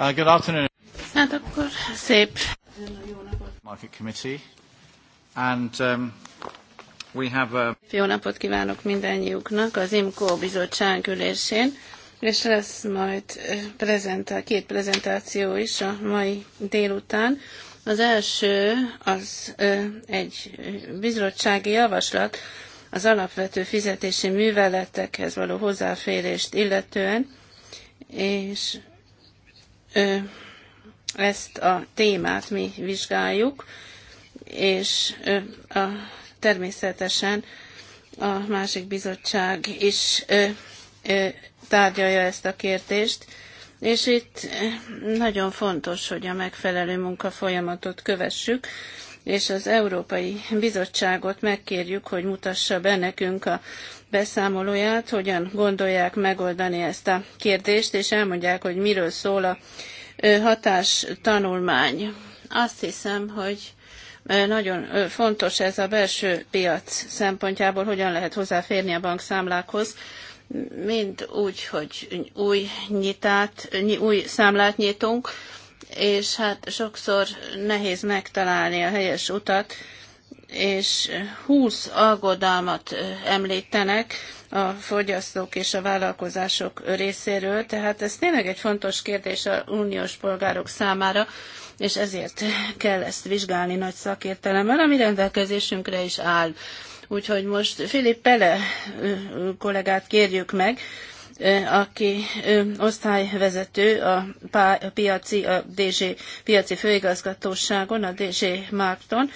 Uh, good afternoon. Hát akkor szép. Market Committee. And um, we have a... Uh, Jó napot kívánok mindannyiuknak az IMCO bizottság ülésén, és lesz majd prezentál, két prezentáció is a mai délután. Az első az egy bizottsági javaslat az alapvető fizetési műveletekhez való hozzáférést illetően, és ezt a témát mi vizsgáljuk, és a, természetesen a másik bizottság is ö, ö, tárgyalja ezt a kérdést, és itt nagyon fontos, hogy a megfelelő munkafolyamatot kövessük, és az Európai Bizottságot megkérjük, hogy mutassa be nekünk a beszámolóját, hogyan gondolják megoldani ezt a kérdést, és elmondják, hogy miről szól a tanulmány. Azt hiszem, hogy nagyon fontos ez a belső piac szempontjából, hogyan lehet hozzáférni a bankszámlákhoz, mind úgy, hogy új, nyitát, új számlát nyitunk, és hát sokszor nehéz megtalálni a helyes utat, és 20 aggodalmat említenek a fogyasztók és a vállalkozások részéről, tehát ez tényleg egy fontos kérdés a uniós polgárok számára, és ezért kell ezt vizsgálni nagy szakértelemmel, ami rendelkezésünkre is áll. Úgyhogy most Filip Pele kollégát kérjük meg, aki osztályvezető a piaci, a DG piaci főigazgatóságon, a DG Márton,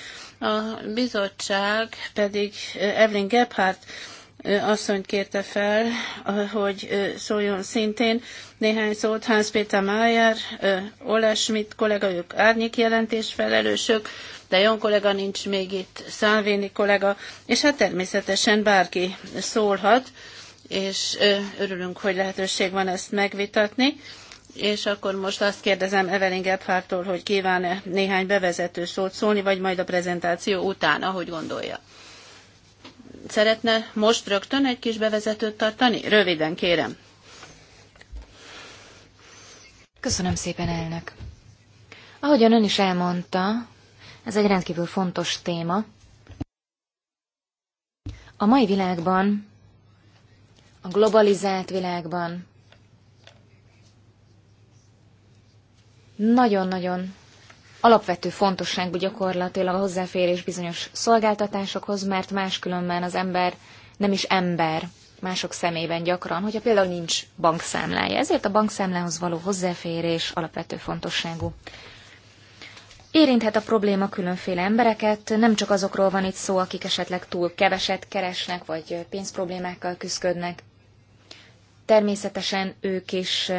a bizottság pedig Evelyn Gebhardt asszonyt kérte fel, hogy szóljon szintén néhány szót Hans Péter Mayer, Ola Schmidt kollega, ők árnyék jelentés felelősök, de Jon kollega nincs még itt, Szálvéni kollega, és hát természetesen bárki szólhat, és örülünk, hogy lehetőség van ezt megvitatni. És akkor most azt kérdezem Evelyn Gebhardtól, hogy kíván-e néhány bevezető szót szólni, vagy majd a prezentáció után, ahogy gondolja. Szeretne most rögtön egy kis bevezetőt tartani? Röviden, kérem. Köszönöm szépen, elnök. Ahogyan ön is elmondta, ez egy rendkívül fontos téma. A mai világban, a globalizált világban, nagyon-nagyon alapvető fontosságú gyakorlatilag a hozzáférés bizonyos szolgáltatásokhoz, mert máskülönben az ember nem is ember mások szemében gyakran, hogyha például nincs bankszámlája. Ezért a bankszámlához való hozzáférés alapvető fontosságú. Érinthet a probléma különféle embereket, nem csak azokról van itt szó, akik esetleg túl keveset keresnek, vagy pénzproblémákkal küzdködnek. Természetesen ők is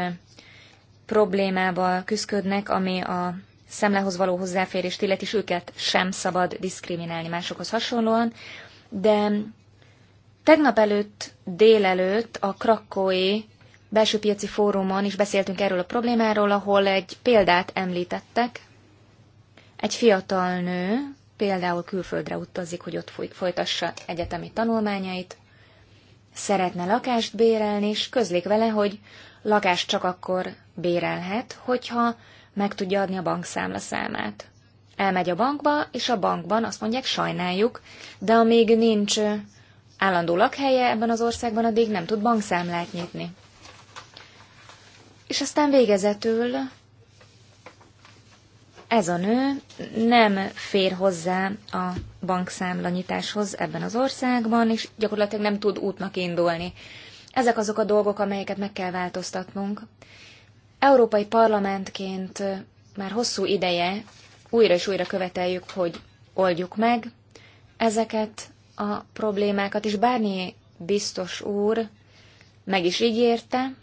problémával küzdködnek, ami a szemlehoz való hozzáférést illeti, és őket sem szabad diszkriminálni másokhoz hasonlóan. De tegnap előtt, délelőtt a krakói belső piaci fórumon is beszéltünk erről a problémáról, ahol egy példát említettek. Egy fiatal nő például külföldre utazik, hogy ott folytassa egyetemi tanulmányait, szeretne lakást bérelni, és közlik vele, hogy lakást csak akkor bérelhet, hogyha meg tudja adni a bankszámla számát. Elmegy a bankba, és a bankban azt mondják, sajnáljuk, de amíg nincs állandó lakhelye ebben az országban, addig nem tud bankszámlát nyitni. És aztán végezetül ez a nő nem fér hozzá a nyitáshoz ebben az országban, és gyakorlatilag nem tud útnak indulni. Ezek azok a dolgok, amelyeket meg kell változtatnunk. Európai Parlamentként már hosszú ideje újra és újra követeljük, hogy oldjuk meg ezeket a problémákat, és Barnier biztos úr meg is ígérte,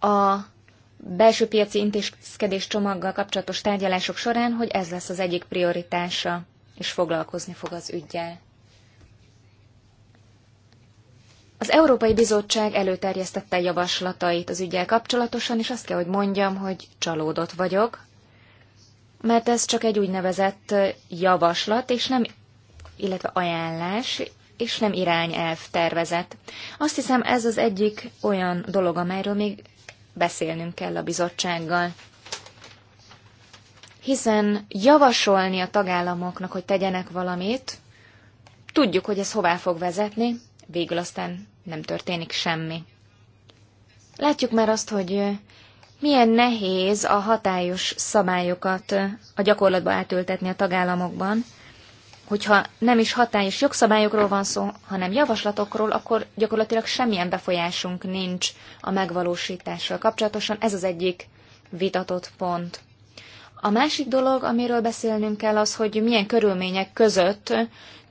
a belső piaci intézkedés csomaggal kapcsolatos tárgyalások során, hogy ez lesz az egyik prioritása, és foglalkozni fog az ügyjel. Az Európai Bizottság előterjesztette javaslatait az ügyel kapcsolatosan, és azt kell, hogy mondjam, hogy csalódott vagyok, mert ez csak egy úgynevezett javaslat, és nem, illetve ajánlás, és nem irányelv tervezet. Azt hiszem, ez az egyik olyan dolog, amelyről még beszélnünk kell a bizottsággal. Hiszen javasolni a tagállamoknak, hogy tegyenek valamit, tudjuk, hogy ez hová fog vezetni, végül aztán nem történik semmi. Látjuk már azt, hogy milyen nehéz a hatályos szabályokat a gyakorlatba átültetni a tagállamokban, hogyha nem is hatályos jogszabályokról van szó, hanem javaslatokról, akkor gyakorlatilag semmilyen befolyásunk nincs a megvalósítással kapcsolatosan. Ez az egyik vitatott pont. A másik dolog, amiről beszélnünk kell, az, hogy milyen körülmények között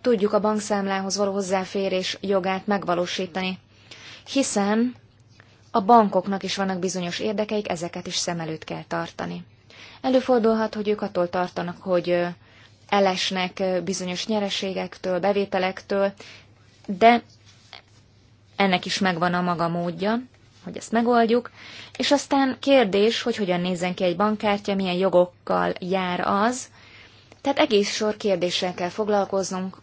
tudjuk a bankszámlához való hozzáférés jogát megvalósítani. Hiszen a bankoknak is vannak bizonyos érdekeik, ezeket is szem előtt kell tartani. Előfordulhat, hogy ők attól tartanak, hogy elesnek bizonyos nyereségektől, bevételektől, de ennek is megvan a maga módja, hogy ezt megoldjuk, és aztán kérdés, hogy hogyan nézzen ki egy bankkártya, milyen jogokkal jár az, tehát egész sor kérdéssel kell foglalkoznunk,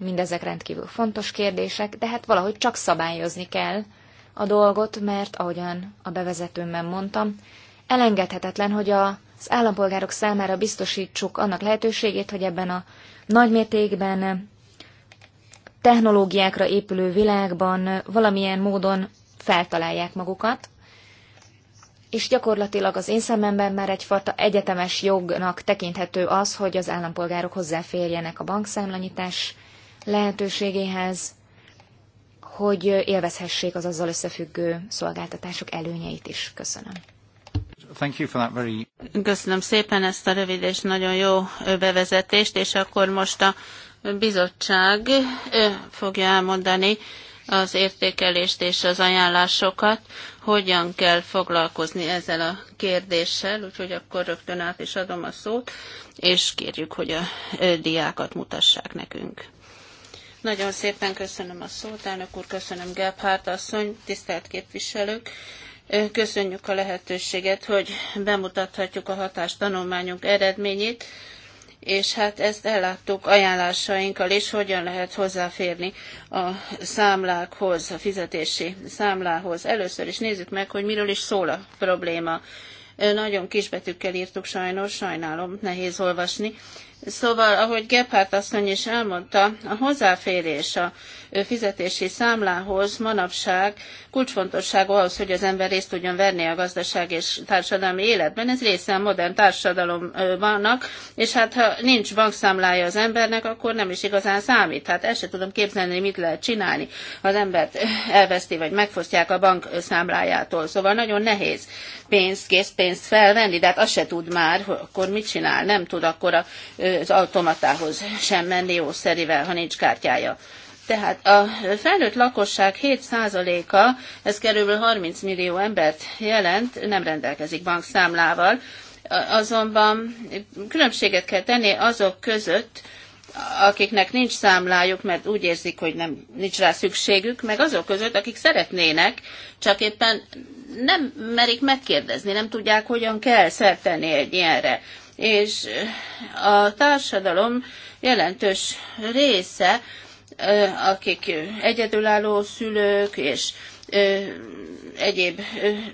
mindezek rendkívül fontos kérdések, de hát valahogy csak szabályozni kell a dolgot, mert ahogyan a bevezetőmben mondtam, elengedhetetlen, hogy az állampolgárok számára biztosítsuk annak lehetőségét, hogy ebben a nagymértékben technológiákra épülő világban valamilyen módon feltalálják magukat, és gyakorlatilag az én szememben már egyfajta egyetemes jognak tekinthető az, hogy az állampolgárok hozzáférjenek a bankszámlanyítás lehetőségéhez, hogy élvezhessék az azzal összefüggő szolgáltatások előnyeit is. Köszönöm. Very... Köszönöm szépen ezt a rövid és nagyon jó bevezetést, és akkor most a bizottság fogja elmondani az értékelést és az ajánlásokat, hogyan kell foglalkozni ezzel a kérdéssel, úgyhogy akkor rögtön át is adom a szót, és kérjük, hogy a diákat mutassák nekünk. Nagyon szépen köszönöm a szót, elnök úr, köszönöm Gebhardt asszony, tisztelt képviselők. Köszönjük a lehetőséget, hogy bemutathatjuk a hatástanulmányunk eredményét, és hát ezt elláttuk ajánlásainkkal is, hogyan lehet hozzáférni a számlákhoz, a fizetési számlához. Először is nézzük meg, hogy miről is szól a probléma. Nagyon kisbetűkkel írtuk sajnos, sajnálom, nehéz olvasni Szóval, ahogy Gephardt asszony is elmondta, a hozzáférés a fizetési számlához manapság kulcsfontosságú ahhoz, hogy az ember részt tudjon venni a gazdaság és társadalmi életben. Ez része a modern társadalomnak, és hát ha nincs bankszámlája az embernek, akkor nem is igazán számít. Hát ezt sem tudom képzelni, hogy mit lehet csinálni, ha az embert elveszti, vagy megfosztják a bank számlájától. Szóval nagyon nehéz pénzt, készpénzt felvenni, de hát azt se tud már, akkor mit csinál, nem tud akkor a az automatához sem menni szerivel, ha nincs kártyája. Tehát a felnőtt lakosság 7%-a, ez kb. 30 millió embert jelent, nem rendelkezik bankszámlával, azonban különbséget kell tenni azok között, akiknek nincs számlájuk, mert úgy érzik, hogy nem, nincs rá szükségük, meg azok között, akik szeretnének, csak éppen nem merik megkérdezni, nem tudják, hogyan kell szertenni egy ilyenre és a társadalom jelentős része, akik egyedülálló szülők és egyéb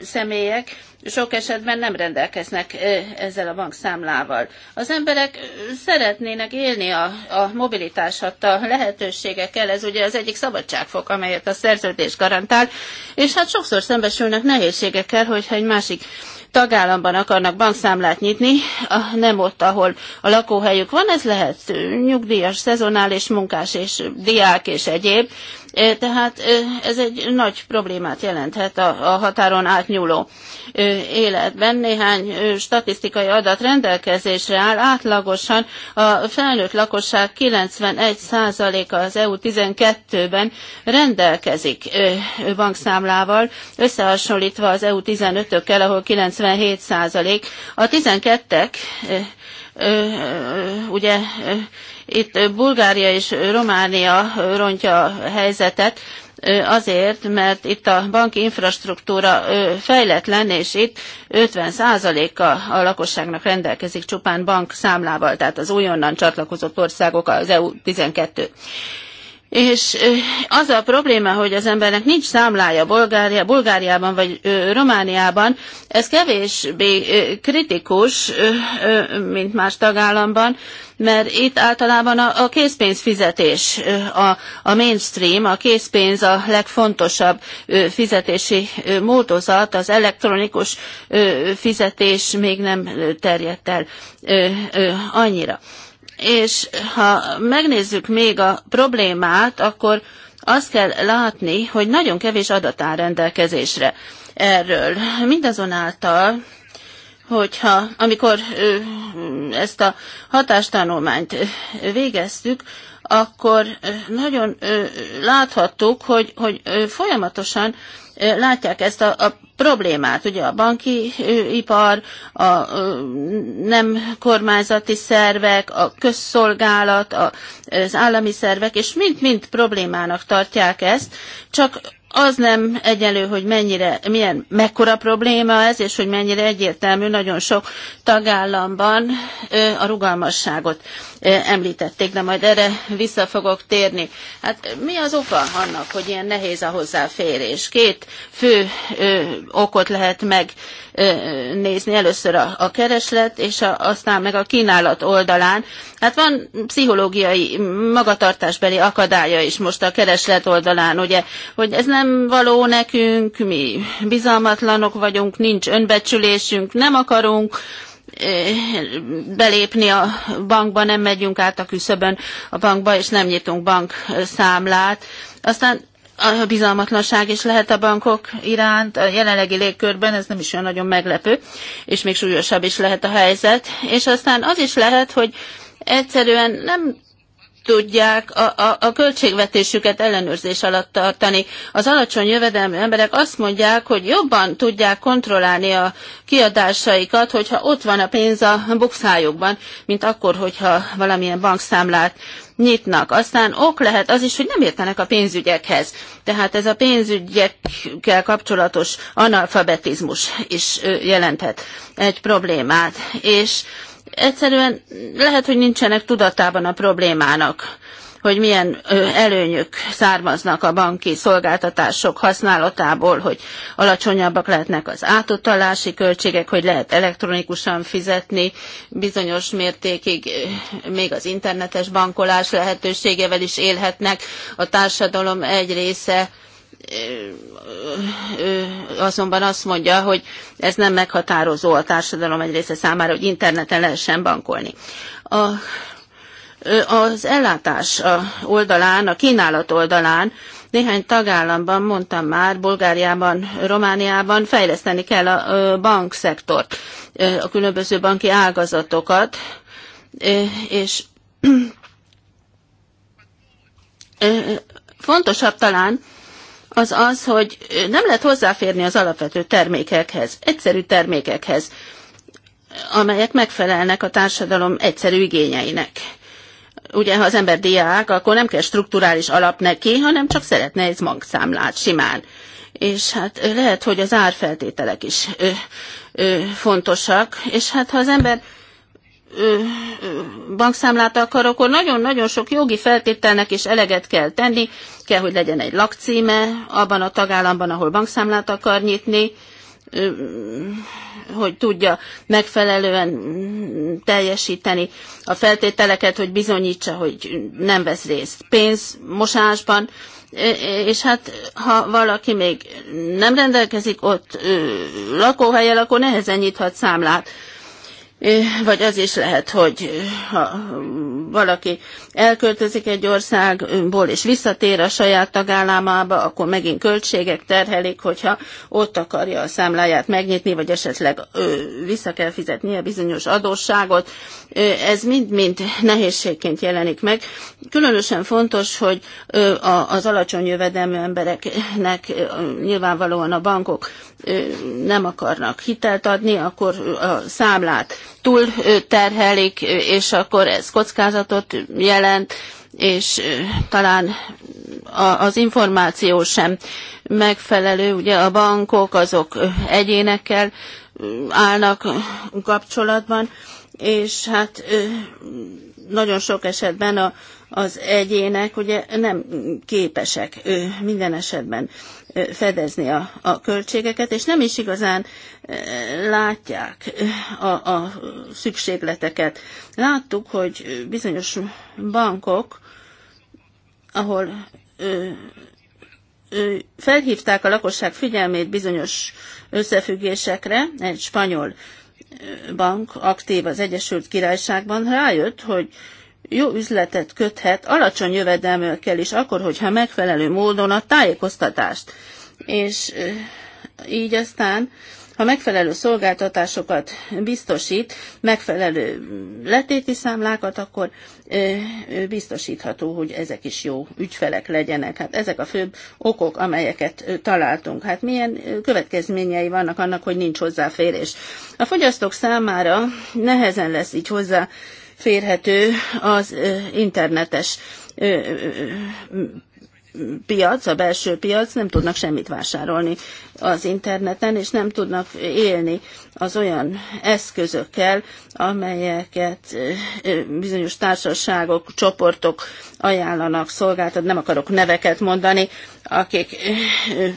személyek sok esetben nem rendelkeznek ezzel a bankszámlával. Az emberek szeretnének élni a, a mobilitásat, a lehetőségekkel, ez ugye az egyik szabadságfok, amelyet a szerződés garantál, és hát sokszor szembesülnek nehézségekkel, hogyha egy másik tagállamban akarnak bankszámlát nyitni, nem ott, ahol a lakóhelyük van, ez lehet nyugdíjas, szezonális munkás és diák és egyéb, tehát ez egy nagy problémát jelenthet a határon átnyúló életben. Néhány statisztikai adat rendelkezésre áll. Átlagosan a felnőtt lakosság 91%-a az EU12-ben rendelkezik bankszámlával, összehasonlítva az EU15-ökkel, ahol 97%. A 12-ek ugye itt Bulgária és Románia rontja a helyzetet, azért, mert itt a banki infrastruktúra fejletlen, és itt 50%-a a lakosságnak rendelkezik csupán bankszámlával, tehát az újonnan csatlakozott országok az EU 12. És az a probléma, hogy az embernek nincs számlája Bulgária, Bulgáriában vagy Romániában, ez kevésbé kritikus, mint más tagállamban, mert itt általában a, készpénz fizetés, a, a mainstream, a készpénz a legfontosabb fizetési módozat, az elektronikus fizetés még nem terjedt el annyira. És ha megnézzük még a problémát, akkor azt kell látni, hogy nagyon kevés adat áll rendelkezésre erről. Mindazonáltal, hogyha amikor ezt a hatástanulmányt végeztük, akkor nagyon láthattuk, hogy, hogy folyamatosan látják ezt a, a problémát. Ugye a banki ipar, a nem kormányzati szervek, a közszolgálat, az állami szervek, és mind-mind problémának tartják ezt, csak az nem egyenlő, hogy mennyire, milyen, mekkora probléma ez, és hogy mennyire egyértelmű nagyon sok tagállamban a rugalmasságot említették, de majd erre vissza fogok térni. Hát mi az oka annak, hogy ilyen nehéz a hozzáférés? Két fő ö, okot lehet megnézni. Először a, a kereslet, és a, aztán meg a kínálat oldalán. Hát van pszichológiai magatartásbeli akadálya is most a kereslet oldalán, ugye, hogy ez nem való nekünk, mi bizalmatlanok vagyunk, nincs önbecsülésünk, nem akarunk, Eh, belépni a bankba, nem megyünk át a küszöbön a bankba, és nem nyitunk bankszámlát. Eh, aztán a bizalmatlanság is lehet a bankok iránt, a jelenlegi légkörben ez nem is olyan nagyon meglepő, és még súlyosabb is lehet a helyzet. És aztán az is lehet, hogy egyszerűen nem tudják a, a, a költségvetésüket ellenőrzés alatt tartani. Az alacsony jövedelmű emberek azt mondják, hogy jobban tudják kontrollálni a kiadásaikat, hogyha ott van a pénz a bukszájukban, mint akkor, hogyha valamilyen bankszámlát nyitnak. Aztán ok lehet az is, hogy nem értenek a pénzügyekhez. Tehát ez a pénzügyekkel kapcsolatos analfabetizmus is jelenthet egy problémát. És egyszerűen lehet, hogy nincsenek tudatában a problémának hogy milyen előnyök származnak a banki szolgáltatások használatából, hogy alacsonyabbak lehetnek az átutalási költségek, hogy lehet elektronikusan fizetni, bizonyos mértékig még az internetes bankolás lehetőségevel is élhetnek. A társadalom egy része azonban azt mondja, hogy ez nem meghatározó a társadalom egy része számára, hogy interneten lehessen bankolni. A, az ellátás oldalán, a kínálat oldalán néhány tagállamban, mondtam már, Bulgáriában, Romániában fejleszteni kell a bankszektort, a különböző banki ágazatokat, és fontosabb talán, az az, hogy nem lehet hozzáférni az alapvető termékekhez, egyszerű termékekhez, amelyek megfelelnek a társadalom egyszerű igényeinek. Ugye, ha az ember diák, akkor nem kell strukturális alap neki, hanem csak szeretne egy magszámlát simán. És hát lehet, hogy az árfeltételek is ö, ö, fontosak, és hát ha az ember bankszámlát akar, akkor nagyon-nagyon sok jogi feltételnek is eleget kell tenni, kell, hogy legyen egy lakcíme abban a tagállamban, ahol bankszámlát akar nyitni, hogy tudja megfelelően teljesíteni a feltételeket, hogy bizonyítsa, hogy nem vesz részt pénzmosásban, e, e, és hát ha valaki még nem rendelkezik ott lakóhelyel, akkor nehezen nyithat számlát vagy az is lehet, hogy ha valaki elköltözik egy országból és visszatér a saját tagállamába, akkor megint költségek terhelik, hogyha ott akarja a számláját megnyitni, vagy esetleg vissza kell fizetnie bizonyos adósságot. Ez mind-mind nehézségként jelenik meg. Különösen fontos, hogy az alacsony jövedelmű embereknek nyilvánvalóan a bankok nem akarnak hitelt adni, akkor a számlát túl terhelik, és akkor ez kockázatot jelent, és talán az információ sem megfelelő. Ugye a bankok azok egyénekkel állnak kapcsolatban, és hát nagyon sok esetben a, az egyének ugye nem képesek minden esetben fedezni a, a költségeket, és nem is igazán látják a, a szükségleteket. Láttuk, hogy bizonyos bankok, ahol ö, ö, felhívták a lakosság figyelmét bizonyos összefüggésekre, egy spanyol bank aktív az Egyesült Királyságban, rájött, hogy jó üzletet köthet alacsony jövedelmekkel is, akkor, hogyha megfelelő módon a tájékoztatást. És eh, így aztán ha megfelelő szolgáltatásokat biztosít, megfelelő letéti számlákat, akkor eh, biztosítható, hogy ezek is jó ügyfelek legyenek. Hát ezek a főbb okok, amelyeket eh, találtunk. Hát milyen következményei vannak annak, hogy nincs hozzáférés. A fogyasztók számára nehezen lesz így hozzá férhető az internetes piac, a belső piac, nem tudnak semmit vásárolni az interneten, és nem tudnak élni az olyan eszközökkel, amelyeket bizonyos társaságok, csoportok ajánlanak, szolgáltat, nem akarok neveket mondani, akik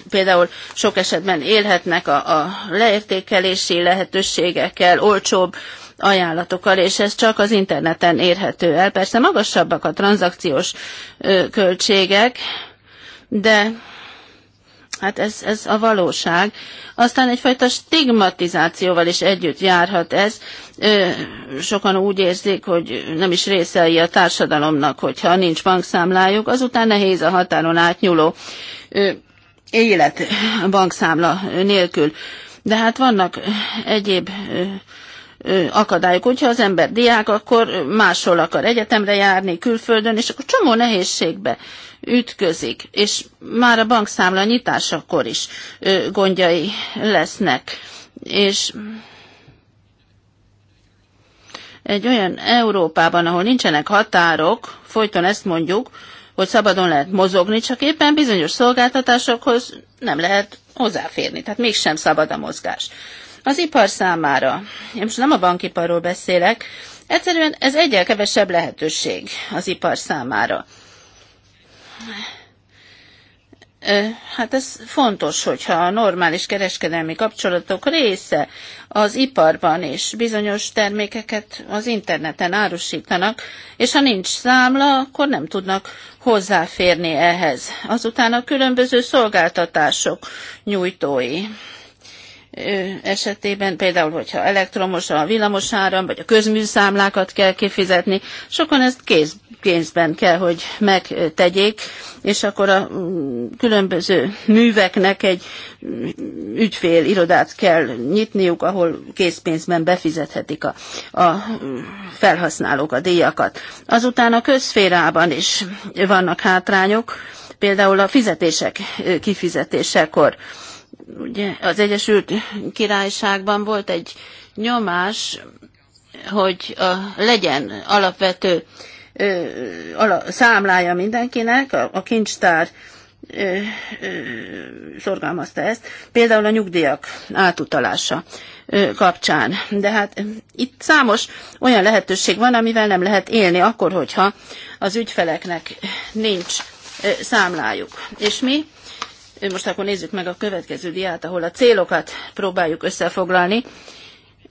például sok esetben élhetnek a, a leértékelési lehetőségekkel, olcsóbb ajánlatokkal, és ez csak az interneten érhető el. Persze magasabbak a tranzakciós költségek, de Hát ez, ez a valóság. Aztán egyfajta stigmatizációval is együtt járhat ez. Ö, sokan úgy érzik, hogy nem is részei a társadalomnak, hogyha nincs bankszámlájuk, azután nehéz a határon átnyúló ö, élet bankszámla nélkül. De hát vannak egyéb ö, akadályok. Hogyha az ember diák, akkor máshol akar egyetemre járni, külföldön, és akkor csomó nehézségbe ütközik, és már a bankszámla nyitásakor is gondjai lesznek. És egy olyan Európában, ahol nincsenek határok, folyton ezt mondjuk, hogy szabadon lehet mozogni, csak éppen bizonyos szolgáltatásokhoz nem lehet hozzáférni, tehát mégsem szabad a mozgás az ipar számára, én most nem a bankiparról beszélek, egyszerűen ez egyel kevesebb lehetőség az ipar számára. Hát ez fontos, hogyha a normális kereskedelmi kapcsolatok része az iparban és bizonyos termékeket az interneten árusítanak, és ha nincs számla, akkor nem tudnak hozzáférni ehhez. Azután a különböző szolgáltatások nyújtói esetében, például, hogyha elektromos a villamos áram, vagy a közműszámlákat kell kifizetni, sokan ezt kéz, kézben kell, hogy megtegyék, és akkor a mm, különböző műveknek egy mm, ügyfél irodát kell nyitniuk, ahol készpénzben befizethetik a, a mm, felhasználók a díjakat. Azután a közférában is vannak hátrányok, például a fizetések kifizetésekor ugye az Egyesült Királyságban volt egy nyomás, hogy a, legyen alapvető ö, ala, számlája mindenkinek, a, a kincstár ö, ö, szorgalmazta ezt, például a nyugdíjak átutalása ö, kapcsán. De hát itt számos olyan lehetőség van, amivel nem lehet élni akkor, hogyha az ügyfeleknek nincs ö, számlájuk. És mi most akkor nézzük meg a következő diát, ahol a célokat próbáljuk összefoglalni.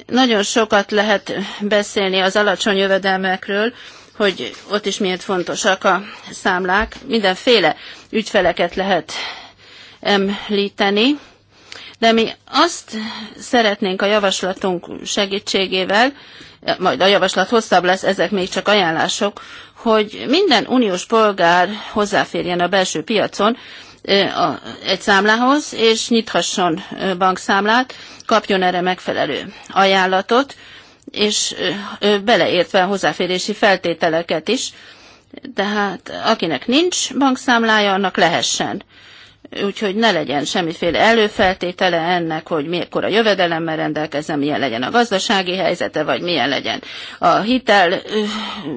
Nagyon sokat lehet beszélni az alacsony jövedelmekről, hogy ott is miért fontosak a számlák. Mindenféle ügyfeleket lehet említeni, de mi azt szeretnénk a javaslatunk segítségével, majd a javaslat hosszabb lesz, ezek még csak ajánlások, hogy minden uniós polgár hozzáférjen a belső piacon, egy számlához, és nyithasson bankszámlát, kapjon erre megfelelő ajánlatot, és beleértve a hozzáférési feltételeket is, tehát akinek nincs bankszámlája, annak lehessen. Úgyhogy ne legyen semmiféle előfeltétele ennek, hogy mikor a jövedelemmel rendelkezem, milyen legyen a gazdasági helyzete, vagy milyen legyen a hitel,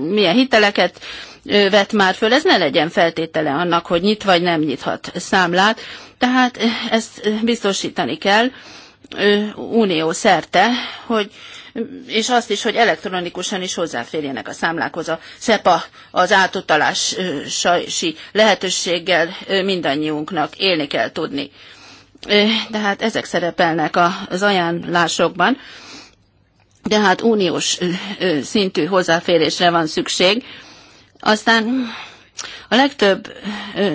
milyen hiteleket vett már föl, ez ne legyen feltétele annak, hogy nyit vagy nem nyithat számlát. Tehát ezt biztosítani kell unió szerte, hogy és azt is, hogy elektronikusan is hozzáférjenek a számlákhoz. A SEPA az átutalási lehetőséggel mindannyiunknak élni kell tudni. tehát ezek szerepelnek az ajánlásokban, de hát uniós szintű hozzáférésre van szükség aztán a legtöbb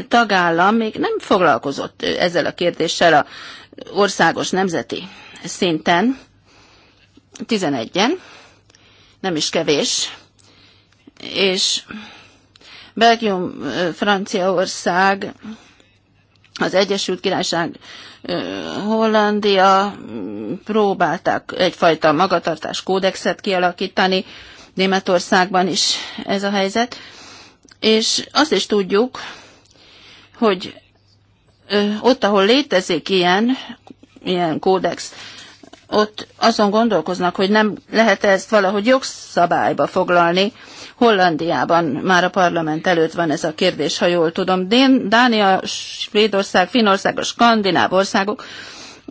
tagállam még nem foglalkozott ezzel a kérdéssel a országos nemzeti szinten. 11-en, nem is kevés, és Belgium, Franciaország, az Egyesült Királyság, Hollandia próbálták egyfajta magatartás kódexet kialakítani, Németországban is ez a helyzet. És azt is tudjuk, hogy ott, ahol létezik ilyen, ilyen kódex, ott azon gondolkoznak, hogy nem lehet ezt valahogy jogszabályba foglalni. Hollandiában már a parlament előtt van ez a kérdés, ha jól tudom. Dén, Dánia, Svédország, Finország, a skandináv országok,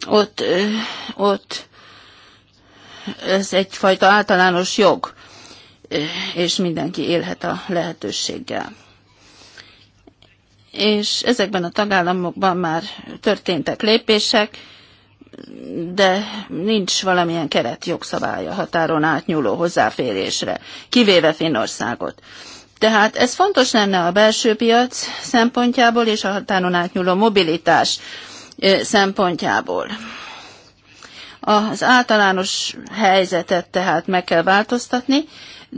ott, ott ez egyfajta általános jog és mindenki élhet a lehetőséggel. És ezekben a tagállamokban már történtek lépések, de nincs valamilyen keret jogszabálya határon átnyúló hozzáférésre, kivéve Finnországot. Tehát ez fontos lenne a belső piac szempontjából és a határon átnyúló mobilitás szempontjából. Az általános helyzetet tehát meg kell változtatni,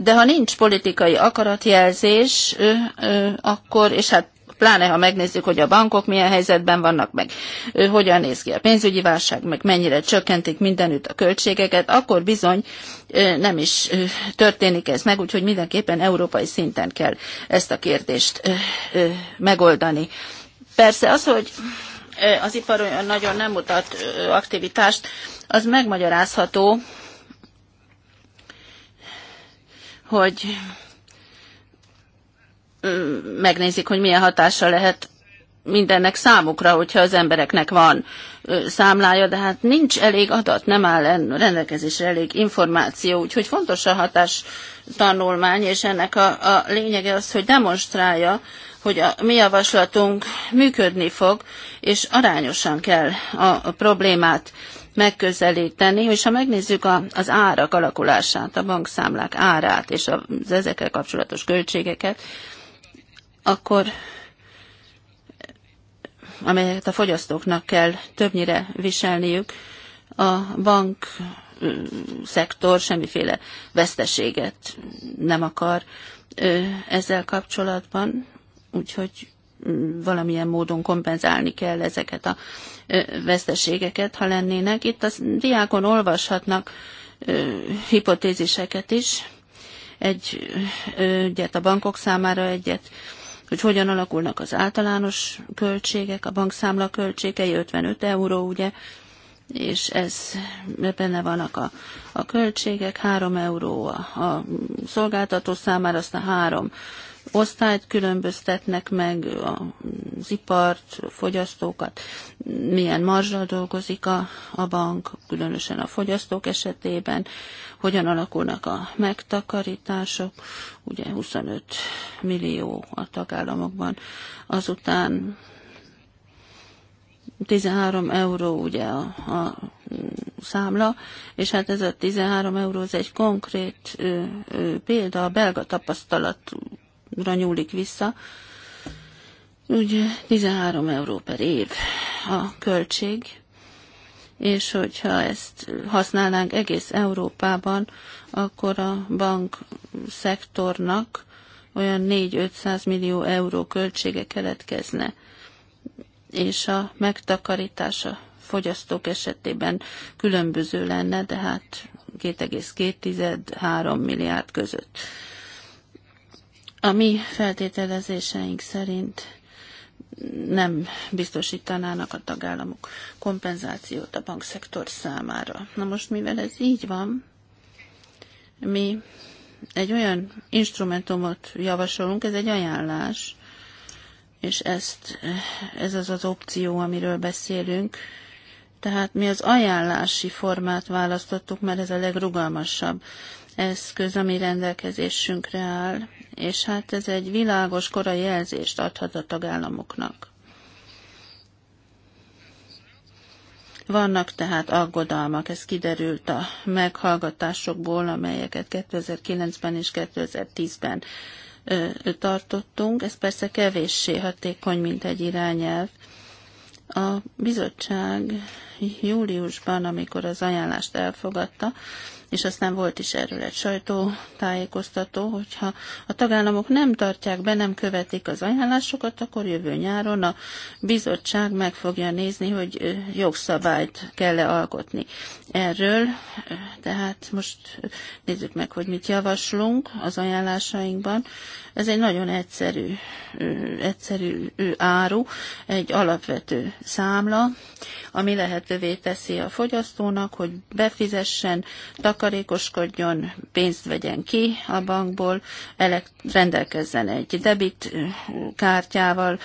de ha nincs politikai akaratjelzés, akkor, és hát pláne ha megnézzük, hogy a bankok milyen helyzetben vannak, meg hogyan néz ki a pénzügyi válság, meg mennyire csökkentik mindenütt a költségeket, akkor bizony nem is történik ez meg, úgyhogy mindenképpen európai szinten kell ezt a kérdést megoldani. Persze az, hogy az ipar olyan nagyon nem mutat aktivitást, az megmagyarázható, hogy megnézik, hogy milyen hatása lehet mindennek számukra, hogyha az embereknek van számlája, de hát nincs elég adat, nem áll rendelkezésre elég információ, úgyhogy fontos a hatás tanulmány, és ennek a, a lényege az, hogy demonstrálja, hogy a mi javaslatunk működni fog, és arányosan kell a problémát megközelíteni, és ha megnézzük a, az árak alakulását, a bankszámlák árát és az ezekkel kapcsolatos költségeket, akkor amelyeket a fogyasztóknak kell többnyire viselniük, a bank szektor semmiféle veszteséget nem akar ezzel kapcsolatban, úgyhogy valamilyen módon kompenzálni kell ezeket a veszteségeket, ha lennének. Itt a diákon olvashatnak hipotéziseket is, egy, egyet a bankok számára, egyet hogy hogyan alakulnak az általános költségek, a bankszámla költségei 55 euró, ugye, és ez benne vannak a, a költségek, 3 euró a, a szolgáltató számára, aztán 3 osztályt különböztetnek meg, az ipart, a fogyasztókat, milyen marzsal dolgozik a, a bank, különösen a fogyasztók esetében, hogyan alakulnak a megtakarítások, ugye 25 millió a tagállamokban, azután 13 euró ugye a, a számla, és hát ez a 13 euró, ez egy konkrét ö, ö, példa, a belga tapasztalat nyúlik vissza. Ugye 13 euró per év a költség, és hogyha ezt használnánk egész Európában, akkor a bank szektornak olyan 4-500 millió euró költsége keletkezne, és a megtakarítása fogyasztók esetében különböző lenne, de hát 2,2-3 milliárd között a mi feltételezéseink szerint nem biztosítanának a tagállamok kompenzációt a bankszektor számára. Na most, mivel ez így van, mi egy olyan instrumentumot javasolunk, ez egy ajánlás, és ezt, ez az az opció, amiről beszélünk. Tehát mi az ajánlási formát választottuk, mert ez a legrugalmasabb eszköz, ami rendelkezésünkre áll és hát ez egy világos korai jelzést adhat a tagállamoknak. Vannak tehát aggodalmak, ez kiderült a meghallgatásokból, amelyeket 2009-ben és 2010-ben tartottunk. Ez persze kevéssé hatékony, mint egy irányelv. A bizottság júliusban, amikor az ajánlást elfogadta, és aztán volt is erről egy sajtótájékoztató, hogyha a tagállamok nem tartják be, nem követik az ajánlásokat, akkor jövő nyáron a bizottság meg fogja nézni, hogy jogszabályt kell-e alkotni erről. Tehát most nézzük meg, hogy mit javaslunk az ajánlásainkban. Ez egy nagyon egyszerű, egyszerű áru, egy alapvető számla, ami lehetővé teszi a fogyasztónak, hogy befizessen, tak takarékoskodjon, pénzt vegyen ki a bankból, rendelkezzen egy debit kártyával,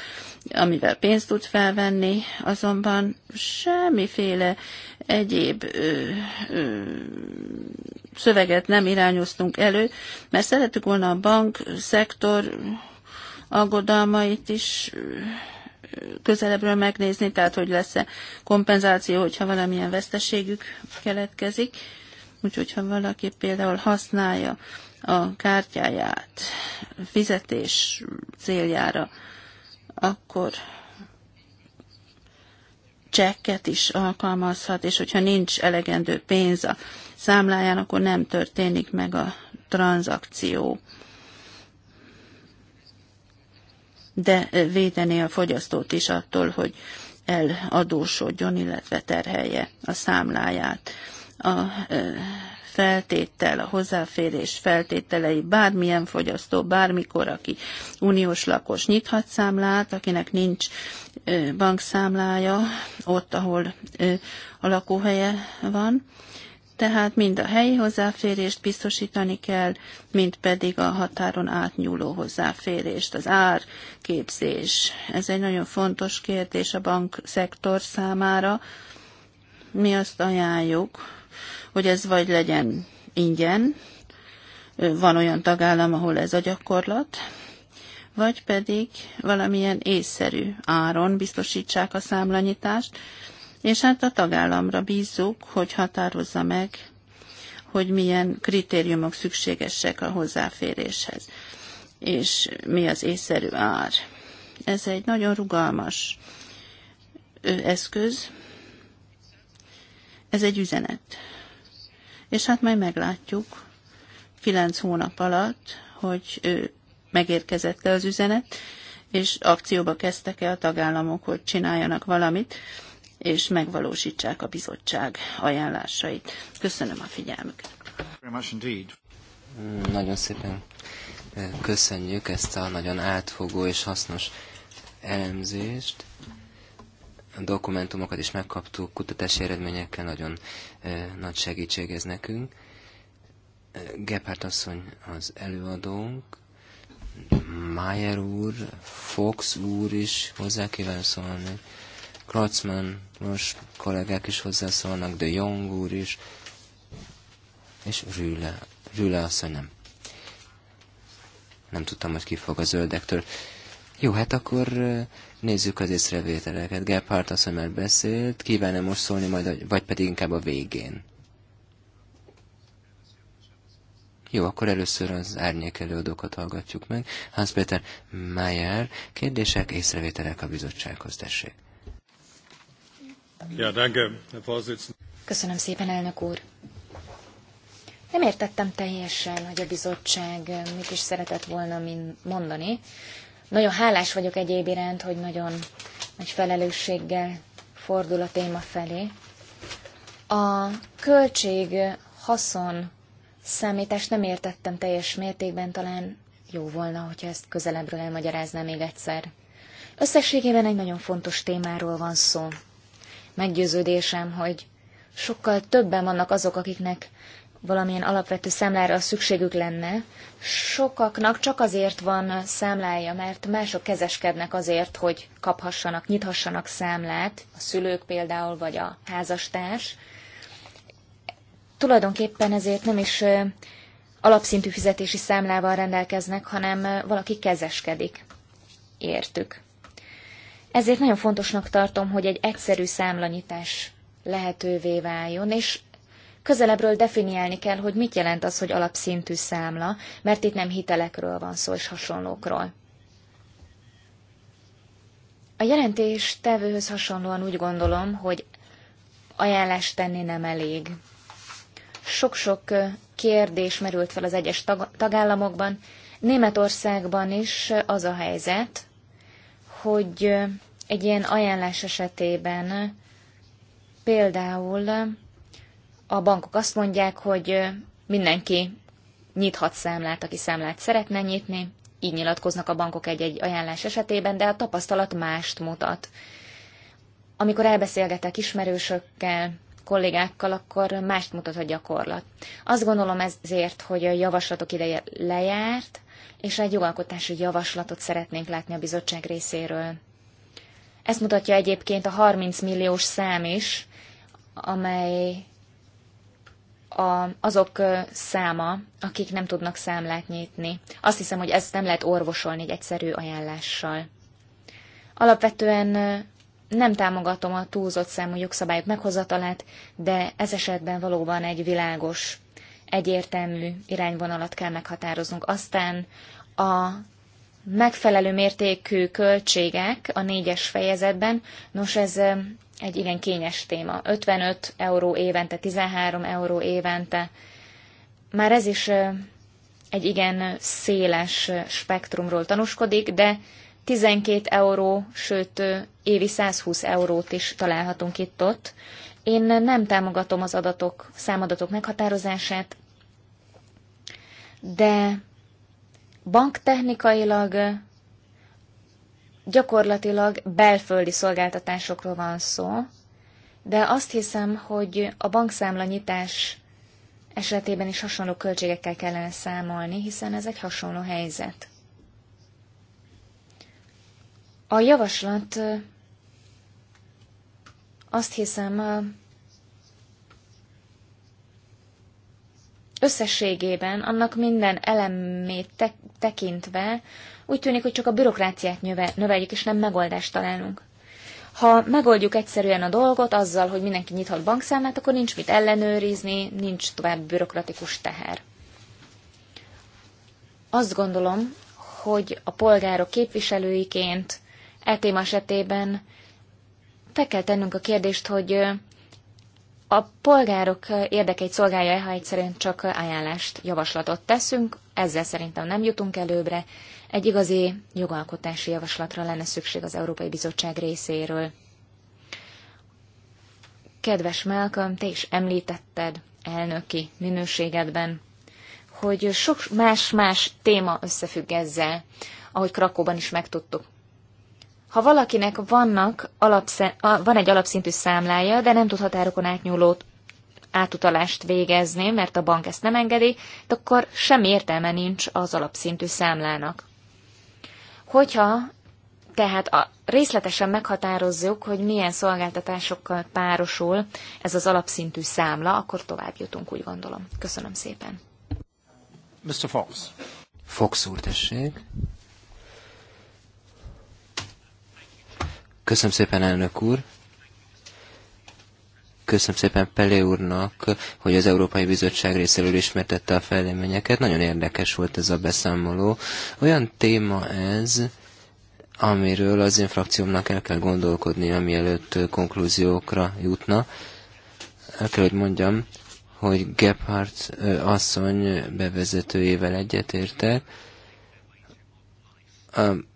amivel pénzt tud felvenni, azonban semmiféle egyéb ö, ö, szöveget nem irányoztunk elő, mert szerettük volna a bank szektor aggodalmait is közelebbről megnézni, tehát hogy lesz-e kompenzáció, hogyha valamilyen veszteségük keletkezik. Úgyhogy, ha valaki például használja a kártyáját fizetés céljára, akkor csekket is alkalmazhat, és hogyha nincs elegendő pénz a számláján, akkor nem történik meg a tranzakció. De védené a fogyasztót is attól, hogy eladósodjon, illetve terhelje a számláját a feltétel, a hozzáférés feltételei, bármilyen fogyasztó, bármikor, aki uniós lakos nyithat számlát, akinek nincs bankszámlája ott, ahol a lakóhelye van. Tehát mind a helyi hozzáférést biztosítani kell, mind pedig a határon átnyúló hozzáférést, az árképzés. Ez egy nagyon fontos kérdés a bankszektor számára. Mi azt ajánljuk, hogy ez vagy legyen ingyen, van olyan tagállam, ahol ez a gyakorlat, vagy pedig valamilyen észszerű áron biztosítsák a számlanyítást, és hát a tagállamra bízzuk, hogy határozza meg, hogy milyen kritériumok szükségesek a hozzáféréshez, és mi az észszerű ár. Ez egy nagyon rugalmas eszköz, ez egy üzenet és hát majd meglátjuk kilenc hónap alatt, hogy megérkezett-e az üzenet, és akcióba kezdtek-e a tagállamok, hogy csináljanak valamit, és megvalósítsák a bizottság ajánlásait. Köszönöm a figyelmüket. Nagyon szépen köszönjük ezt a nagyon átfogó és hasznos elemzést dokumentumokat is megkaptuk, kutatási eredményekkel nagyon eh, nagy segítség ez nekünk. Eh, Gephardt asszony az előadónk, Mayer úr, Fox úr is hozzá kíván szólni, Klotzmann most kollégák is hozzászólnak, de Jong úr is, és Rüle, Rüle asszony nem. Nem tudtam, hogy ki fog a zöldektől. Jó, hát akkor eh, Nézzük az észrevételeket. Gephardt azt már beszélt, e most szólni, majd, vagy pedig inkább a végén. Jó, akkor először az árnyék előadókat hallgatjuk meg. Hans-Peter Mayer, kérdések, észrevételek a bizottsághoz, tessék. Ja, danke, Köszönöm szépen, elnök úr. Nem értettem teljesen, hogy a bizottság mit is szeretett volna mondani, nagyon hálás vagyok egyéb iránt, hogy nagyon nagy felelősséggel fordul a téma felé. A költség haszon számítást nem értettem teljes mértékben, talán jó volna, hogyha ezt közelebbről elmagyarázná még egyszer. Összességében egy nagyon fontos témáról van szó. Meggyőződésem, hogy sokkal többen vannak azok, akiknek valamilyen alapvető számlára szükségük lenne. Sokaknak csak azért van számlája, mert mások kezeskednek azért, hogy kaphassanak, nyithassanak számlát, a szülők például, vagy a házastárs. Tulajdonképpen ezért nem is alapszintű fizetési számlával rendelkeznek, hanem valaki kezeskedik. Értük. Ezért nagyon fontosnak tartom, hogy egy egyszerű számlanyítás lehetővé váljon, és közelebbről definiálni kell, hogy mit jelent az, hogy alapszintű számla, mert itt nem hitelekről van szó, és hasonlókról. A jelentés tevőhöz hasonlóan úgy gondolom, hogy ajánlást tenni nem elég. Sok-sok kérdés merült fel az egyes tagállamokban. Németországban is az a helyzet, hogy egy ilyen ajánlás esetében például a bankok azt mondják, hogy mindenki nyithat számlát, aki számlát szeretne nyitni, így nyilatkoznak a bankok egy-egy ajánlás esetében, de a tapasztalat mást mutat. Amikor elbeszélgetek ismerősökkel, kollégákkal, akkor mást mutat a gyakorlat. Azt gondolom ezért, hogy a javaslatok ideje lejárt, és egy jogalkotási javaslatot szeretnénk látni a bizottság részéről. Ezt mutatja egyébként a 30 milliós szám is, amely a, azok száma, akik nem tudnak számlát nyitni. Azt hiszem, hogy ezt nem lehet orvosolni egy egyszerű ajánlással. Alapvetően nem támogatom a túlzott számú jogszabályok meghozatalát, de ez esetben valóban egy világos, egyértelmű irányvonalat kell meghatároznunk. Aztán a megfelelő mértékű költségek a négyes fejezetben, nos ez egy igen kényes téma. 55 euró évente, 13 euró évente. Már ez is egy igen széles spektrumról tanúskodik, de 12 euró, sőt évi 120 eurót is találhatunk itt-ott. Én nem támogatom az adatok, számadatok meghatározását, de banktechnikailag gyakorlatilag belföldi szolgáltatásokról van szó, de azt hiszem, hogy a bankszámla nyitás esetében is hasonló költségekkel kellene számolni, hiszen ez egy hasonló helyzet. A javaslat azt hiszem összességében annak minden elemét tekintve úgy tűnik, hogy csak a bürokráciát növeljük, és nem megoldást találunk. Ha megoldjuk egyszerűen a dolgot azzal, hogy mindenki nyithat bankszámlát, akkor nincs mit ellenőrizni, nincs tovább bürokratikus teher. Azt gondolom, hogy a polgárok képviselőiként e téma esetében fel kell tennünk a kérdést, hogy a polgárok érdekeit szolgálja, ha egyszerűen csak ajánlást, javaslatot teszünk, ezzel szerintem nem jutunk előbbre, egy igazi jogalkotási javaslatra lenne szükség az Európai Bizottság részéről. Kedves Malcolm, te is említetted elnöki minőségedben, hogy sok más-más téma összefügg ezzel, ahogy Krakóban is megtudtuk. Ha valakinek vannak alapszent, van egy alapszintű számlája, de nem tud határokon átnyúló átutalást végezni, mert a bank ezt nem engedi, akkor sem értelme nincs az alapszintű számlának. Hogyha tehát a, részletesen meghatározzuk, hogy milyen szolgáltatásokkal párosul ez az alapszintű számla, akkor tovább jutunk, úgy gondolom. Köszönöm szépen. Mr. Fox. Fox úr, tessék. Köszönöm szépen, elnök úr. Köszönöm szépen Pelé úrnak, hogy az Európai Bizottság részéről ismertette a fejleményeket. Nagyon érdekes volt ez a beszámoló. Olyan téma ez, amiről az én frakciómnak el kell gondolkodni, amielőtt konklúziókra jutna. El kell, hogy mondjam, hogy Gebhardt asszony bevezetőjével egyetértek. Um,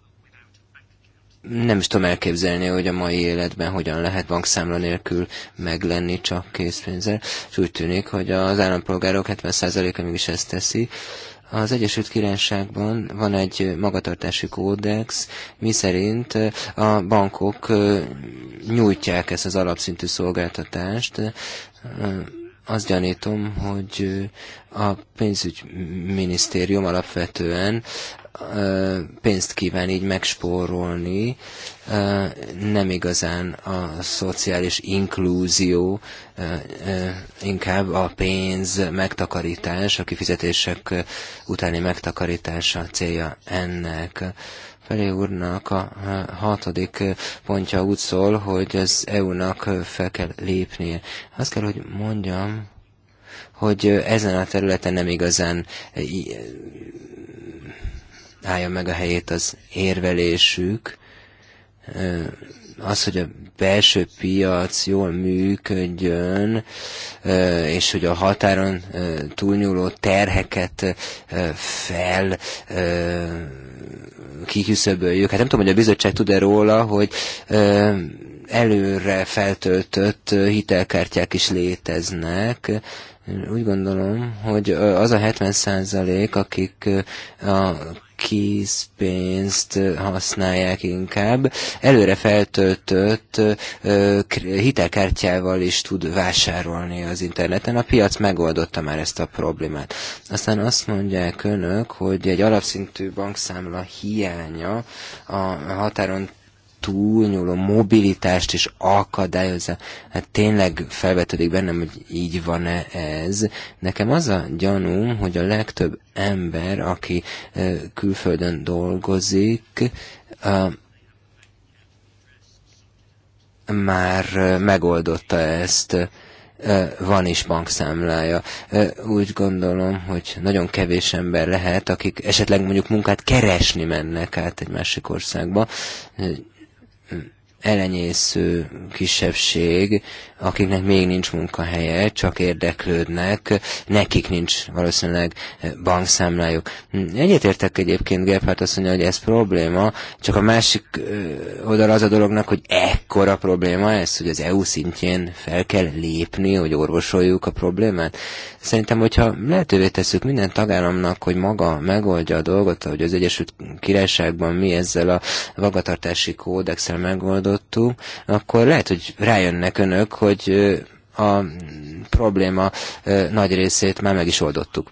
nem is tudom elképzelni, hogy a mai életben hogyan lehet bankszámla nélkül meglenni csak készpénzzel, és úgy tűnik, hogy az állampolgárok 70%-a mégis ezt teszi. Az Egyesült Királyságban van egy magatartási kódex, mi szerint a bankok nyújtják ezt az alapszintű szolgáltatást, azt gyanítom, hogy a pénzügyminisztérium alapvetően pénzt kíván így megspórolni, nem igazán a szociális inklúzió, inkább a pénz megtakarítás, a kifizetések utáni megtakarítása célja ennek. Felé úrnak a hatodik pontja úgy szól, hogy az EU-nak fel kell lépnie. Azt kell, hogy mondjam, hogy ezen a területen nem igazán állja meg a helyét az érvelésük. Az, hogy a belső piac jól működjön, és hogy a határon túlnyúló terheket fel kiküszöböljük. Hát nem tudom, hogy a bizottság tud-e róla, hogy előre feltöltött hitelkártyák is léteznek, úgy gondolom, hogy az a 70 akik a készpénzt használják inkább. Előre feltöltött hitelkártyával is tud vásárolni az interneten. A piac megoldotta már ezt a problémát. Aztán azt mondják önök, hogy egy alapszintű bankszámla hiánya a határon túlnyúló mobilitást is akadályozza. Hát tényleg felvetődik bennem, hogy így van-e ez. Nekem az a gyanúm, hogy a legtöbb ember, aki külföldön dolgozik, már megoldotta ezt van is bankszámlája. Úgy gondolom, hogy nagyon kevés ember lehet, akik esetleg mondjuk munkát keresni mennek át egy másik országba ő elenyésző kisebbség, akiknek még nincs munkahelye, csak érdeklődnek, nekik nincs valószínűleg eh, bankszámlájuk. Hm, egyetértek egyébként Gephardt azt mondja, hogy ez probléma, csak a másik eh, oldal az a dolognak, hogy ekkora probléma ez, hogy az EU szintjén fel kell lépni, hogy orvosoljuk a problémát. Szerintem, hogyha lehetővé tesszük minden tagállamnak, hogy maga megoldja a dolgot, hogy az Egyesült Királyságban mi ezzel a vagatartási kódexel megoldott, hallottuk, akkor lehet, hogy rájönnek önök, hogy a probléma nagy részét már meg is oldottuk.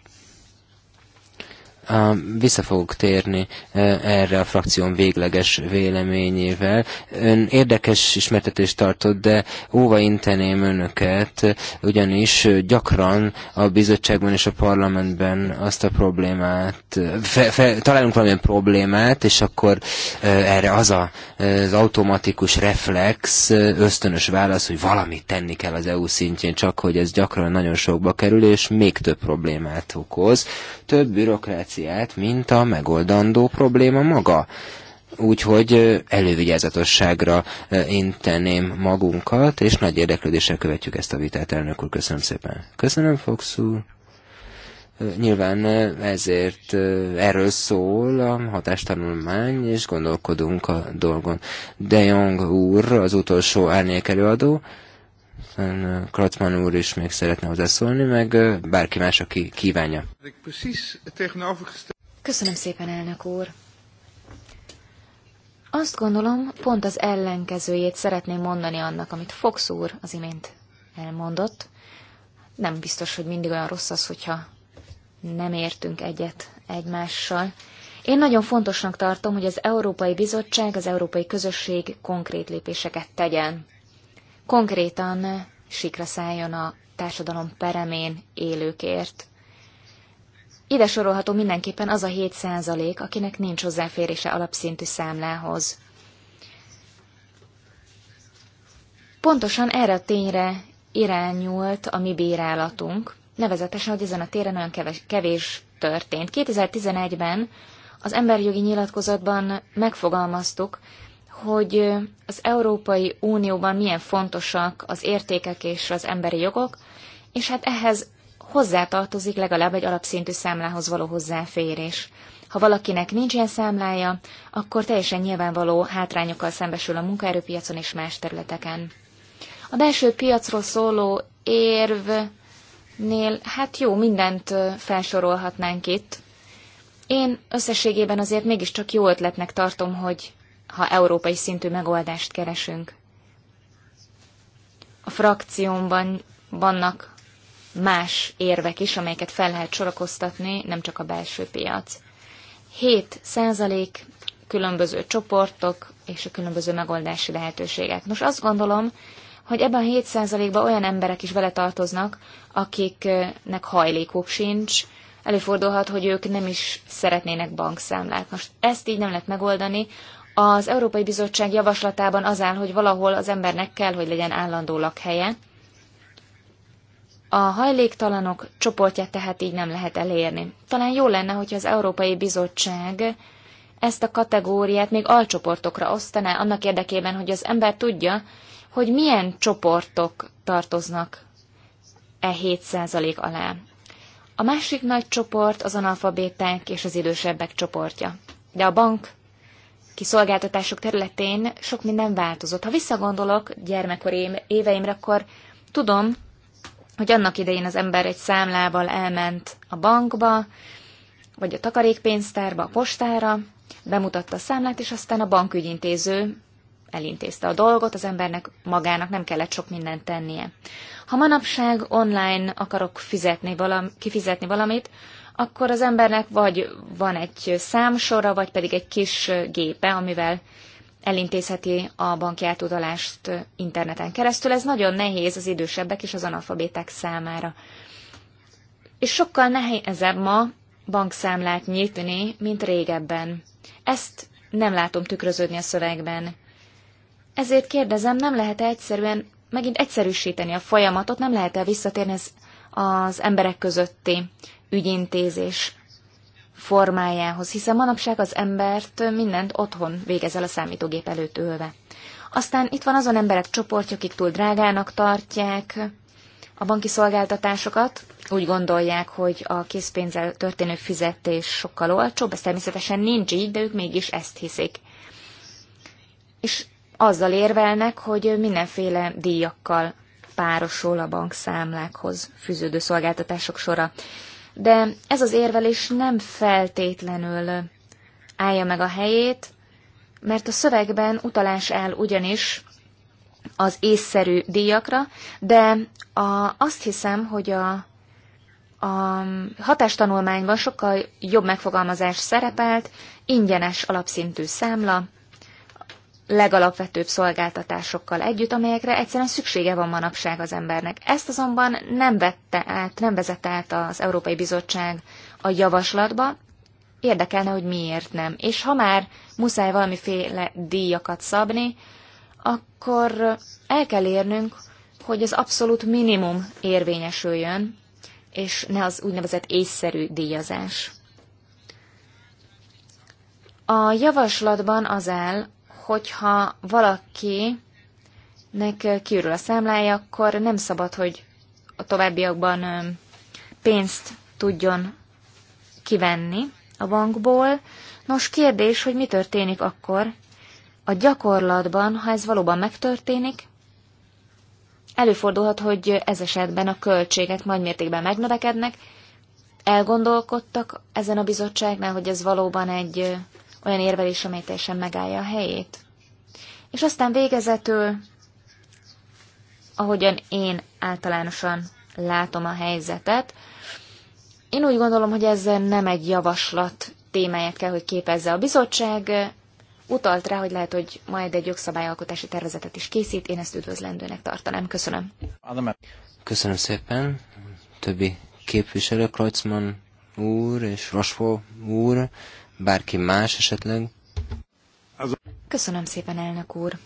Vissza fogok térni e, erre a frakción végleges véleményével. Ön érdekes ismertetést tartott, de óva inteném önöket, ugyanis gyakran a bizottságban és a parlamentben azt a problémát, fe, fe, találunk valamilyen problémát, és akkor e, erre az a, az automatikus reflex, e, ösztönös válasz, hogy valamit tenni kell az EU szintjén, csak hogy ez gyakran nagyon sokba kerül, és még több problémát okoz. Több bürokrácia koncepciát, mint a megoldandó probléma maga. Úgyhogy elővigyázatosságra inteném magunkat, és nagy érdeklődéssel követjük ezt a vitát, elnök úr. Köszönöm szépen. Köszönöm, Fox úr. Nyilván ezért erről szól a hatástanulmány, és gondolkodunk a dolgon. De Jong úr, az utolsó árnyék előadó, aztán úr is még szeretne hozzászólni, meg bárki más, aki kívánja. Köszönöm szépen, elnök úr. Azt gondolom, pont az ellenkezőjét szeretném mondani annak, amit Fox úr az imént elmondott. Nem biztos, hogy mindig olyan rossz az, hogyha nem értünk egyet egymással. Én nagyon fontosnak tartom, hogy az Európai Bizottság, az Európai Közösség konkrét lépéseket tegyen konkrétan sikra szálljon a társadalom peremén élőkért. Ide sorolható mindenképpen az a 7 százalék, akinek nincs hozzáférése alapszintű számlához. Pontosan erre a tényre irányult a mi bírálatunk, nevezetesen, hogy ezen a téren olyan keves, kevés történt. 2011-ben az emberjogi nyilatkozatban megfogalmaztuk, hogy az Európai Unióban milyen fontosak az értékek és az emberi jogok, és hát ehhez hozzátartozik legalább egy alapszintű számlához való hozzáférés. Ha valakinek nincs ilyen számlája, akkor teljesen nyilvánvaló hátrányokkal szembesül a munkaerőpiacon és más területeken. A belső piacról szóló érvnél, hát jó, mindent felsorolhatnánk itt. Én összességében azért mégiscsak jó ötletnek tartom, hogy ha európai szintű megoldást keresünk. A frakciómban vannak más érvek is, amelyeket fel lehet sorakoztatni, nem csak a belső piac. 7 százalék különböző csoportok és a különböző megoldási lehetőségek. Nos, azt gondolom, hogy ebben a 7 százalékban olyan emberek is vele tartoznak, akiknek hajlékuk sincs, előfordulhat, hogy ők nem is szeretnének bankszámlát. Most ezt így nem lehet megoldani, az Európai Bizottság javaslatában az áll, hogy valahol az embernek kell, hogy legyen állandó lakhelye. A hajléktalanok csoportját tehát így nem lehet elérni. Talán jó lenne, hogyha az Európai Bizottság ezt a kategóriát még alcsoportokra osztaná, annak érdekében, hogy az ember tudja, hogy milyen csoportok tartoznak e 7% alá. A másik nagy csoport az analfabéták és az idősebbek csoportja. De a bank kiszolgáltatások területén sok minden változott. Ha visszagondolok gyermekkori éveimre, akkor tudom, hogy annak idején az ember egy számlával elment a bankba, vagy a takarékpénztárba, a postára, bemutatta a számlát, és aztán a bankügyintéző elintézte a dolgot, az embernek magának nem kellett sok mindent tennie. Ha manapság online akarok fizetni valam, kifizetni valamit, akkor az embernek vagy van egy számsora, vagy pedig egy kis gépe, amivel elintézheti a banki átutalást interneten keresztül. Ez nagyon nehéz az idősebbek és az analfabéták számára. És sokkal nehezebb ma bankszámlát nyitni, mint régebben. Ezt nem látom tükröződni a szövegben. Ezért kérdezem, nem lehet -e egyszerűen megint egyszerűsíteni a folyamatot, nem lehet-e visszatérni az az emberek közötti ügyintézés formájához, hiszen manapság az embert mindent otthon végez el a számítógép előtt ülve. Aztán itt van azon emberek csoportja, akik túl drágának tartják a banki szolgáltatásokat, úgy gondolják, hogy a készpénzzel történő fizetés sokkal olcsóbb, ez természetesen nincs így, de ők mégis ezt hiszik. És azzal érvelnek, hogy mindenféle díjakkal párosul a bankszámlákhoz fűződő szolgáltatások sora. De ez az érvelés nem feltétlenül állja meg a helyét, mert a szövegben utalás áll ugyanis az észszerű díjakra, de a, azt hiszem, hogy a, a hatástanulmányban sokkal jobb megfogalmazás szerepelt, ingyenes alapszintű számla, legalapvetőbb szolgáltatásokkal együtt, amelyekre egyszerűen szüksége van manapság az embernek. Ezt azonban nem vette át, nem vezette át az Európai Bizottság a javaslatba, érdekelne, hogy miért nem. És ha már muszáj valamiféle díjakat szabni, akkor el kell érnünk, hogy az abszolút minimum érvényesüljön, és ne az úgynevezett észszerű díjazás. A javaslatban az áll, hogyha valakinek kiürül a számlája, akkor nem szabad, hogy a továbbiakban pénzt tudjon kivenni a bankból. Nos, kérdés, hogy mi történik akkor a gyakorlatban, ha ez valóban megtörténik, előfordulhat, hogy ez esetben a költségek nagy mértékben megnövekednek. Elgondolkodtak ezen a bizottságnál, hogy ez valóban egy olyan érvelés, amely teljesen megállja a helyét. És aztán végezetül, ahogyan én általánosan látom a helyzetet, én úgy gondolom, hogy ez nem egy javaslat témáját kell, hogy képezze a bizottság, utalt rá, hogy lehet, hogy majd egy jogszabályalkotási tervezetet is készít, én ezt üdvözlendőnek tartanám. Köszönöm. Köszönöm szépen. Többi képviselő, Kreuzmann úr és Rosfó úr Bárki más esetleg? Köszönöm szépen, elnök úr.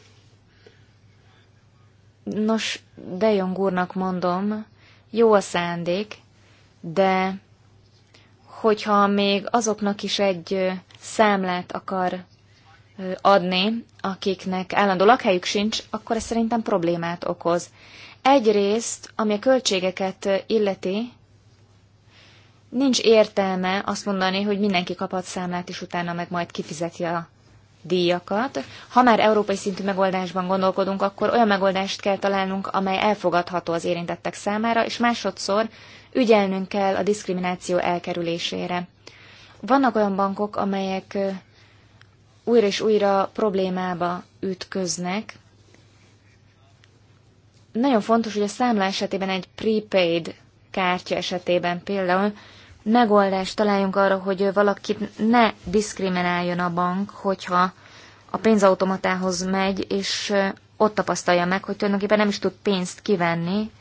Nos, De Jong úrnak mondom, jó a szándék, de hogyha még azoknak is egy számlát akar adni, akiknek állandó lakhelyük sincs, akkor ez szerintem problémát okoz. Egyrészt, ami a költségeket illeti, Nincs értelme azt mondani, hogy mindenki kaphat számlát, és utána meg majd kifizeti a díjakat. Ha már európai szintű megoldásban gondolkodunk, akkor olyan megoldást kell találnunk, amely elfogadható az érintettek számára, és másodszor ügyelnünk kell a diszkrimináció elkerülésére. Vannak olyan bankok, amelyek újra és újra problémába ütköznek. Nagyon fontos, hogy a számla esetében egy prepaid kártya esetében például megoldást találjunk arra, hogy valakit ne diszkrimináljon a bank, hogyha a pénzautomatához megy, és ott tapasztalja meg, hogy tulajdonképpen nem is tud pénzt kivenni,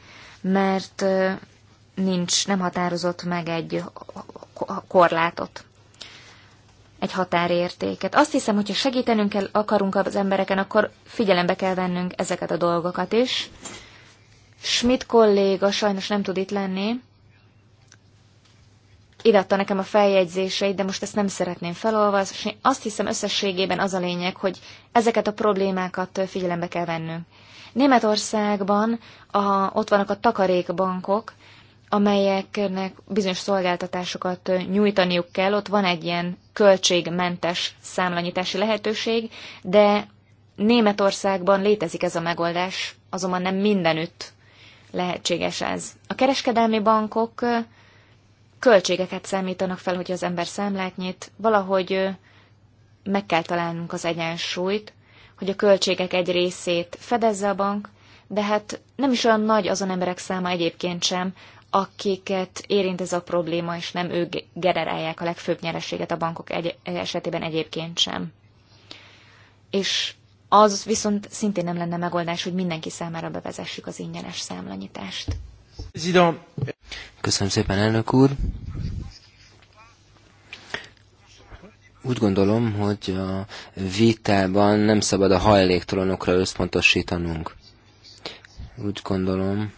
mert nincs, nem határozott meg egy korlátot, egy határértéket. Azt hiszem, hogyha segítenünk kell, akarunk az embereken, akkor figyelembe kell vennünk ezeket a dolgokat is. Schmidt kolléga sajnos nem tud itt lenni, adta nekem a feljegyzéseit, de most ezt nem szeretném felolvasni. Azt hiszem összességében az a lényeg, hogy ezeket a problémákat figyelembe kell vennünk. Németországban a, ott vannak a takarékbankok, amelyeknek bizonyos szolgáltatásokat nyújtaniuk kell. Ott van egy ilyen költségmentes számlanyítási lehetőség, de Németországban létezik ez a megoldás, azonban nem mindenütt lehetséges ez. A kereskedelmi bankok költségeket számítanak fel, hogy az ember számlát nyit, valahogy meg kell találnunk az egyensúlyt, hogy a költségek egy részét fedezze a bank, de hát nem is olyan nagy azon emberek száma egyébként sem, akiket érint ez a probléma, és nem ők generálják a legfőbb nyereséget a bankok egy- esetében egyébként sem. És az viszont szintén nem lenne megoldás, hogy mindenki számára bevezessük az ingyenes számlanyítást. Köszönöm szépen, elnök úr. Úgy gondolom, hogy a vitában nem szabad a hajléktalanokra összpontosítanunk. Úgy gondolom,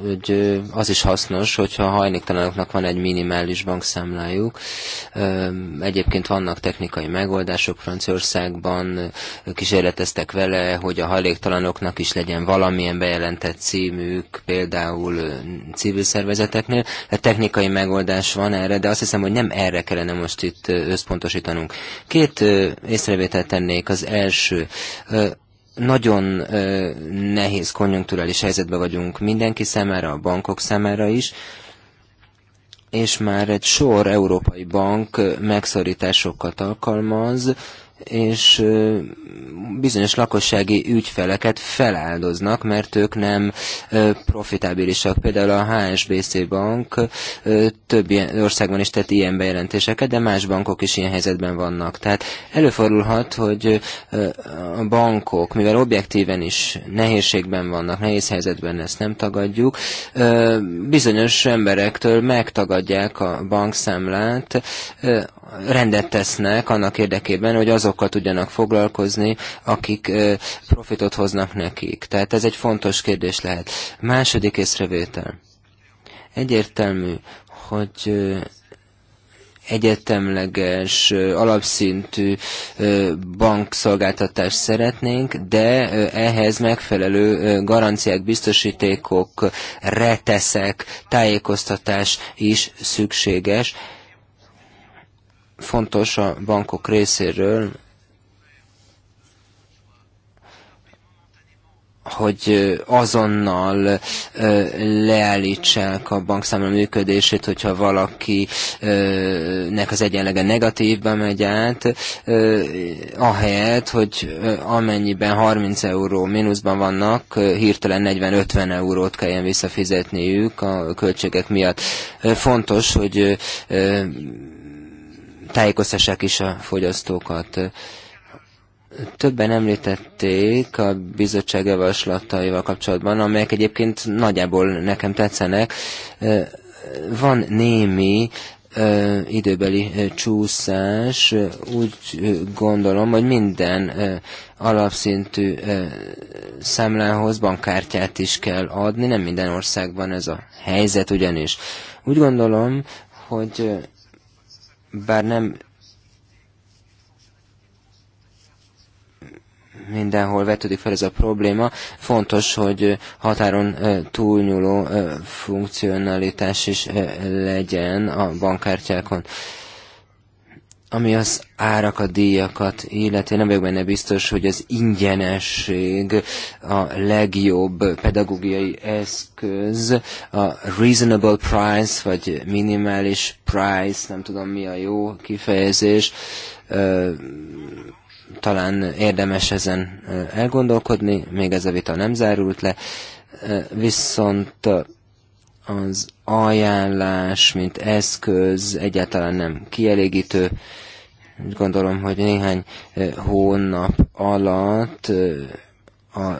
hogy az is hasznos, hogyha hajléktalanoknak van egy minimális bankszámlájuk. Egyébként vannak technikai megoldások Franciaországban, kísérleteztek vele, hogy a hajléktalanoknak is legyen valamilyen bejelentett címük, például civil szervezeteknél. Egy hát technikai megoldás van erre, de azt hiszem, hogy nem erre kellene most itt összpontosítanunk. Két észrevételt tennék. Az első, nagyon nehéz konjunkturális helyzetben vagyunk mindenki számára, a bankok számára is, és már egy sor európai bank megszorításokat alkalmaz, és bizonyos lakossági ügyfeleket feláldoznak, mert ők nem profitábilisak. Például a HSBC bank több országban is tett ilyen bejelentéseket, de más bankok is ilyen helyzetben vannak. Tehát előfordulhat, hogy a bankok, mivel objektíven is nehézségben vannak, nehéz helyzetben ezt nem tagadjuk, bizonyos emberektől megtagadják a bankszámlát rendet tesznek annak érdekében, hogy azokkal tudjanak foglalkozni, akik profitot hoznak nekik. Tehát ez egy fontos kérdés lehet. Második észrevétel. Egyértelmű, hogy egyetemleges, alapszintű bankszolgáltatást szeretnénk, de ehhez megfelelő garanciák, biztosítékok, reteszek, tájékoztatás is szükséges, fontos a bankok részéről, hogy azonnal leállítsák a bankszámla működését, hogyha valakinek az egyenlege negatívba megy át, ahelyett, hogy amennyiben 30 euró mínuszban vannak, hirtelen 40-50 eurót kelljen visszafizetniük a költségek miatt. Fontos, hogy tájékoztassák is a fogyasztókat. Többen említették a bizottság javaslataival kapcsolatban, amelyek egyébként nagyjából nekem tetszenek. Van némi időbeli csúszás, úgy gondolom, hogy minden alapszintű számlához bankkártyát is kell adni, nem minden országban ez a helyzet ugyanis. Úgy gondolom, hogy bár nem mindenhol vetődik fel ez a probléma. Fontos, hogy határon túlnyúló funkcionalitás is legyen a bankkártyákon. Ami az árakat, díjakat illeti, nem vagyok benne biztos, hogy az ingyenesség a legjobb pedagógiai eszköz. A reasonable price, vagy minimális price, nem tudom mi a jó kifejezés, talán érdemes ezen elgondolkodni, még ez a vita nem zárult le, viszont az ajánlás, mint eszköz egyáltalán nem kielégítő, úgy gondolom, hogy néhány eh, hónap alatt eh, a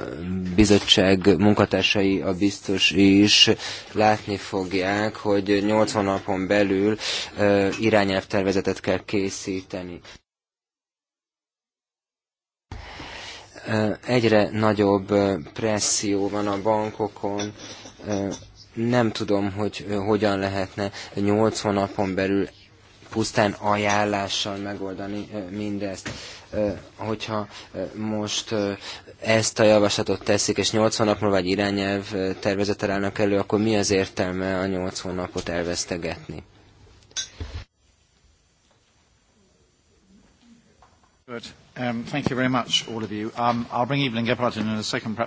bizottság munkatársai, a biztos is látni fogják, hogy 80 napon belül eh, irányelvtervezetet kell készíteni. Egyre nagyobb presszió van a bankokon, nem tudom, hogy hogyan lehetne 80 napon belül pusztán ajánlással megoldani mindezt. Hogyha most ezt a javaslatot teszik, és 80 nap múlva egy irányelv tervezetel állnak elő, akkor mi az értelme a 80 napot elvesztegetni? Good. Um, thank you very much, all of you. Um, I'll bring Evelyn Gephardt in in a second.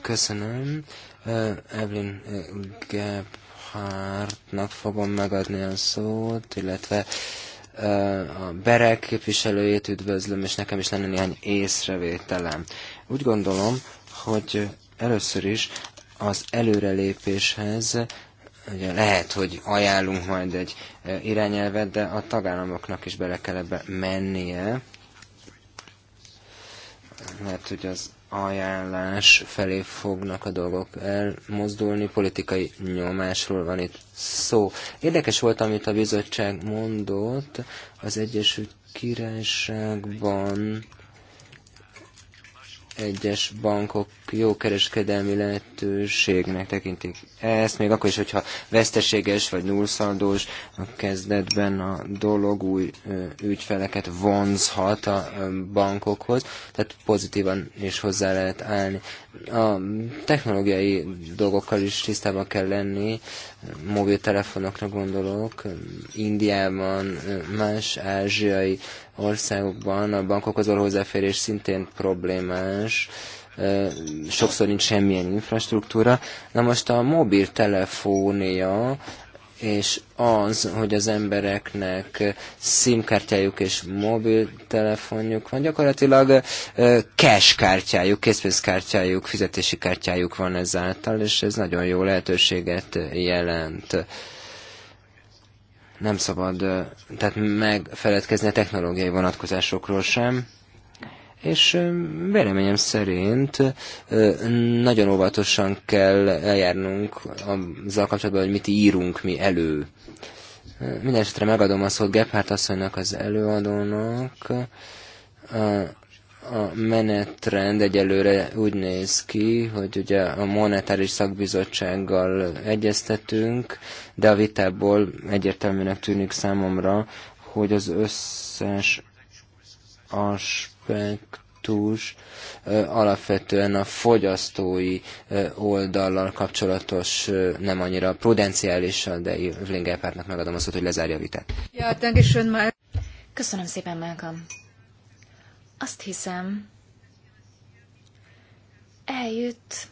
Köszönöm. Uh, Evelyn uh, Gephardt Gebhardtnak fogom megadni a szót, illetve a Berek képviselőjét üdvözlöm, és nekem is lenne néhány észrevételem. Úgy gondolom, hogy először is az előrelépéshez ugye lehet, hogy ajánlunk majd egy irányelvet, de a tagállamoknak is bele kell ebbe mennie. mert hogy az ajánlás felé fognak a dolgok elmozdulni, politikai nyomásról van itt szó. Érdekes volt, amit a bizottság mondott, az Egyesült Királyságban egyes bankok jó kereskedelmi lehetőségnek tekintik ezt, még akkor is, hogyha veszteséges vagy nullszaldós, a kezdetben a dolog új ügyfeleket vonzhat a bankokhoz, tehát pozitívan is hozzá lehet állni. A technológiai dolgokkal is tisztában kell lenni, mobiltelefonokra gondolok, Indiában, más ázsiai országokban a bankokhoz való hozzáférés szintén problémás, sokszor nincs semmilyen infrastruktúra. Na most a mobiltelefónia és az, hogy az embereknek SIM-kártyájuk és mobiltelefonjuk van, gyakorlatilag cash kártyájuk, készpénzkártyájuk, fizetési kártyájuk van ezáltal, és ez nagyon jó lehetőséget jelent nem szabad tehát megfeledkezni a technológiai vonatkozásokról sem, és véleményem szerint nagyon óvatosan kell eljárnunk azzal kapcsolatban, hogy mit írunk mi elő. Mindenesetre megadom a szót Gephardt asszonynak, az előadónak, a menetrend egyelőre úgy néz ki, hogy ugye a monetáris szakbizottsággal egyeztetünk, de a vitából egyértelműnek tűnik számomra, hogy az összes aspektus alapvetően a fogyasztói oldallal kapcsolatos, nem annyira prudenciálisan, de Evelyn Gepártnak megadom azt, hogy lezárja a vitát. Ja, Köszönöm szépen, Malcolm. Azt hiszem, eljött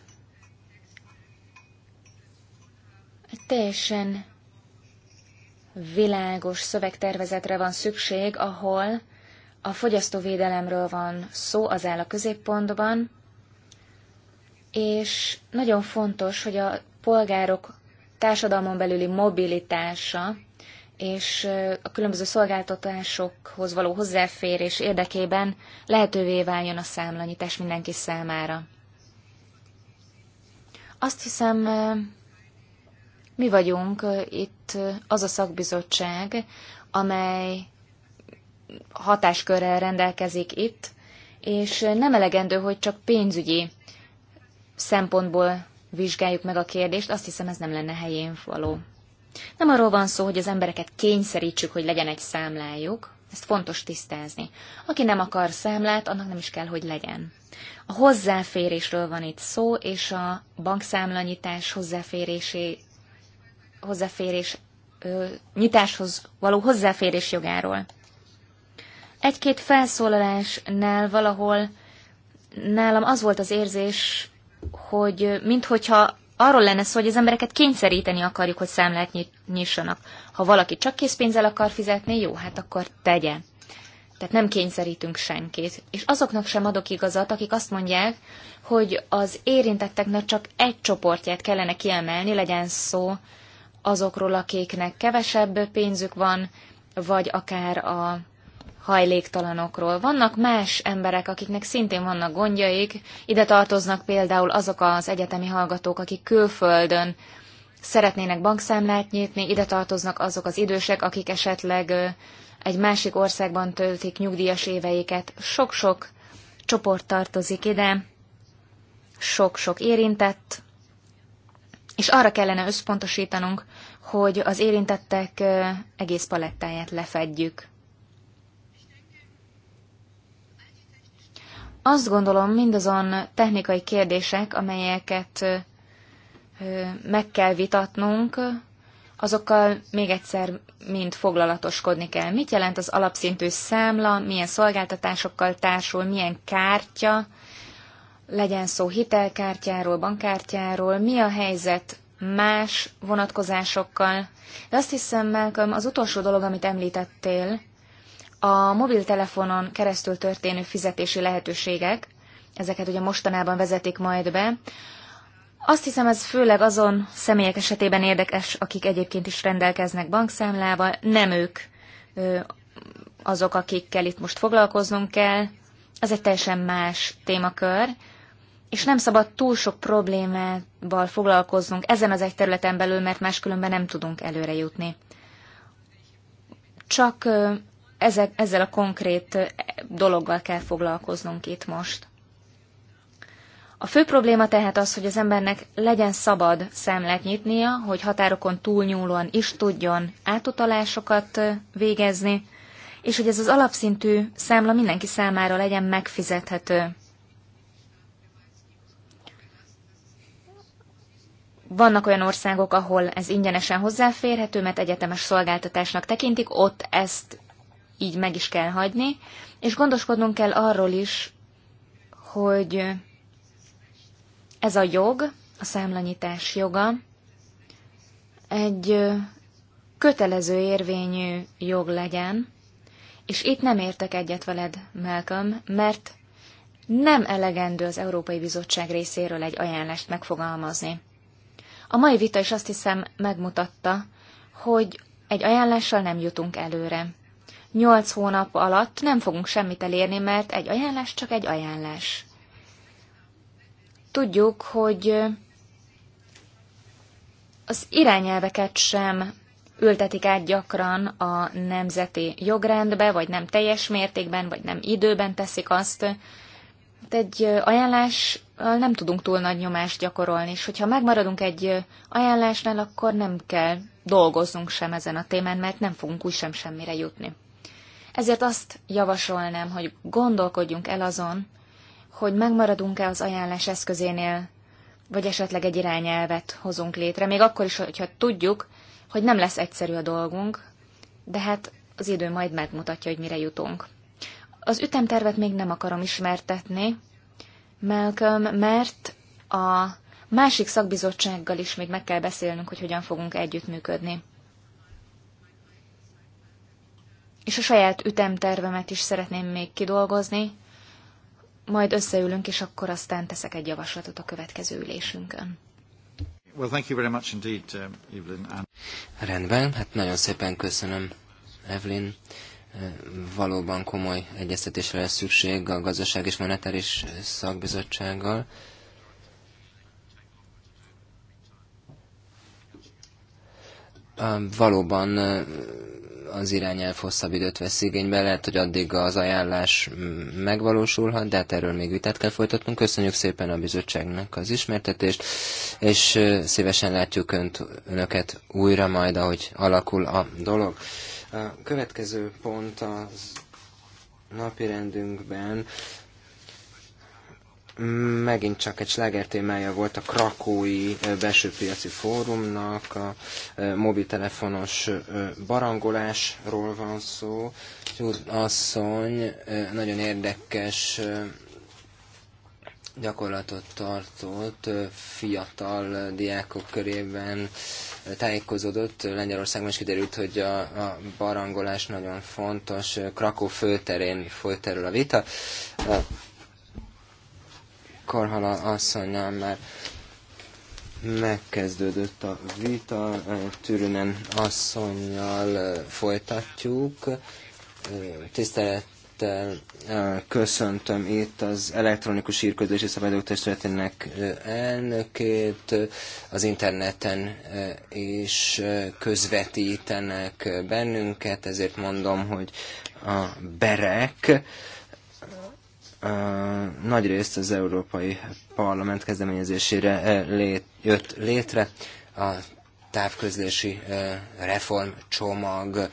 egy teljesen világos szövegtervezetre van szükség, ahol a fogyasztóvédelemről van szó, az áll a középpontban, és nagyon fontos, hogy a polgárok társadalmon belüli mobilitása és a különböző szolgáltatásokhoz való hozzáférés érdekében lehetővé váljon a számlanyítás mindenki számára. Azt hiszem, mi vagyunk itt az a szakbizottság, amely hatáskörrel rendelkezik itt, és nem elegendő, hogy csak pénzügyi szempontból vizsgáljuk meg a kérdést, azt hiszem ez nem lenne helyén való. Nem arról van szó, hogy az embereket kényszerítsük, hogy legyen egy számlájuk, ezt fontos tisztázni. Aki nem akar számlát, annak nem is kell, hogy legyen. A hozzáférésről van itt szó, és a bankszámlanyítás hozzáférési, hozzáférés ö, nyitáshoz való hozzáférés jogáról. Egy-két felszólalásnál valahol nálam az volt az érzés, hogy minthogyha arról lenne szó, hogy az embereket kényszeríteni akarjuk, hogy számlát nyissanak. Ha valaki csak készpénzzel akar fizetni, jó, hát akkor tegye. Tehát nem kényszerítünk senkit. És azoknak sem adok igazat, akik azt mondják, hogy az érintetteknek csak egy csoportját kellene kiemelni, legyen szó azokról, akiknek kevesebb pénzük van, vagy akár a hajléktalanokról. Vannak más emberek, akiknek szintén vannak gondjaik, ide tartoznak például azok az egyetemi hallgatók, akik külföldön szeretnének bankszámlát nyitni, ide tartoznak azok az idősek, akik esetleg egy másik országban töltik nyugdíjas éveiket. Sok-sok csoport tartozik ide, sok-sok érintett, és arra kellene összpontosítanunk, hogy az érintettek egész palettáját lefedjük. Azt gondolom, mindazon technikai kérdések, amelyeket meg kell vitatnunk, azokkal még egyszer mind foglalatoskodni kell. Mit jelent az alapszintű számla, milyen szolgáltatásokkal társul, milyen kártya, legyen szó hitelkártyáról, bankkártyáról, mi a helyzet más vonatkozásokkal. De azt hiszem, Malcolm, az utolsó dolog, amit említettél, a mobiltelefonon keresztül történő fizetési lehetőségek, ezeket ugye mostanában vezetik majd be, azt hiszem ez főleg azon személyek esetében érdekes, akik egyébként is rendelkeznek bankszámlával, nem ők azok, akikkel itt most foglalkoznunk kell, Ez egy teljesen más témakör, és nem szabad túl sok problémával foglalkoznunk ezen az egy területen belül, mert máskülönben nem tudunk előre jutni. Csak ezek, ezzel a konkrét dologgal kell foglalkoznunk itt most. A fő probléma tehát az, hogy az embernek legyen szabad szemlet nyitnia, hogy határokon túlnyúlóan is tudjon átutalásokat végezni, és hogy ez az alapszintű számla mindenki számára legyen megfizethető. Vannak olyan országok, ahol ez ingyenesen hozzáférhető, mert egyetemes szolgáltatásnak tekintik, ott ezt így meg is kell hagyni, és gondoskodnunk kell arról is, hogy ez a jog, a számlanyítás joga egy kötelező érvényű jog legyen, és itt nem értek egyet veled, Malcolm, mert nem elegendő az Európai Bizottság részéről egy ajánlást megfogalmazni. A mai vita is azt hiszem megmutatta, hogy egy ajánlással nem jutunk előre. Nyolc hónap alatt nem fogunk semmit elérni, mert egy ajánlás csak egy ajánlás. Tudjuk, hogy az irányelveket sem ültetik át gyakran a nemzeti jogrendbe, vagy nem teljes mértékben, vagy nem időben teszik azt. De egy ajánlás nem tudunk túl nagy nyomást gyakorolni, és hogyha megmaradunk egy ajánlásnál, akkor nem kell dolgoznunk sem ezen a témán, mert nem fogunk úgysem semmire jutni. Ezért azt javasolnám, hogy gondolkodjunk el azon, hogy megmaradunk-e az ajánlás eszközénél, vagy esetleg egy irányelvet hozunk létre, még akkor is, hogyha tudjuk, hogy nem lesz egyszerű a dolgunk, de hát az idő majd megmutatja, hogy mire jutunk. Az ütemtervet még nem akarom ismertetni, Malcolm, mert a másik szakbizottsággal is még meg kell beszélnünk, hogy hogyan fogunk együttműködni. és a saját ütemtervemet is szeretném még kidolgozni, majd összeülünk, és akkor aztán teszek egy javaslatot a következő ülésünkön. Well, thank you very much indeed, uh, Evelyn. And... Rendben, hát nagyon szépen köszönöm, Evelyn. Uh, valóban komoly egyeztetésre lesz szükség a gazdaság és monetáris szakbizottsággal. Uh, valóban az irányelv hosszabb időt vesz igénybe, lehet, hogy addig az ajánlás megvalósulhat, de hát erről még vitát kell folytatnunk. Köszönjük szépen a bizottságnak az ismertetést, és szívesen látjuk önt, önöket újra majd, ahogy alakul a dolog. A következő pont az napirendünkben megint csak egy sláger témája volt a Krakói belső piaci fórumnak, a mobiltelefonos barangolásról van szó. Tud asszony nagyon érdekes gyakorlatot tartott fiatal diákok körében tájékozódott. Lengyelországban is kiderült, hogy a, a barangolás nagyon fontos. Krakó főterén folyt erről a vita Karhala asszonynal már megkezdődött a vita, Türünen asszonynal folytatjuk. Tisztelettel köszöntöm itt az Elektronikus Írközlési Szabályok Testületének elnökét, az interneten is közvetítenek bennünket, ezért mondom, hogy a berek nagy részt az Európai Parlament kezdeményezésére lét, jött létre. A távközlési reformcsomag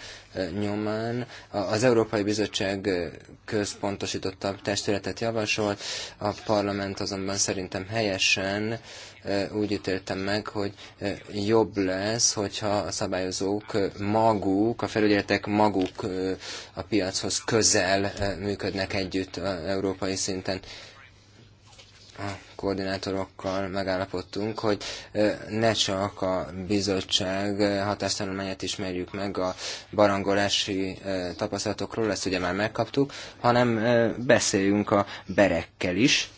nyomán. Az Európai Bizottság központosítottabb testületet javasolt, a parlament azonban szerintem helyesen úgy ítéltem meg, hogy jobb lesz, hogyha a szabályozók maguk, a felügyeletek maguk a piachoz közel működnek együtt európai szinten a koordinátorokkal megállapodtunk, hogy ne csak a bizottság hatástanulmányát ismerjük meg a barangolási tapasztalatokról, ezt ugye már megkaptuk, hanem beszéljünk a berekkel is,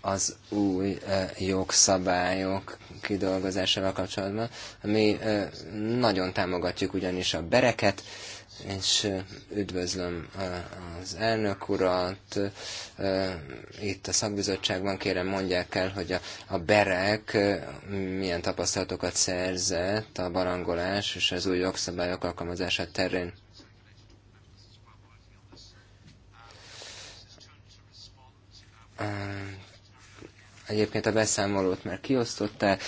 az új e, jogszabályok kidolgozásával kapcsolatban. Mi e, nagyon támogatjuk ugyanis a bereket, és e, üdvözlöm az elnök urat. Itt a szakbizottságban kérem mondják el, hogy a, a berek milyen tapasztalatokat szerzett a barangolás és az új jogszabályok alkalmazása terén. Egyébként a beszámolót már kiosztotta. Eh,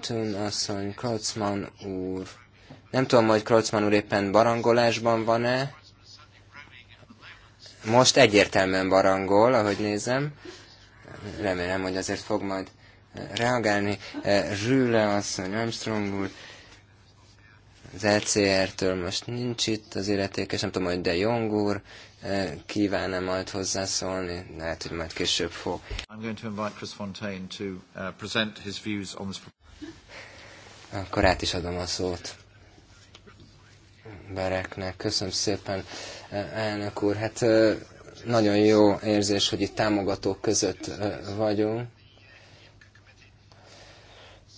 Tön asszony, Krocman úr. Nem tudom, hogy Krocman úr éppen barangolásban van-e. Most egyértelműen barangol, ahogy nézem. Remélem, hogy azért fog majd eh, reagálni. Eh, Rüle asszony, Armstrong úr az LCR-től e most nincs itt az életékes, nem tudom, hogy de Jong úr, E, kívánna majd hozzászólni, lehet, hogy majd később fog. I'm going to invite Chris Fontaine to uh, present his views on this... Akkor át is adom a szót. Bereknek. Köszönöm szépen, e, elnök úr. Hát e, nagyon jó érzés, hogy itt támogatók között vagyunk.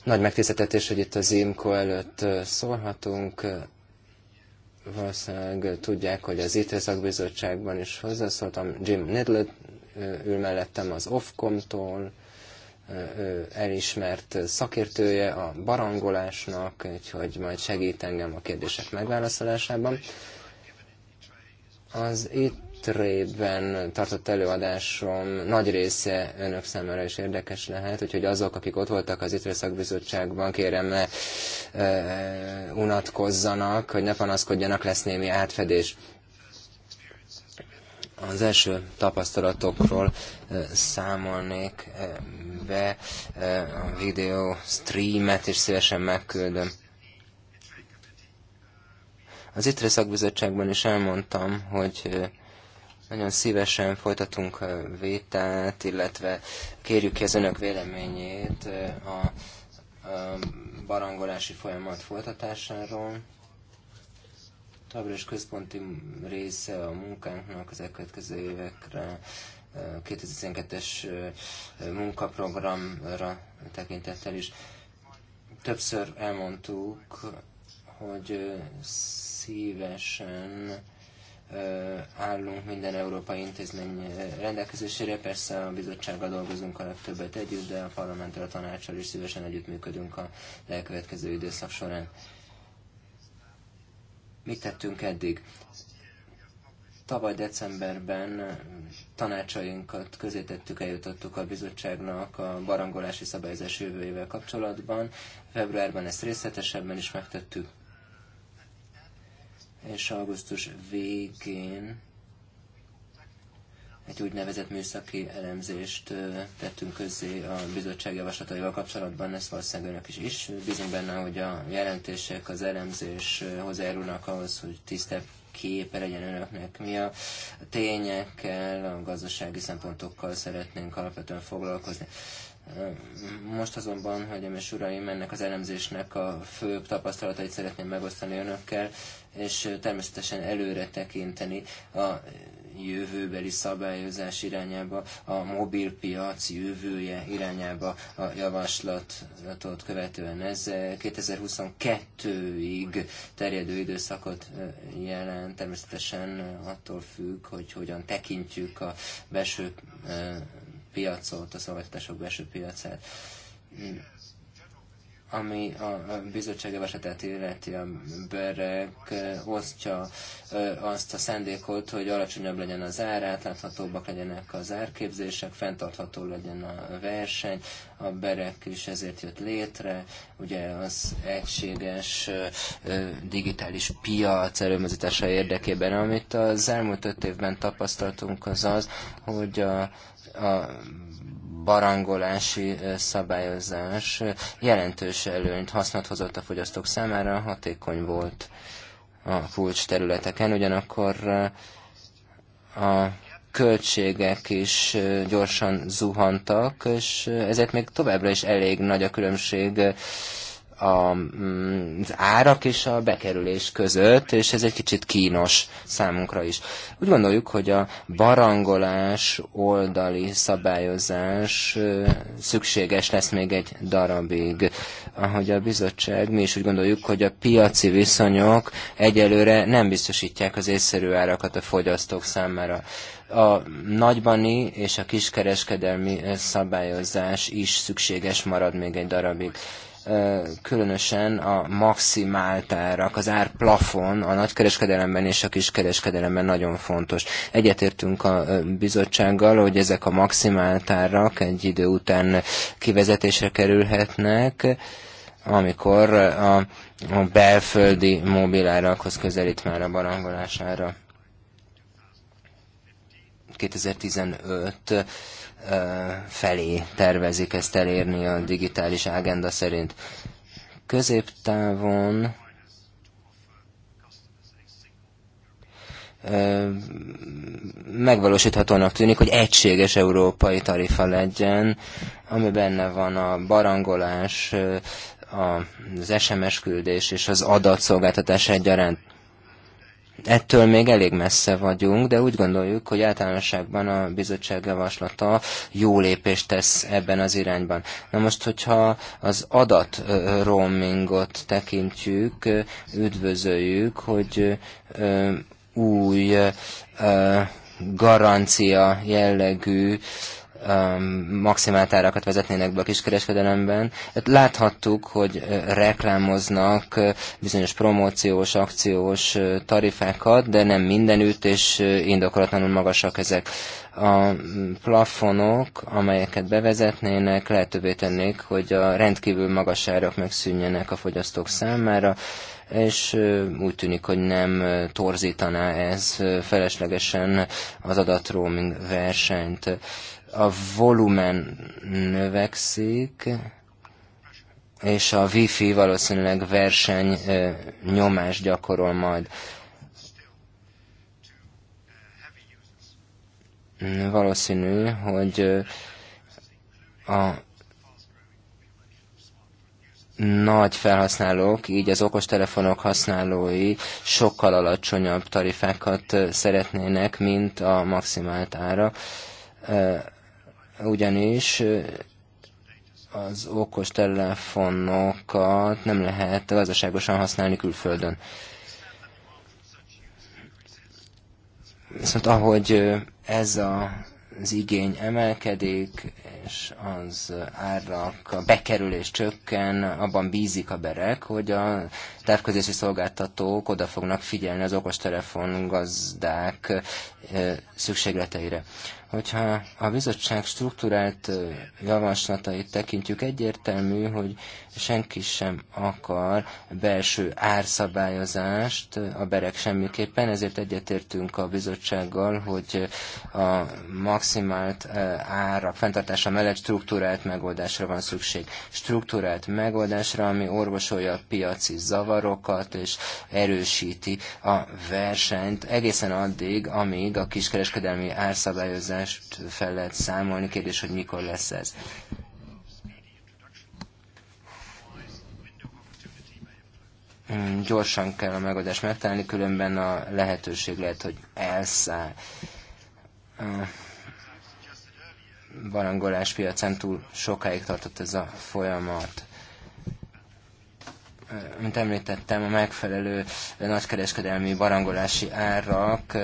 Nagy megtiszteltetés, hogy itt az IMCO előtt szólhatunk valószínűleg tudják, hogy az IT bizottságban is hozzászóltam. Jim Nedlet ül mellettem az Ofcom-tól, elismert szakértője a barangolásnak, úgyhogy majd segít engem a kérdések megválaszolásában. Az itt trében tartott előadásom nagy része önök számára is érdekes lehet, úgyhogy azok, akik ott voltak az ITRE szakbizottságban, kérem ne e, unatkozzanak, hogy ne panaszkodjanak, lesz némi átfedés. Az első tapasztalatokról számolnék be, a videó streamet és szívesen megküldöm. Az ITRE szakbizottságban is elmondtam, hogy nagyon szívesen folytatunk vétát, illetve kérjük ki az önök véleményét a barangolási folyamat folytatásáról. Továbbra is központi része a munkánknak az elkövetkező évekre 2012-es munkaprogramra tekintettel is. Többször elmondtuk, hogy szívesen állunk minden európai intézmény rendelkezésére. Persze a bizottsággal dolgozunk a legtöbbet együtt, de a parlamenttel, a tanácssal is szívesen együttműködünk a elkövetkező időszak során. Mit tettünk eddig? Tavaly decemberben tanácsainkat közé tettük, eljutottuk a bizottságnak a barangolási szabályozás jövőjével kapcsolatban. Februárban ezt részletesebben is megtettük és augusztus végén egy úgynevezett műszaki elemzést tettünk közzé a bizottság javaslataival kapcsolatban, ezt valószínűleg önök is is. Bízunk benne, hogy a jelentések, az elemzés hozzájárulnak ahhoz, hogy tisztább képe legyen önöknek. Mi a tényekkel, a gazdasági szempontokkal szeretnénk alapvetően foglalkozni. Most azonban, hogy és uraim, ennek az elemzésnek a fő tapasztalatait szeretném megosztani önökkel és természetesen előre tekinteni a jövőbeli szabályozás irányába, a mobilpiac jövője irányába a javaslatot követően. Ez 2022-ig terjedő időszakot jelent, természetesen attól függ, hogy hogyan tekintjük a belső piacot, a szolgáltatások belső piacát ami a bizottság javaslatát illeti a berek osztja azt a szándékot, hogy alacsonyabb legyen az ár, átláthatóbbak legyenek az árképzések, fenntartható legyen a verseny, a berek is ezért jött létre, ugye az egységes digitális piac előmozítása érdekében, amit az elmúlt öt évben tapasztaltunk az az, hogy a, a barangolási szabályozás jelentős előnyt hasznot hozott a fogyasztók számára, hatékony volt a kulcs területeken, ugyanakkor a költségek is gyorsan zuhantak, és ezért még továbbra is elég nagy a különbség Mm, az árak és a bekerülés között, és ez egy kicsit kínos számunkra is. Úgy gondoljuk, hogy a barangolás oldali szabályozás szükséges lesz még egy darabig. Ahogy a bizottság, mi is úgy gondoljuk, hogy a piaci viszonyok egyelőre nem biztosítják az észszerű árakat a fogyasztók számára a nagybani és a kiskereskedelmi szabályozás is szükséges marad még egy darabig különösen a maximált árak, az árplafon a nagykereskedelemben és a kiskereskedelemben nagyon fontos. Egyetértünk a bizottsággal, hogy ezek a maximált árak egy idő után kivezetésre kerülhetnek, amikor a, a belföldi mobilárakhoz közelít már a barangolására. 2015 felé tervezik ezt elérni a digitális ágenda szerint. Középtávon megvalósíthatónak tűnik, hogy egységes európai tarifa legyen, ami benne van a barangolás, az SMS küldés és az adatszolgáltatás egyaránt. Ettől még elég messze vagyunk, de úgy gondoljuk, hogy általánosságban a bizottság javaslata jó lépést tesz ebben az irányban. Na most, hogyha az adat roamingot tekintjük, üdvözöljük, hogy új garancia jellegű Um, maximált árakat vezetnének be a kiskereskedelemben. Láthattuk, hogy reklámoznak bizonyos promóciós, akciós tarifákat, de nem mindenütt, és indokolatlanul magasak ezek. A plafonok, amelyeket bevezetnének, lehetővé tennék, hogy a rendkívül magas árak megszűnjenek a fogyasztók számára, és úgy tűnik, hogy nem torzítaná ez feleslegesen az adatroaming versenyt a volumen növekszik, és a Wi-Fi valószínűleg verseny nyomás gyakorol majd. Valószínű, hogy a nagy felhasználók, így az okostelefonok használói sokkal alacsonyabb tarifákat szeretnének, mint a maximált ára ugyanis az okos telefonokat nem lehet gazdaságosan használni külföldön. Viszont ahogy ez a, az igény emelkedik, és az árak, a bekerülés csökken, abban bízik a berek, hogy a távközési szolgáltatók oda fognak figyelni az okostelefon gazdák szükségleteire. Hogyha a bizottság struktúrált javaslatait tekintjük, egyértelmű, hogy senki sem akar belső árszabályozást, a berek semmiképpen, ezért egyetértünk a bizottsággal, hogy a maximált e, árak fenntartása mellett struktúrált megoldásra van szükség. Struktúrált megoldásra, ami orvosolja a piaci zavarokat és erősíti a versenyt egészen addig, amíg a kiskereskedelmi árszabályozást fel lehet számolni. Kérdés, hogy mikor lesz ez. Mm, gyorsan kell a megoldást megtalálni, különben a lehetőség lehet, hogy elszáll. Mm. Barangolás piacán túl sokáig tartott ez a folyamat. Mm, mint említettem, a megfelelő nagykereskedelmi barangolási árak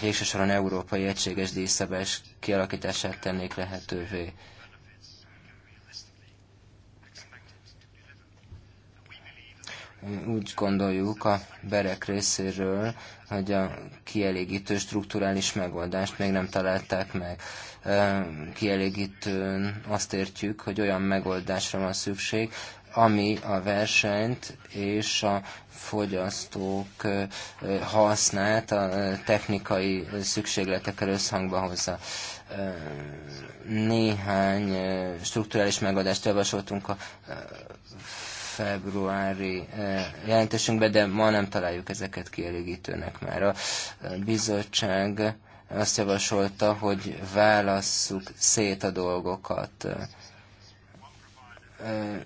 végsősoron európai egységes díszabás kialakítását tennék lehetővé. Úgy gondoljuk a berek részéről, hogy a kielégítő strukturális megoldást még nem találták meg. Kielégítőn azt értjük, hogy olyan megoldásra van szükség, ami a versenyt és a fogyasztók hasznát a technikai szükségletekkel összhangba hozza. Néhány strukturális megoldást javasoltunk a februári eh, jelentésünkbe, de ma nem találjuk ezeket kielégítőnek már. A eh, bizottság azt javasolta, hogy válasszuk szét a dolgokat. Eh,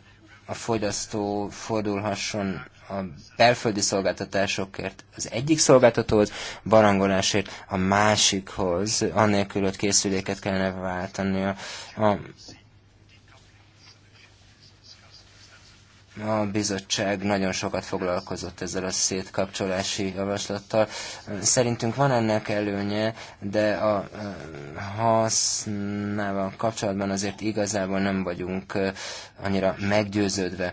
a fogyasztó fordulhasson a belföldi szolgáltatásokért az egyik szolgáltatóhoz, barangolásért a másikhoz, anélkül, hogy készüléket kellene váltania. A A bizottság nagyon sokat foglalkozott ezzel a szétkapcsolási javaslattal. Szerintünk van ennek előnye, de a eh, hasznával kapcsolatban azért igazából nem vagyunk eh, annyira meggyőződve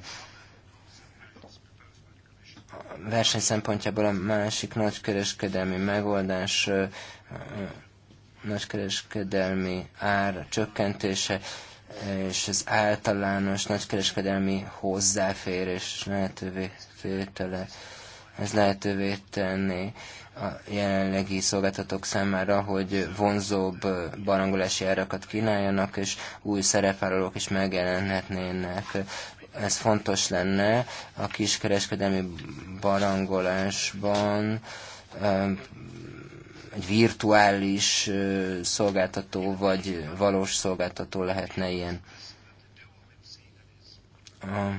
verseny szempontjából a másik nagykereskedelmi megoldás, eh, nagykereskedelmi ár csökkentése és az általános nagykereskedelmi hozzáférés lehetővé tétele, ez lehetővé tenni a jelenlegi szolgáltatók számára, hogy vonzóbb barangolási árakat kínáljanak, és új szerepvállalók is megjelenhetnének. Ez fontos lenne a kiskereskedelmi barangolásban, egy virtuális szolgáltató, vagy valós szolgáltató lehetne ilyen. A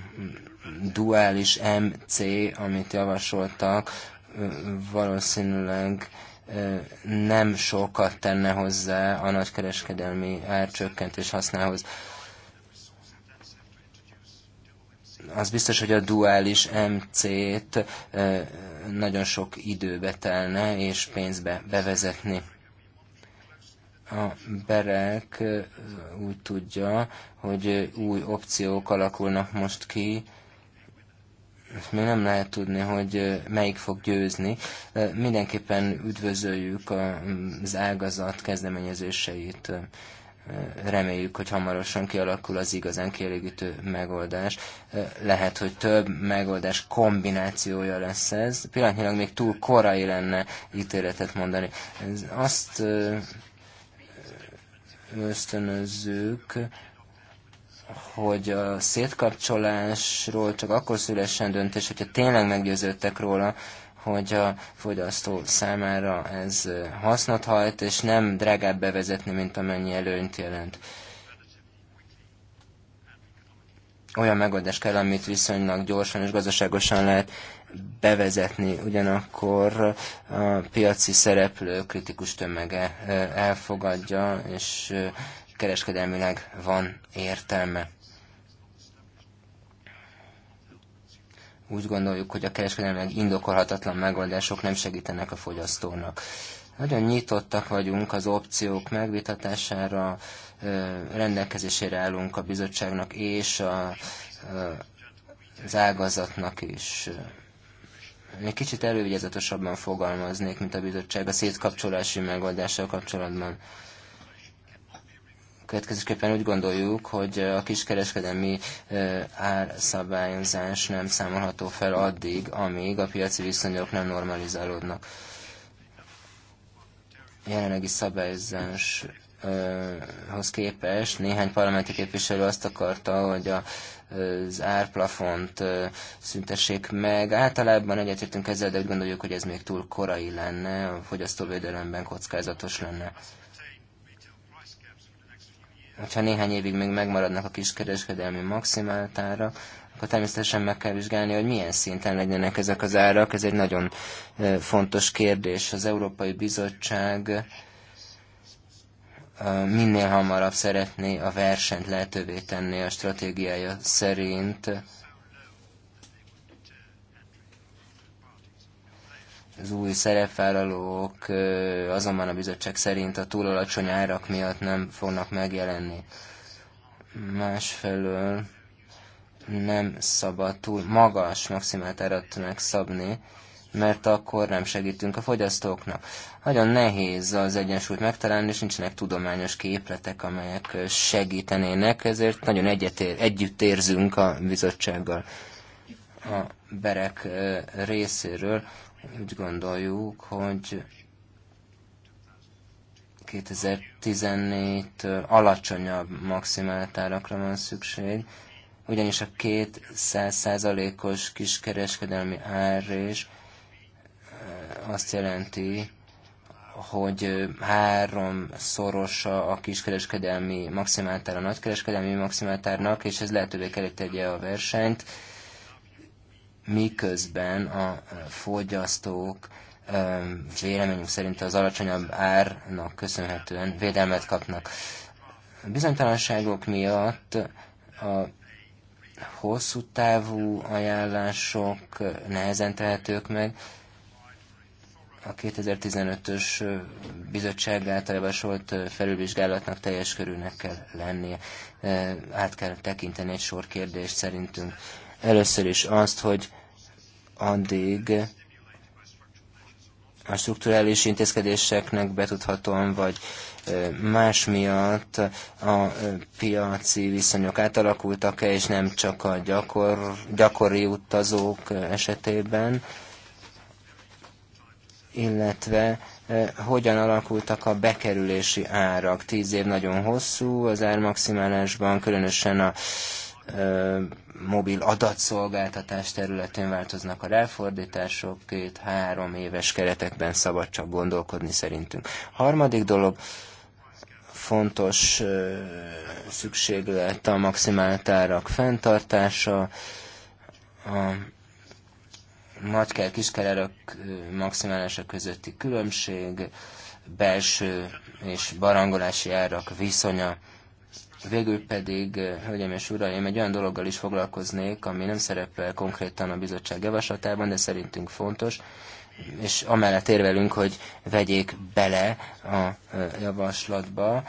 duális MC, amit javasoltak, valószínűleg nem sokat tenne hozzá a nagykereskedelmi árcsökkentés hasznához. Az biztos, hogy a duális MC-t nagyon sok időbe telne és pénzbe bevezetni. A Berek úgy tudja, hogy új opciók alakulnak most ki, ezt még nem lehet tudni, hogy melyik fog győzni. Mindenképpen üdvözöljük az ágazat kezdeményezéseit reméljük, hogy hamarosan kialakul az igazán kielégítő megoldás. Lehet, hogy több megoldás kombinációja lesz ez. Pillanatnyilag még túl korai lenne ítéletet mondani. Ez azt ösztönözzük, hogy a szétkapcsolásról csak akkor szülessen döntés, hogyha tényleg meggyőződtek róla, hogy a fogyasztó számára ez hasznot hajt, és nem drágább bevezetni, mint amennyi előnyt jelent. Olyan megoldás kell, amit viszonylag gyorsan és gazdaságosan lehet bevezetni, ugyanakkor a piaci szereplő kritikus tömege elfogadja, és kereskedelmileg van értelme. úgy gondoljuk, hogy a kereskedelmileg indokolhatatlan megoldások nem segítenek a fogyasztónak. Nagyon nyitottak vagyunk az opciók megvitatására, rendelkezésére állunk a bizottságnak és a, az ágazatnak is. egy kicsit elővigyázatosabban fogalmaznék, mint a bizottság a szétkapcsolási megoldással kapcsolatban. Következésképpen úgy gondoljuk, hogy a kiskereskedelmi árszabályozás nem számolható fel addig, amíg a piaci viszonyok nem normalizálódnak. Jelenlegi szabályozás hoz képest néhány parlamenti képviselő azt akarta, hogy a, az árplafont szüntessék meg. Általában egyetértünk ezzel, de úgy gondoljuk, hogy ez még túl korai lenne, a fogyasztóvédelemben kockázatos lenne hogyha néhány évig még megmaradnak a kiskereskedelmi maximáltára, akkor természetesen meg kell vizsgálni, hogy milyen szinten legyenek ezek az árak. Ez egy nagyon fontos kérdés. Az Európai Bizottság minél hamarabb szeretné a versenyt lehetővé tenni a stratégiája szerint az új szerepvállalók azonban a bizottság szerint a túl alacsony árak miatt nem fognak megjelenni. Másfelől nem szabad túl magas maximált árat megszabni, mert akkor nem segítünk a fogyasztóknak. Nagyon nehéz az egyensúlyt megtalálni, és nincsenek tudományos képletek, amelyek segítenének, ezért nagyon egyetér, együtt érzünk a bizottsággal a berek részéről, úgy gondoljuk, hogy 2014 alacsonyabb maximált árakra van szükség, ugyanis a 200 os kiskereskedelmi ár is azt jelenti, hogy három szorosa a kiskereskedelmi maximáltár a nagykereskedelmi maximáltárnak, és ez lehetővé kell a versenyt, miközben a fogyasztók véleményünk szerint az alacsonyabb árnak köszönhetően védelmet kapnak. A bizonytalanságok miatt a hosszú távú ajánlások nehezen tehetők meg. A 2015-ös bizottság által javasolt felülvizsgálatnak teljes körülnek kell lennie. Át kell tekinteni egy sor kérdést szerintünk. Először is azt, hogy addig a strukturális intézkedéseknek betudhatóan vagy más miatt a piaci viszonyok átalakultak-e, és nem csak a gyakor, gyakori utazók esetében, illetve hogyan alakultak a bekerülési árak. Tíz év nagyon hosszú, az ármaximálásban, különösen a mobil adatszolgáltatás területén változnak a ráfordítások, két-három éves keretekben szabad csak gondolkodni szerintünk. Harmadik dolog, fontos szükséglet a maximált árak fenntartása, a nagykel kiskelerök maximálása közötti különbség, belső és barangolási árak viszonya. Végül pedig, hölgyeim és uraim, egy olyan dologgal is foglalkoznék, ami nem szerepel konkrétan a bizottság javaslatában, de szerintünk fontos, és amellett érvelünk, hogy vegyék bele a e, javaslatba, e,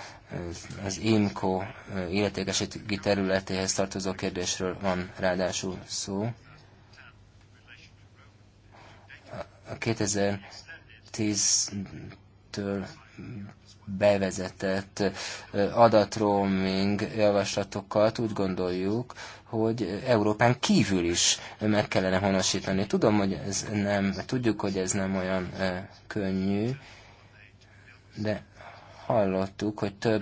az IMCO e, illetékesítési területéhez tartozó kérdésről van ráadásul szó. A 2010-től bevezetett adatroaming javaslatokat úgy gondoljuk, hogy Európán kívül is meg kellene honosítani. Tudom, hogy ez nem, tudjuk, hogy ez nem olyan könnyű, de hallottuk, hogy több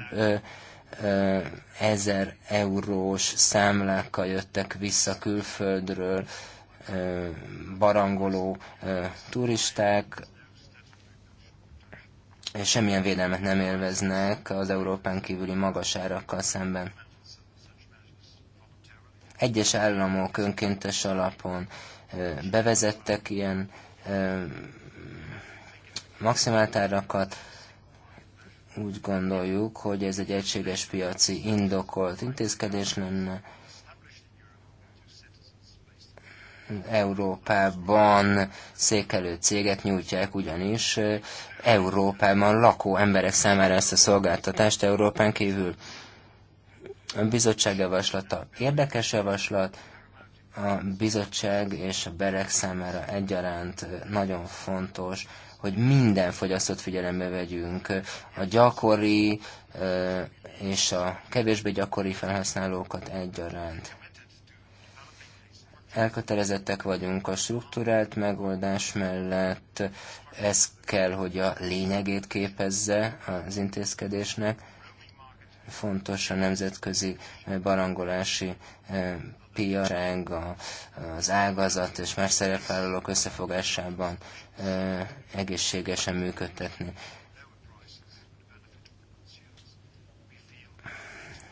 ezer eurós számlákkal jöttek vissza külföldről barangoló turisták, semmilyen védelmet nem élveznek az Európán kívüli magas árakkal szemben. Egyes államok önkéntes alapon bevezettek ilyen maximált árakat, úgy gondoljuk, hogy ez egy egységes piaci indokolt intézkedés lenne, Európában székelő céget nyújtják ugyanis Európában lakó emberek számára ezt a szolgáltatást Európán kívül. A bizottság javaslata érdekes javaslat, a bizottság és a berek számára egyaránt nagyon fontos, hogy minden fogyasztót figyelembe vegyünk. A gyakori és a kevésbé gyakori felhasználókat egyaránt elkötelezettek vagyunk a struktúrált megoldás mellett, ez kell, hogy a lényegét képezze az intézkedésnek. Fontos a nemzetközi barangolási eh, piaság, az ágazat és más szerepvállalók összefogásában eh, egészségesen működtetni.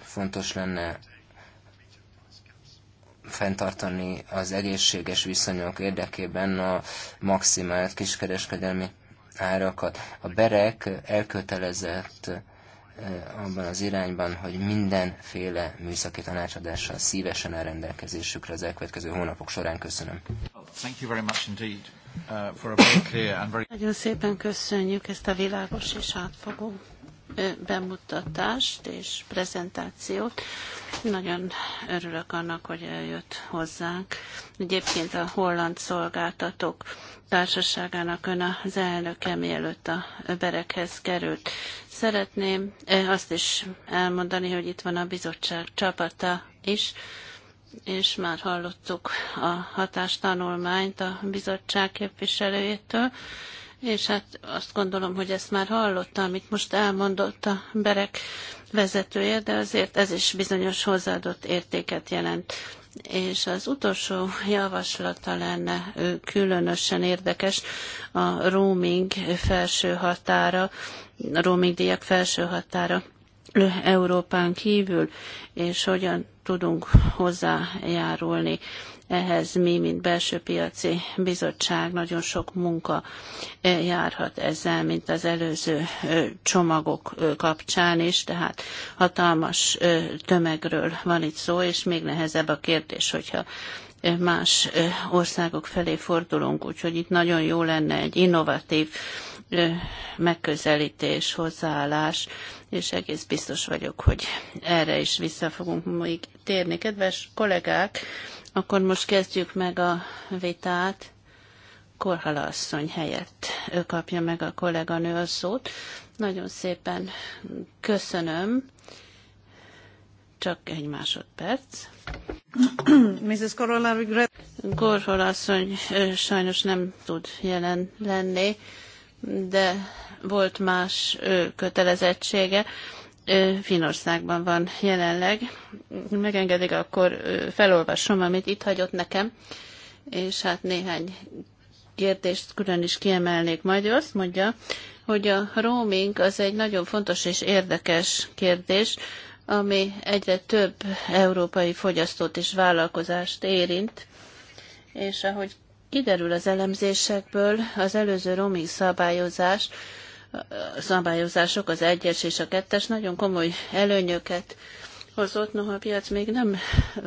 Fontos lenne fenntartani az egészséges viszonyok érdekében a maximált kiskereskedelmi árakat. A berek elkötelezett eh, abban az irányban, hogy mindenféle műszaki tanácsadással szívesen áll rendelkezésükre az elkövetkező hónapok során. Köszönöm. Uh, Nagyon szépen köszönjük ezt a világos és átfogó eh, bemutatást és prezentációt. Nagyon örülök annak, hogy eljött hozzánk. Egyébként a holland szolgáltatók társaságának ön az elnöke, mielőtt a berekhez került. Szeretném eh, azt is elmondani, hogy itt van a bizottság csapata is, és már hallottuk a hatástanulmányt a bizottság képviselőjétől, és hát azt gondolom, hogy ezt már hallottam, amit most elmondott a Berek vezetője, de azért ez is bizonyos hozzáadott értéket jelent. És az utolsó javaslata lenne különösen érdekes, a roaming felső határa, a roaming díjak felső határa Európán kívül, és hogyan tudunk hozzájárulni ehhez mi, mint belső piaci bizottság, nagyon sok munka eh, járhat ezzel, mint az előző eh, csomagok eh, kapcsán is, tehát hatalmas tömegről van itt szó, és még nehezebb a kérdés, hogyha más országok felé fordulunk, úgyhogy itt nagyon jó lenne egy innovatív megközelítés, hozzáállás, és egész biztos vagyok, hogy erre is vissza fogunk még térni. Kedves kollégák, akkor most kezdjük meg a vitát. Korhala asszony helyett ő kapja meg a kolléganő a szót. Nagyon szépen köszönöm. Csak egy másodperc. Mrs. Corolla regret. Korhala asszony sajnos nem tud jelen lenni, de volt más kötelezettsége. Finországban van jelenleg. Megengedik, akkor felolvasom, amit itt hagyott nekem, és hát néhány kérdést külön is kiemelnék. Majd ő azt mondja, hogy a roaming az egy nagyon fontos és érdekes kérdés, ami egyre több európai fogyasztót és vállalkozást érint, és ahogy kiderül az elemzésekből, az előző roaming szabályozás szabályozások, az egyes és a kettes nagyon komoly előnyöket hozott, noha a piac még nem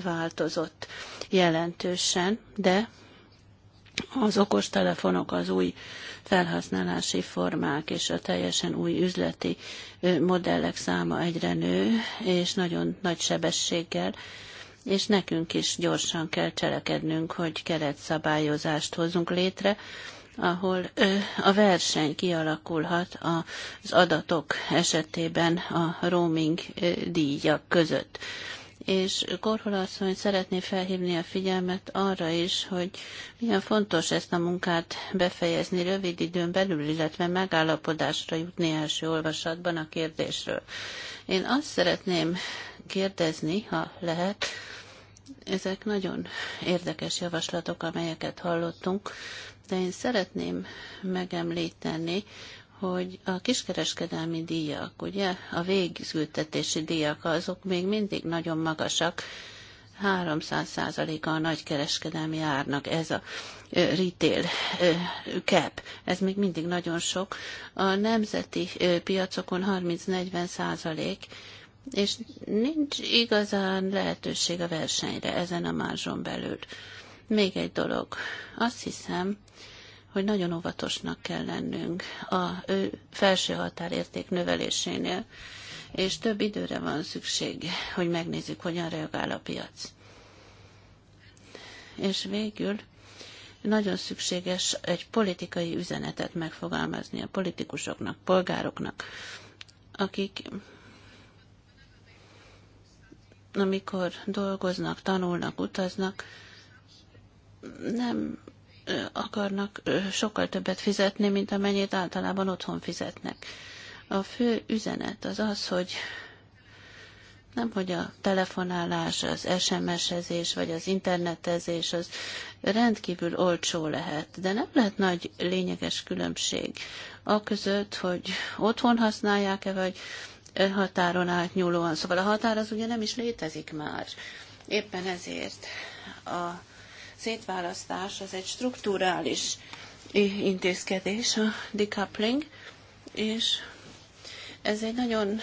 változott jelentősen, de az okostelefonok, az új felhasználási formák és a teljesen új üzleti modellek száma egyre nő, és nagyon nagy sebességgel, és nekünk is gyorsan kell cselekednünk, hogy keretszabályozást hozzunk létre, ahol a verseny kialakulhat az adatok esetében a roaming díjak között. És Korhola asszony szeretné felhívni a figyelmet arra is, hogy milyen fontos ezt a munkát befejezni rövid időn belül, illetve megállapodásra jutni első olvasatban a kérdésről. Én azt szeretném kérdezni, ha lehet, ezek nagyon érdekes javaslatok, amelyeket hallottunk, de én szeretném megemlíteni, hogy a kiskereskedelmi díjak, ugye, a végzültetési díjak, azok még mindig nagyon magasak, 300%-a a nagykereskedelmi árnak ez a retail cap. Ez még mindig nagyon sok. A nemzeti piacokon 30-40 és nincs igazán lehetőség a versenyre ezen a mázson belül. Még egy dolog. Azt hiszem, hogy nagyon óvatosnak kell lennünk a felső határérték növelésénél, és több időre van szükség, hogy megnézzük, hogyan reagál a piac. És végül nagyon szükséges egy politikai üzenetet megfogalmazni a politikusoknak, polgároknak, akik amikor dolgoznak, tanulnak, utaznak, nem akarnak sokkal többet fizetni, mint amennyit általában otthon fizetnek. A fő üzenet az az, hogy nem, hogy a telefonálás, az SMS-ezés vagy az internetezés az rendkívül olcsó lehet, de nem lehet nagy lényeges különbség a között, hogy otthon használják-e, vagy határon átnyúlóan. Szóval a határ az ugye nem is létezik már. Éppen ezért a szétválasztás az egy strukturális intézkedés, a decoupling, és ez egy nagyon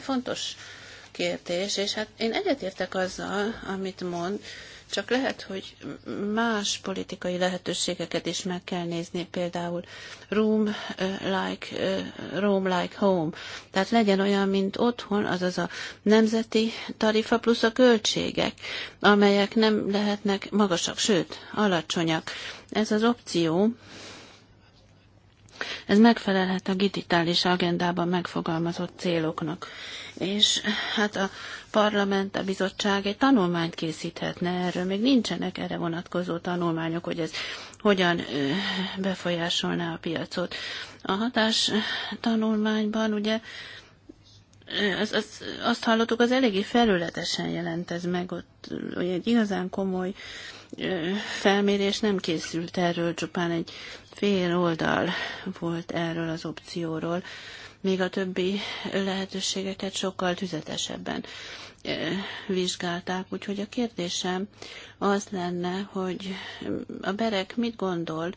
fontos kérdés, és hát én egyetértek azzal, amit mond, csak lehet, hogy más politikai lehetőségeket is meg kell nézni, például room like, room like home. Tehát legyen olyan, mint otthon, azaz a nemzeti tarifa plusz a költségek, amelyek nem lehetnek magasak, sőt, alacsonyak. Ez az opció, ez megfelelhet a digitális agendában megfogalmazott céloknak. És hát a parlament, a bizottság egy tanulmányt készíthetne erről. Még nincsenek erre vonatkozó tanulmányok, hogy ez hogyan befolyásolná a piacot. A hatás tanulmányban ugye az, az, azt hallottuk, az eléggé felületesen jelent ez meg, ott hogy egy igazán komoly felmérés nem készült erről, csupán egy fél oldal volt erről az opcióról, még a többi lehetőségeket sokkal tüzetesebben eh, vizsgálták. Úgyhogy a kérdésem az lenne, hogy eh, a Berek mit gondol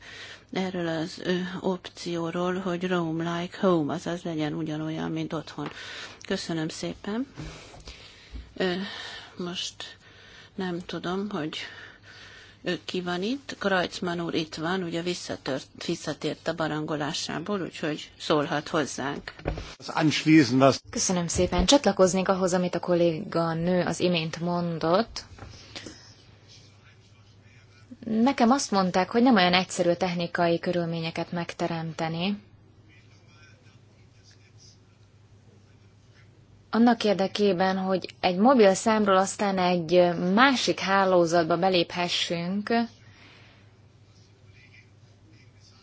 erről az opcióról, hogy Rome like home, azaz legyen ugyanolyan, mint otthon. Köszönöm szépen. Eh, most nem tudom, hogy ki van itt. Krajcman úr itt van, ugye visszatört, visszatért a barangolásából, úgyhogy szólhat hozzánk. Köszönöm szépen. Csatlakoznék ahhoz, amit a kolléga nő az imént mondott. Nekem azt mondták, hogy nem olyan egyszerű technikai körülményeket megteremteni, annak érdekében, hogy egy mobil számról aztán egy másik hálózatba beléphessünk,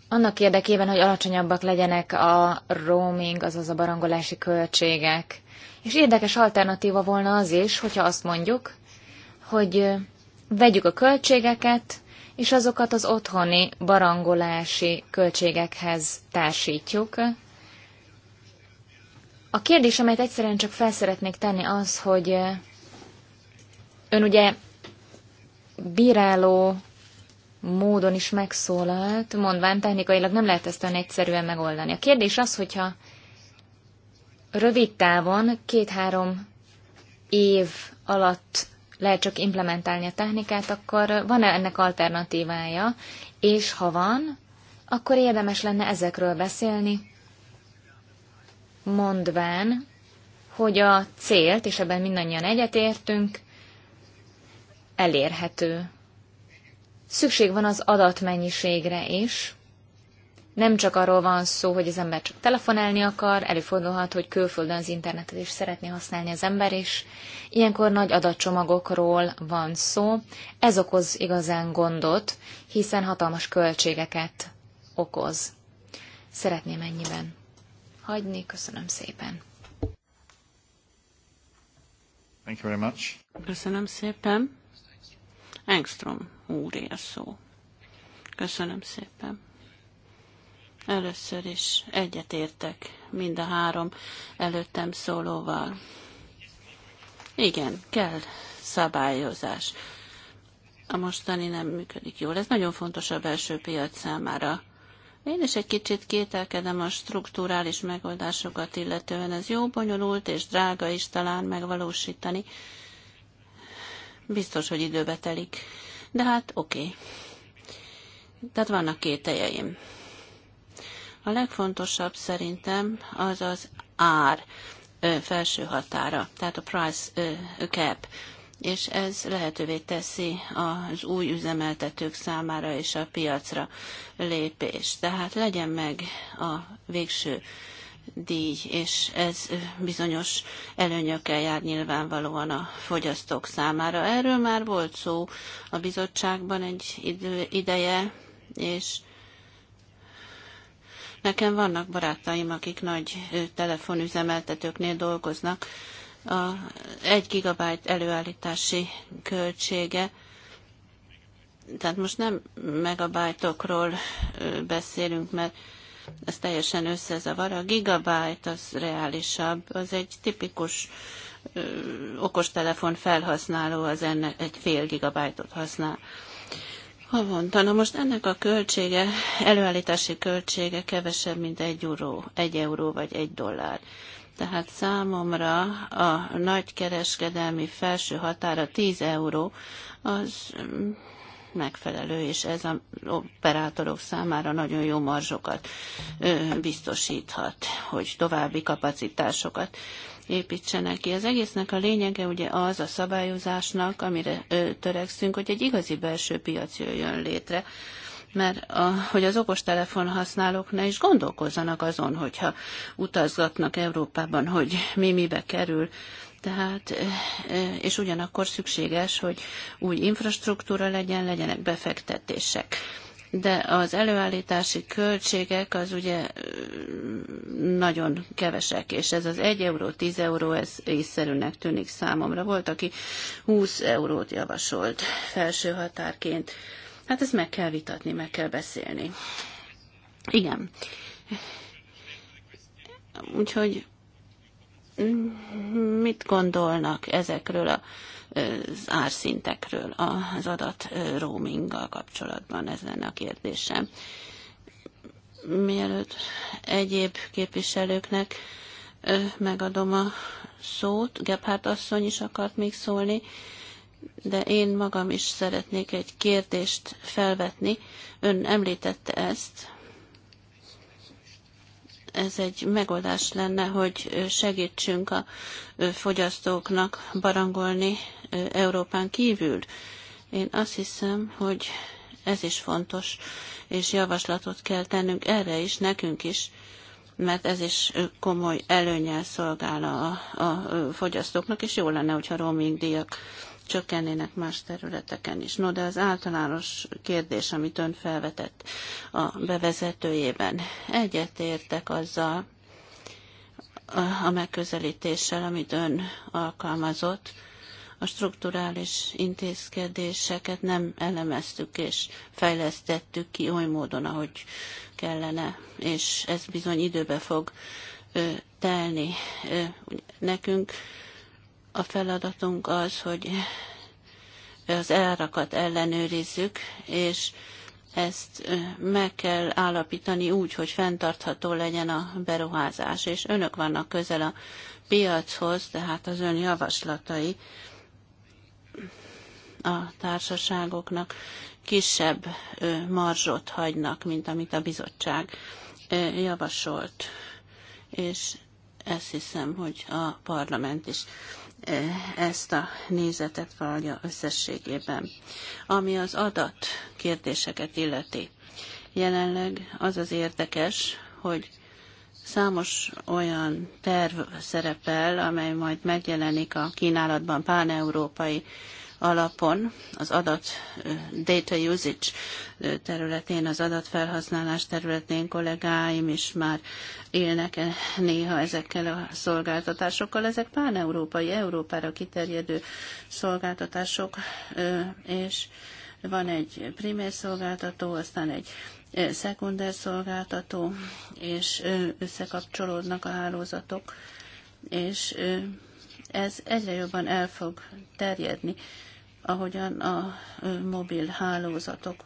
annak érdekében, hogy alacsonyabbak legyenek a roaming, azaz a barangolási költségek. És érdekes alternatíva volna az is, hogyha azt mondjuk, hogy vegyük a költségeket, és azokat az otthoni barangolási költségekhez társítjuk, a kérdés, amelyet egyszerűen csak felszeretnék tenni, az, hogy ön ugye bíráló módon is megszólalt, mondván technikailag nem lehet ezt olyan egyszerűen megoldani. A kérdés az, hogyha rövid távon, két-három év alatt lehet csak implementálni a technikát, akkor van-e ennek alternatívája, és ha van, akkor érdemes lenne ezekről beszélni, mondván, hogy a célt, és ebben mindannyian egyetértünk, elérhető. Szükség van az adatmennyiségre is. Nem csak arról van szó, hogy az ember csak telefonálni akar, előfordulhat, hogy külföldön az internetet is szeretné használni az ember is. Ilyenkor nagy adatcsomagokról van szó. Ez okoz igazán gondot, hiszen hatalmas költségeket okoz. Szeretném ennyiben hagyni. Köszönöm szépen. Thank you very much. Köszönöm szépen. Engström úr a szó. Köszönöm szépen. Először is egyetértek mind a három előttem szólóval. Igen, kell szabályozás. A mostani nem működik jól. Ez nagyon fontos a belső piac számára. Én is egy kicsit kételkedem a strukturális megoldásokat illetően. Ez jó, bonyolult és drága is talán megvalósítani. Biztos, hogy időbe telik. De hát oké. Okay. Tehát vannak kételjeim. A legfontosabb szerintem az az ár felső határa, tehát a price cap és ez lehetővé teszi az új üzemeltetők számára és a piacra lépést. Tehát legyen meg a végső díj, és ez bizonyos előnyökkel jár nyilvánvalóan a fogyasztók számára. Erről már volt szó a bizottságban egy idő, ideje, és nekem vannak barátaim, akik nagy telefonüzemeltetőknél dolgoznak, a 1 gigabyte előállítási költsége, tehát most nem megabájtokról beszélünk, mert ez teljesen összezavar. A gigabyte az reálisabb, az egy tipikus okostelefon felhasználó, az ennek egy fél gigabájtot használ. Havonta, na most ennek a költsége, előállítási költsége kevesebb, mint egy euró, egy euró vagy egy dollár. Tehát számomra a kereskedelmi felső határa 10 euró az mm, megfelelő, és ez az operátorok számára nagyon jó marzsokat biztosíthat, hogy további kapacitásokat építsenek ki. Az egésznek a lényege ugye az a szabályozásnak, amire ö, törekszünk, hogy egy igazi belső piac jöjjön létre, mert a, hogy az okostelefon használók ne is gondolkozzanak azon, hogyha utazgatnak Európában, hogy mi mibe kerül. Tehát, eh, eh, és ugyanakkor szükséges, hogy új infrastruktúra legyen, legyenek befektetések de az előállítási költségek az ugye eh, nagyon kevesek, és ez az 1 euró, 10 euró, ez észszerűnek tűnik számomra. Volt, aki 20 eurót javasolt felső határként. Hát ezt meg kell vitatni, meg kell beszélni. Igen. Úgyhogy mm, mit gondolnak ezekről a az árszintekről az adat roaminggal kapcsolatban, ez lenne a kérdésem. Mielőtt egyéb képviselőknek megadom a szót, Gebhardt asszony is akart még szólni, de én magam is szeretnék egy kérdést felvetni. Ön említette ezt. Ez egy megoldás lenne, hogy segítsünk a fogyasztóknak barangolni Európán kívül. Én azt hiszem, hogy ez is fontos, és javaslatot kell tennünk erre is, nekünk is, mert ez is komoly előnyel szolgál a, a fogyasztóknak, és jó lenne, hogyha roaming díjak csökkennének más területeken is. No, de az általános kérdés, amit ön felvetett a bevezetőjében, egyetértek azzal a megközelítéssel, amit ön alkalmazott, a strukturális intézkedéseket nem elemeztük és fejlesztettük ki oly módon, ahogy kellene, és ez bizony időbe fog telni. Nekünk a feladatunk az, hogy az elrakat ellenőrizzük, és ezt meg kell állapítani úgy, hogy fenntartható legyen a beruházás, és önök vannak közel a piachoz, tehát az ön javaslatai a társaságoknak kisebb marzsot hagynak, mint amit a bizottság javasolt. És ezt hiszem, hogy a parlament is E, ezt a nézetet vallja összességében. Ami az adat kérdéseket illeti, jelenleg az az érdekes, hogy számos olyan terv szerepel, amely majd megjelenik a kínálatban páneurópai európai alapon az adat data usage területén, az adatfelhasználás területén kollégáim is már élnek néha ezekkel a szolgáltatásokkal. Ezek pán-európai, Európára kiterjedő szolgáltatások, és van egy primér szolgáltató, aztán egy szekunder szolgáltató, és összekapcsolódnak a hálózatok, és ez egyre jobban el fog terjedni, ahogyan a mobil hálózatok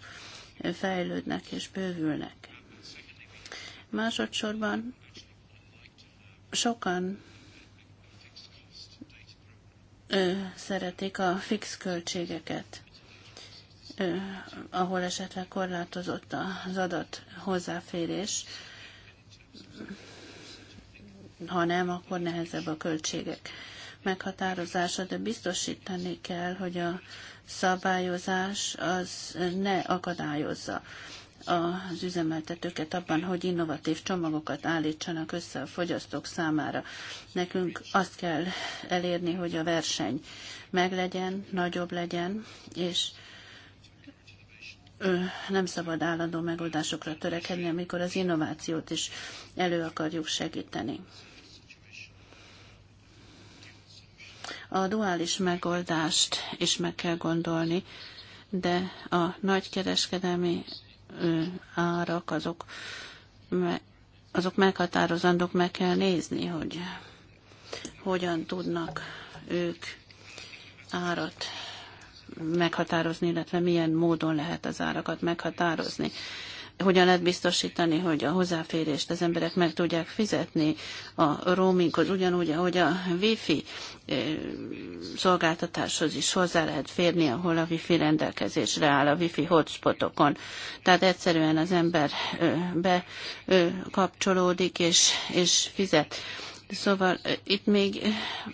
fejlődnek és bővülnek. Másodszorban sokan ö, szeretik a fix költségeket, ö, ahol esetleg korlátozott az adat hozzáférés, ha nem, akkor nehezebb a költségek. Ö, meghatározása, de biztosítani kell, hogy a szabályozás az ne akadályozza az üzemeltetőket abban, hogy innovatív csomagokat állítsanak össze a fogyasztók számára. Nekünk azt kell elérni, hogy a verseny meglegyen, nagyobb legyen, és nem szabad állandó megoldásokra törekedni, amikor az innovációt is elő akarjuk segíteni. A duális megoldást is meg kell gondolni, de a nagy kereskedelmi árak azok, azok meghatározandók, meg kell nézni, hogy hogyan tudnak ők árat meghatározni, illetve milyen módon lehet az árakat meghatározni hogyan lehet biztosítani, hogy a hozzáférést az emberek meg tudják fizetni a roaminghoz, ugyanúgy, ahogy a wifi eh, szolgáltatáshoz is hozzá lehet férni, ahol a wifi rendelkezésre áll, a wifi hotspotokon. Tehát egyszerűen az ember eh, bekapcsolódik eh, és, és fizet. Szóval itt még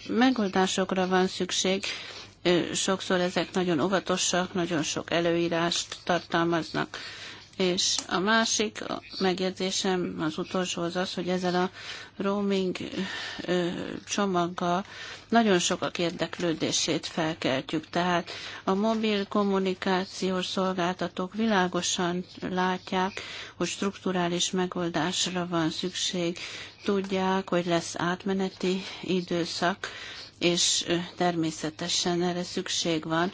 megoldásokra van szükség, sokszor ezek nagyon óvatosak, nagyon sok előírást tartalmaznak és a másik megjegyzésem az utolsó az az, hogy ezzel a roaming csomaggal nagyon sokak érdeklődését felkeltjük. Tehát a mobil kommunikációs szolgáltatók világosan látják, hogy strukturális megoldásra van szükség, tudják, hogy lesz átmeneti időszak, és természetesen erre szükség van,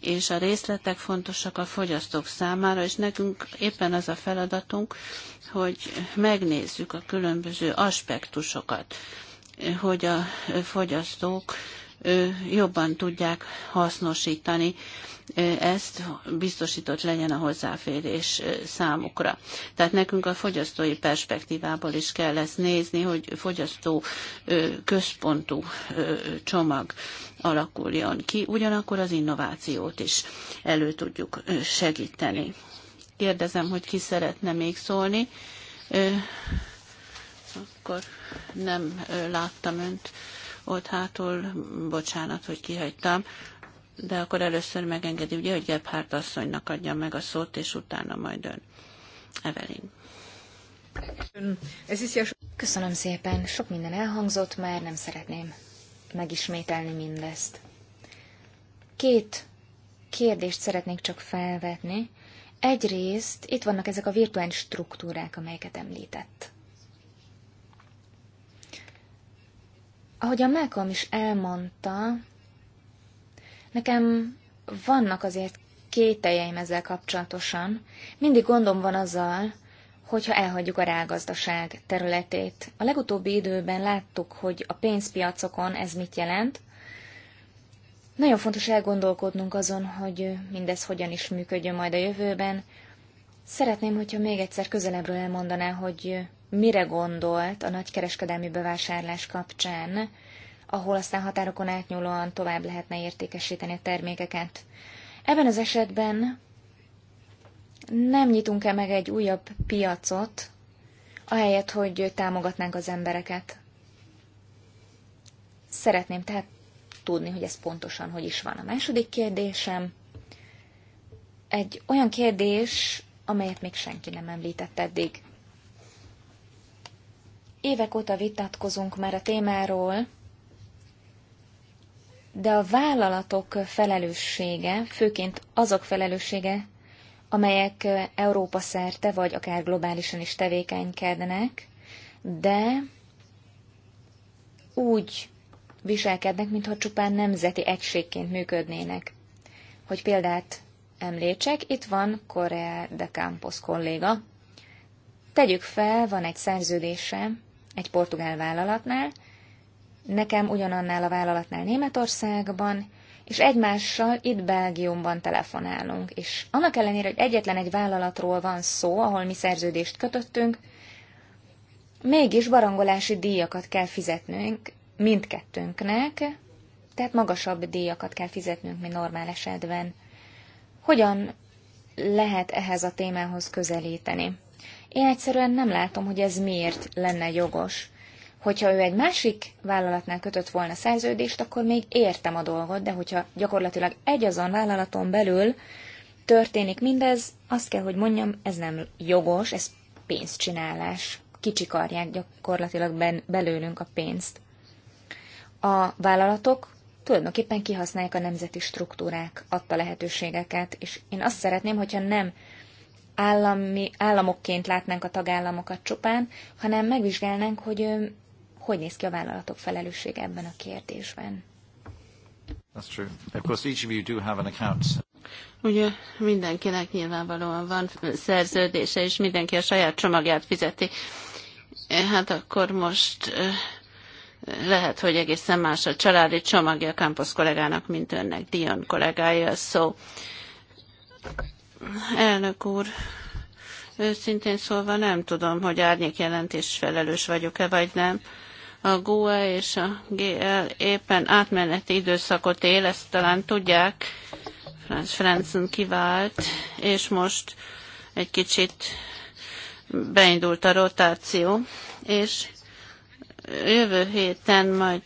és a részletek fontosak a fogyasztók számára, és nekünk éppen az a feladatunk, hogy megnézzük a különböző aspektusokat, hogy a fogyasztók jobban tudják hasznosítani ezt biztosított legyen a hozzáférés számukra. Tehát nekünk a fogyasztói perspektívából is kell lesz nézni, hogy fogyasztó központú csomag alakuljon ki, ugyanakkor az innovációt is elő tudjuk segíteni. Kérdezem, hogy ki szeretne még szólni. Akkor nem láttam önt ott hátul, bocsánat, hogy kihagytam, de akkor először megengedi, ugye, hogy Gebhardt asszonynak adja meg a szót, és utána majd ön. Evelyn. Köszönöm szépen, sok minden elhangzott, már nem szeretném megismételni mindezt. Két kérdést szeretnék csak felvetni. Egyrészt itt vannak ezek a virtuális struktúrák, amelyeket említett. Ahogy a Malcolm is elmondta, nekem vannak azért kételjeim ezzel kapcsolatosan. Mindig gondom van azzal, hogyha elhagyjuk a rágazdaság területét. A legutóbbi időben láttuk, hogy a pénzpiacokon ez mit jelent. Nagyon fontos elgondolkodnunk azon, hogy mindez hogyan is működjön majd a jövőben. Szeretném, hogyha még egyszer közelebbről elmondaná, hogy mire gondolt a nagykereskedelmi bevásárlás kapcsán, ahol aztán határokon átnyúlóan tovább lehetne értékesíteni a termékeket. Ebben az esetben nem nyitunk-e meg egy újabb piacot, ahelyett, hogy támogatnánk az embereket. Szeretném tehát tudni, hogy ez pontosan hogy is van. A második kérdésem egy olyan kérdés, amelyet még senki nem említett eddig. Évek óta vitatkozunk már a témáról, de a vállalatok felelőssége, főként azok felelőssége, amelyek Európa szerte vagy akár globálisan is tevékenykednek, de úgy viselkednek, mintha csupán nemzeti egységként működnének. Hogy példát említsek, itt van Korea de Campos kolléga. Tegyük fel, van egy szerződése egy portugál vállalatnál, nekem ugyanannál a vállalatnál Németországban, és egymással itt Belgiumban telefonálunk. És annak ellenére, hogy egyetlen egy vállalatról van szó, ahol mi szerződést kötöttünk, mégis barangolási díjakat kell fizetnünk mindkettőnknek, tehát magasabb díjakat kell fizetnünk, mint normál esetben. Hogyan lehet ehhez a témához közelíteni? Én egyszerűen nem látom, hogy ez miért lenne jogos. Hogyha ő egy másik vállalatnál kötött volna szerződést, akkor még értem a dolgot, de hogyha gyakorlatilag egy azon vállalaton belül történik mindez, azt kell, hogy mondjam, ez nem jogos, ez pénzcsinálás. Kicsikarják gyakorlatilag ben, belőlünk a pénzt. A vállalatok tulajdonképpen kihasználják a nemzeti struktúrák adta lehetőségeket, és én azt szeretném, hogyha nem állami, államokként látnánk a tagállamokat csupán, hanem megvizsgálnánk, hogy hogy néz ki a vállalatok felelősség ebben a kérdésben. That's true. Of course, each of you do have an account. Ugye mindenkinek nyilvánvalóan van szerződése, és mindenki a saját csomagját fizeti. E, hát akkor most lehet, hogy egészen más a családi csomagja Campos kollégának, mint önnek, Dion kollégája szó. So, Elnök úr, őszintén szólva nem tudom, hogy árnyék jelentés felelős vagyok-e vagy nem. A GUA e és a GL éppen átmeneti időszakot él, ezt talán tudják. Franz Franzen kivált, és most egy kicsit beindult a rotáció, és jövő héten majd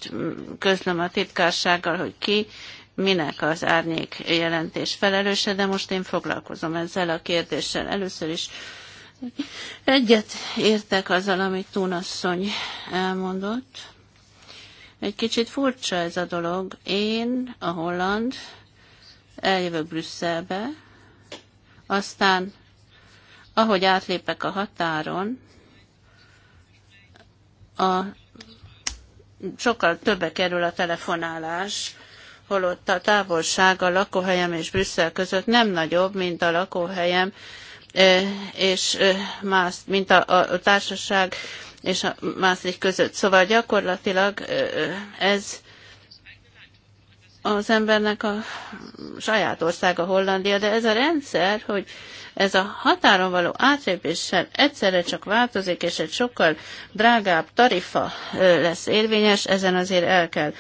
közlöm a titkársággal, hogy ki minek az árnyék jelentés felelőse, de most én foglalkozom ezzel a kérdéssel. Először is egyet értek azzal, amit Túnasszony elmondott. Egy kicsit furcsa ez a dolog. Én, a holland, eljövök Brüsszelbe, aztán ahogy átlépek a határon, a sokkal többe kerül a telefonálás holott a távolság a lakóhelyem és Brüsszel között nem nagyobb, mint a lakóhelyem és más, mint a, a, a társaság és a másik között. Szóval gyakorlatilag ez az embernek a saját országa Hollandia, de ez a rendszer, hogy ez a határon való átlépéssel egyszerre csak változik, és egy sokkal drágább tarifa lesz érvényes, ezen azért el kell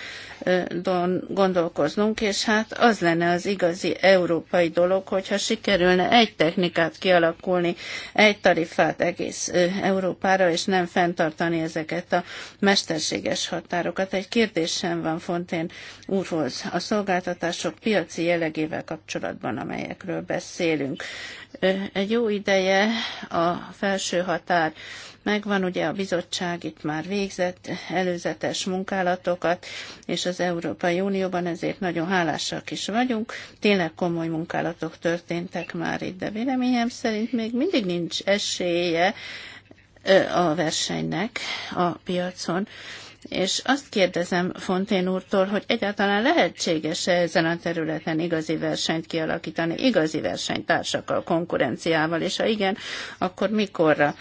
gondolkoznunk, és hát az lenne az igazi európai dolog, hogyha sikerülne egy technikát kialakulni, egy tarifát egész Európára, és nem fenntartani ezeket a mesterséges határokat. Egy kérdésem van Fontén úrhoz a szolgáltatások piaci jellegével kapcsolatban, amelyekről beszélünk. Egy jó ideje a felső határ Megvan ugye a bizottság itt már végzett előzetes munkálatokat, és az Európai Unióban ezért nagyon hálásak is vagyunk. Tényleg komoly munkálatok történtek már itt, de véleményem szerint még mindig nincs esélye a versenynek a piacon. És azt kérdezem Fontén úrtól, hogy egyáltalán lehetséges-e ezen a területen igazi versenyt kialakítani, igazi versenytársakkal, konkurenciával, és ha igen, akkor mikorra?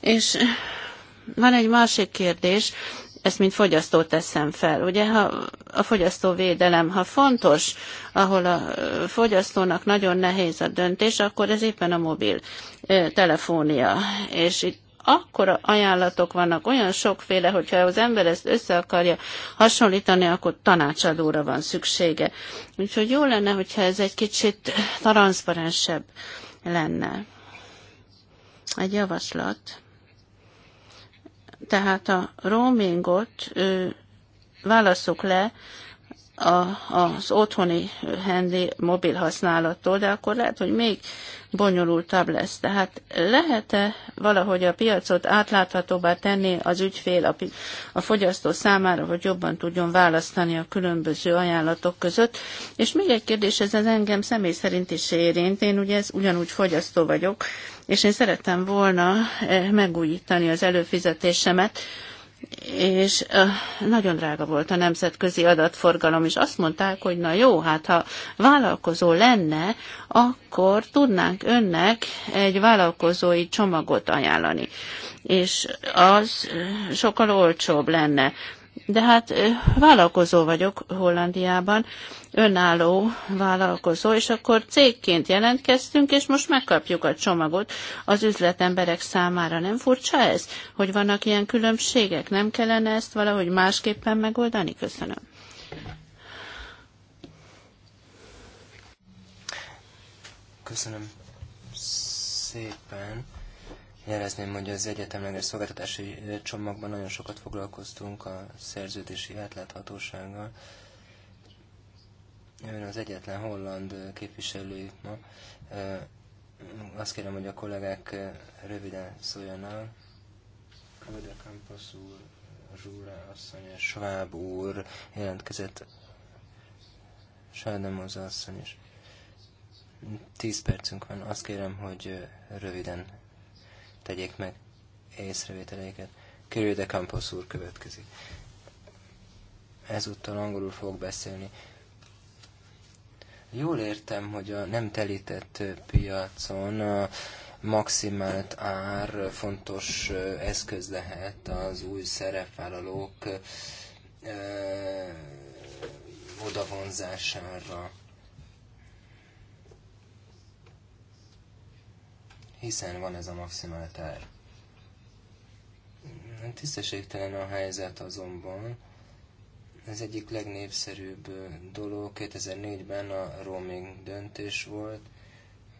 És van egy másik kérdés, ezt mint fogyasztó teszem fel. Ugye ha a fogyasztóvédelem, ha fontos, ahol a fogyasztónak nagyon nehéz a döntés, akkor ez éppen a mobil telefónia. És itt akkor ajánlatok vannak, olyan sokféle, hogyha az ember ezt össze akarja hasonlítani, akkor tanácsadóra van szüksége. Úgyhogy jó lenne, hogyha ez egy kicsit transzparensebb lenne. Egy javaslat tehát a roamingot válaszok le a, az otthoni handy mobil használattól, de akkor lehet, hogy még bonyolultabb lesz. Tehát lehet-e valahogy a piacot átláthatóbbá tenni az ügyfél a, a fogyasztó számára, hogy jobban tudjon választani a különböző ajánlatok között? És még egy kérdés, ez az engem személy szerint is érint. Én ugye ez ugyanúgy fogyasztó vagyok, és én szerettem volna eh, megújítani az előfizetésemet, és eh, nagyon drága volt a nemzetközi adatforgalom, és azt mondták, hogy na jó, hát ha vállalkozó lenne, akkor tudnánk önnek egy vállalkozói csomagot ajánlani, és az eh, sokkal olcsóbb lenne. De hát vállalkozó vagyok Hollandiában, önálló vállalkozó, és akkor cégként jelentkeztünk, és most megkapjuk a csomagot az üzletemberek számára. Nem furcsa ez, hogy vannak ilyen különbségek? Nem kellene ezt valahogy másképpen megoldani? Köszönöm. Köszönöm szépen. Jelezném, hogy az egyetemleges szolgáltatási eh, csomagban nagyon sokat foglalkoztunk a szerződési átláthatósággal. Ön az egyetlen holland eh, képviselő ma. Eh, azt kérem, hogy a kollégák röviden szóljanak. Kölde Campos úr, Zsúra asszony, Schwab úr jelentkezett, Sárdemoza asszony is. Tíz percünk van, azt kérem, hogy röviden tegyék meg észrevételeiket. Körül de Campos úr következik. Ezúttal angolul fogok beszélni. Jól értem, hogy a nem telített piacon a maximált ár fontos eszköz lehet az új szerepvállalók odavonzására hiszen van ez a maximáltár. Tisztességtelen a helyzet azonban, ez egyik legnépszerűbb dolog 2004-ben a roaming döntés volt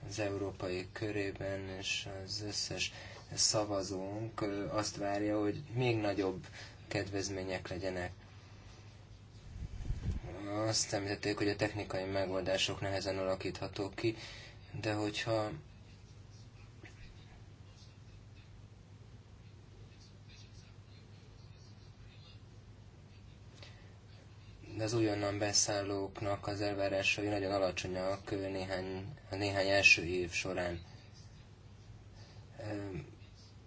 az európai körében, és az összes szavazónk azt várja, hogy még nagyobb kedvezmények legyenek. Azt említették, hogy a technikai megoldások nehezen alakíthatók ki, de hogyha de az újonnan beszállóknak az elvárásai nagyon alacsonyak néhány, a néhány első év során.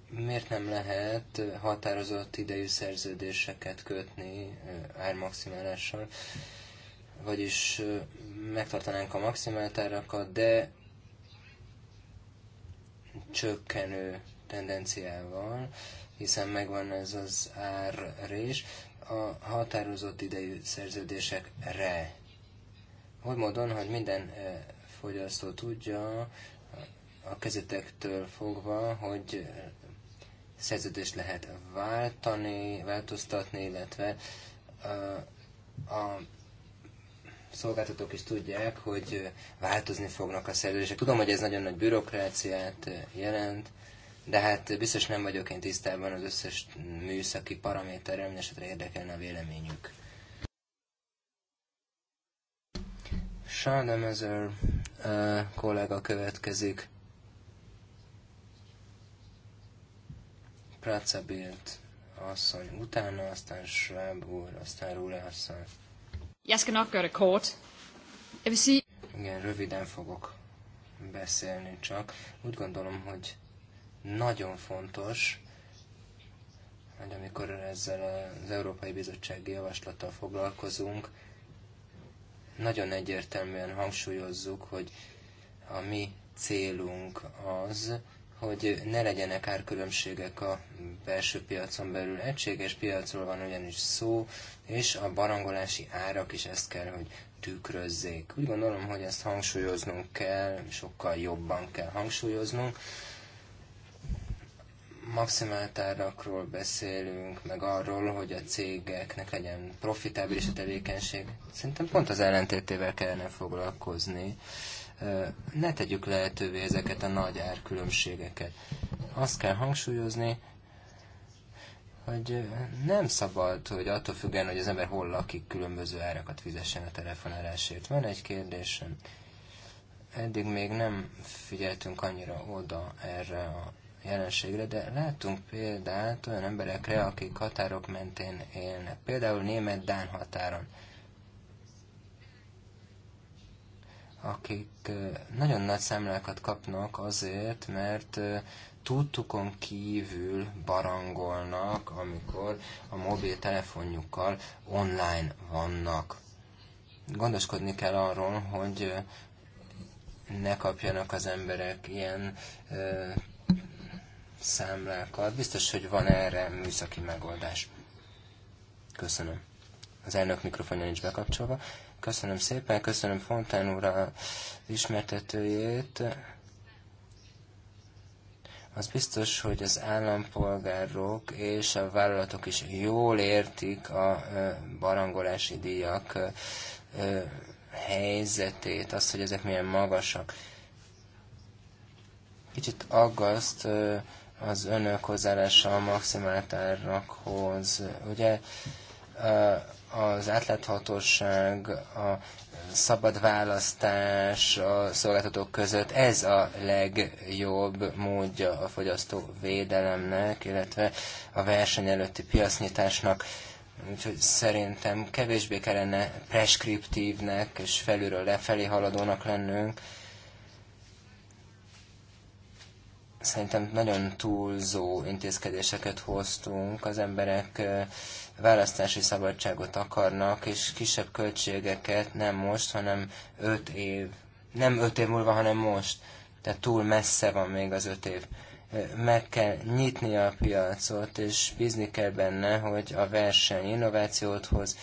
Miért nem lehet határozott idejű szerződéseket kötni ármaximálással? Vagyis megtartanánk a maximált árakat, de csökkenő tendenciával, hiszen megvan ez az árrés, a határozott idejű szerződésekre. Hogy módon, hogy minden e, fogyasztó tudja a kezetektől fogva, hogy e, szerződést lehet váltani, változtatni, illetve e, a szolgáltatók is tudják, hogy változni fognak a szerződések. Tudom, hogy ez nagyon nagy bürokráciát jelent, de hát biztos nem vagyok én tisztában az összes műszaki paraméterrel, mindesetre érdekelne a véleményük. Sárdemezer uh, kollega következik. Pratzabilt asszony utána, aztán Schwab úr, aztán Rule asszony. Yes, skal nok gøre det kort. Igen, röviden fogok beszélni csak. Úgy gondolom, hogy nagyon fontos, hogy amikor ezzel az Európai Bizottsági Javaslattal foglalkozunk, nagyon egyértelműen hangsúlyozzuk, hogy a mi célunk az, hogy ne legyenek árkülönbségek a belső piacon belül. Egységes piacról van ugyanis szó, és a barangolási árak is ezt kell, hogy tükrözzék. Úgy gondolom, hogy ezt hangsúlyoznunk kell, sokkal jobban kell hangsúlyoznunk, maximáltárakról beszélünk, meg arról, hogy a cégeknek legyen profitábilis a tevékenység. Szerintem pont az ellentétével kellene foglalkozni. Ne tegyük lehetővé ezeket a nagy árkülönbségeket. Azt kell hangsúlyozni, hogy nem szabad, hogy attól függően, hogy az ember hol lakik, különböző árakat fizessen a telefonálásért. Van egy kérdésem. Eddig még nem figyeltünk annyira oda erre a jelenségre, de látunk példát olyan emberekre, akik határok mentén élnek, például német-dán határon, akik nagyon nagy számlákat kapnak azért, mert tudtukon kívül barangolnak, amikor a mobiltelefonjukkal online vannak. Gondoskodni kell arról, hogy ne kapjanak az emberek ilyen számlákat. Biztos, hogy van erre műszaki megoldás. Köszönöm. Az elnök mikrofonja nincs bekapcsolva. Köszönöm szépen, köszönöm Fontán úr a ismertetőjét. Az biztos, hogy az állampolgárok és a vállalatok is jól értik a barangolási díjak helyzetét, azt, hogy ezek milyen magasak. Kicsit aggaszt, az önök hozzáállása a maximáltárnakhoz. Ugye az átláthatóság, a szabad választás a szolgáltatók között, ez a legjobb módja a fogyasztó védelemnek, illetve a verseny előtti piacnyitásnak. Úgyhogy szerintem kevésbé kellene preskriptívnek és felülről lefelé haladónak lennünk, szerintem nagyon túlzó intézkedéseket hoztunk. Az emberek választási szabadságot akarnak, és kisebb költségeket nem most, hanem öt év. Nem öt év múlva, hanem most. Tehát túl messze van még az öt év. Meg kell nyitni a piacot, és bízni kell benne, hogy a verseny innovációt hoz,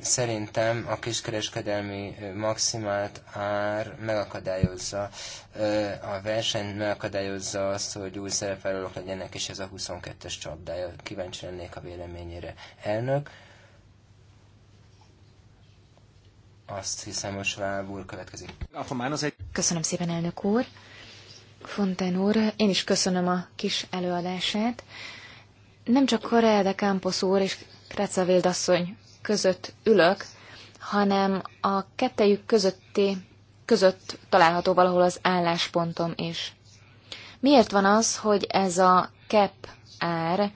Szerintem a kiskereskedelmi maximált ár megakadályozza a versenyt, megakadályozza azt, hogy új szerepelők legyenek, és ez a 22-es csapdája. Kíváncsi lennék a véleményére. Elnök, azt hiszem, hogy Schwab úr következik. Köszönöm szépen, elnök úr. Fonten úr, én is köszönöm a kis előadását. Nem csak Korea de Campos úr és Krecavild asszony között ülök, hanem a kettejük közötti, között található valahol az álláspontom is. Miért van az, hogy ez a kep ár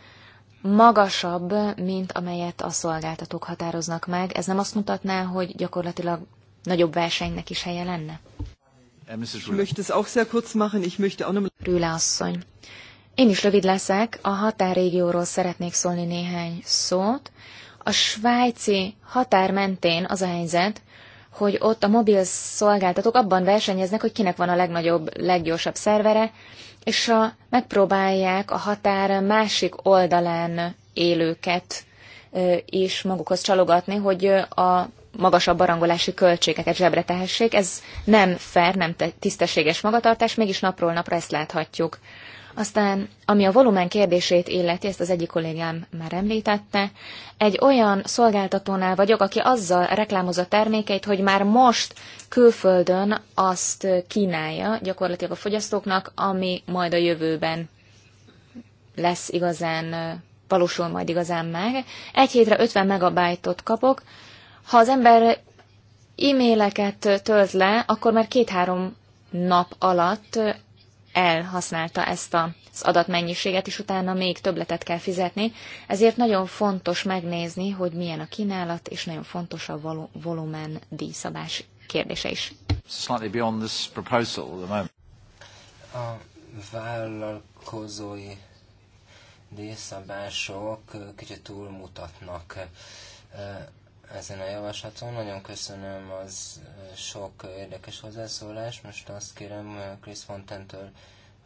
magasabb, mint amelyet a szolgáltatók határoznak meg? Ez nem azt mutatná, hogy gyakorlatilag nagyobb versenynek is helye lenne? Rüle asszony. Én is rövid leszek, a határrégióról szeretnék szólni néhány szót. A svájci határ mentén az a helyzet, hogy ott a mobil szolgáltatók abban versenyeznek, hogy kinek van a legnagyobb, leggyorsabb szervere, és a, megpróbálják a határ másik oldalán élőket is magukhoz csalogatni, hogy a magasabb barangolási költségeket zsebre tehessék. Ez nem fair, nem tisztességes magatartás, mégis napról napra ezt láthatjuk. Aztán, ami a volumen kérdését illeti, ezt az egyik kollégám már említette, egy olyan szolgáltatónál vagyok, aki azzal reklámozza termékeit, hogy már most külföldön azt kínálja gyakorlatilag a fogyasztóknak, ami majd a jövőben lesz igazán, valósul majd igazán meg. Egy hétre 50 megabájtot kapok. Ha az ember e-maileket tölt le, akkor már két-három nap alatt elhasználta ezt az adatmennyiséget, és utána még többletet kell fizetni. Ezért nagyon fontos megnézni, hogy milyen a kínálat, és nagyon fontos a vol volumen díjszabás kérdése is. Slightly beyond this proposal at the moment. A vállalkozói díjszabások kicsit túlmutatnak ezen a javaslaton. Nagyon köszönöm az sok érdekes hozzászólás. Most azt kérem Chris Fontentől,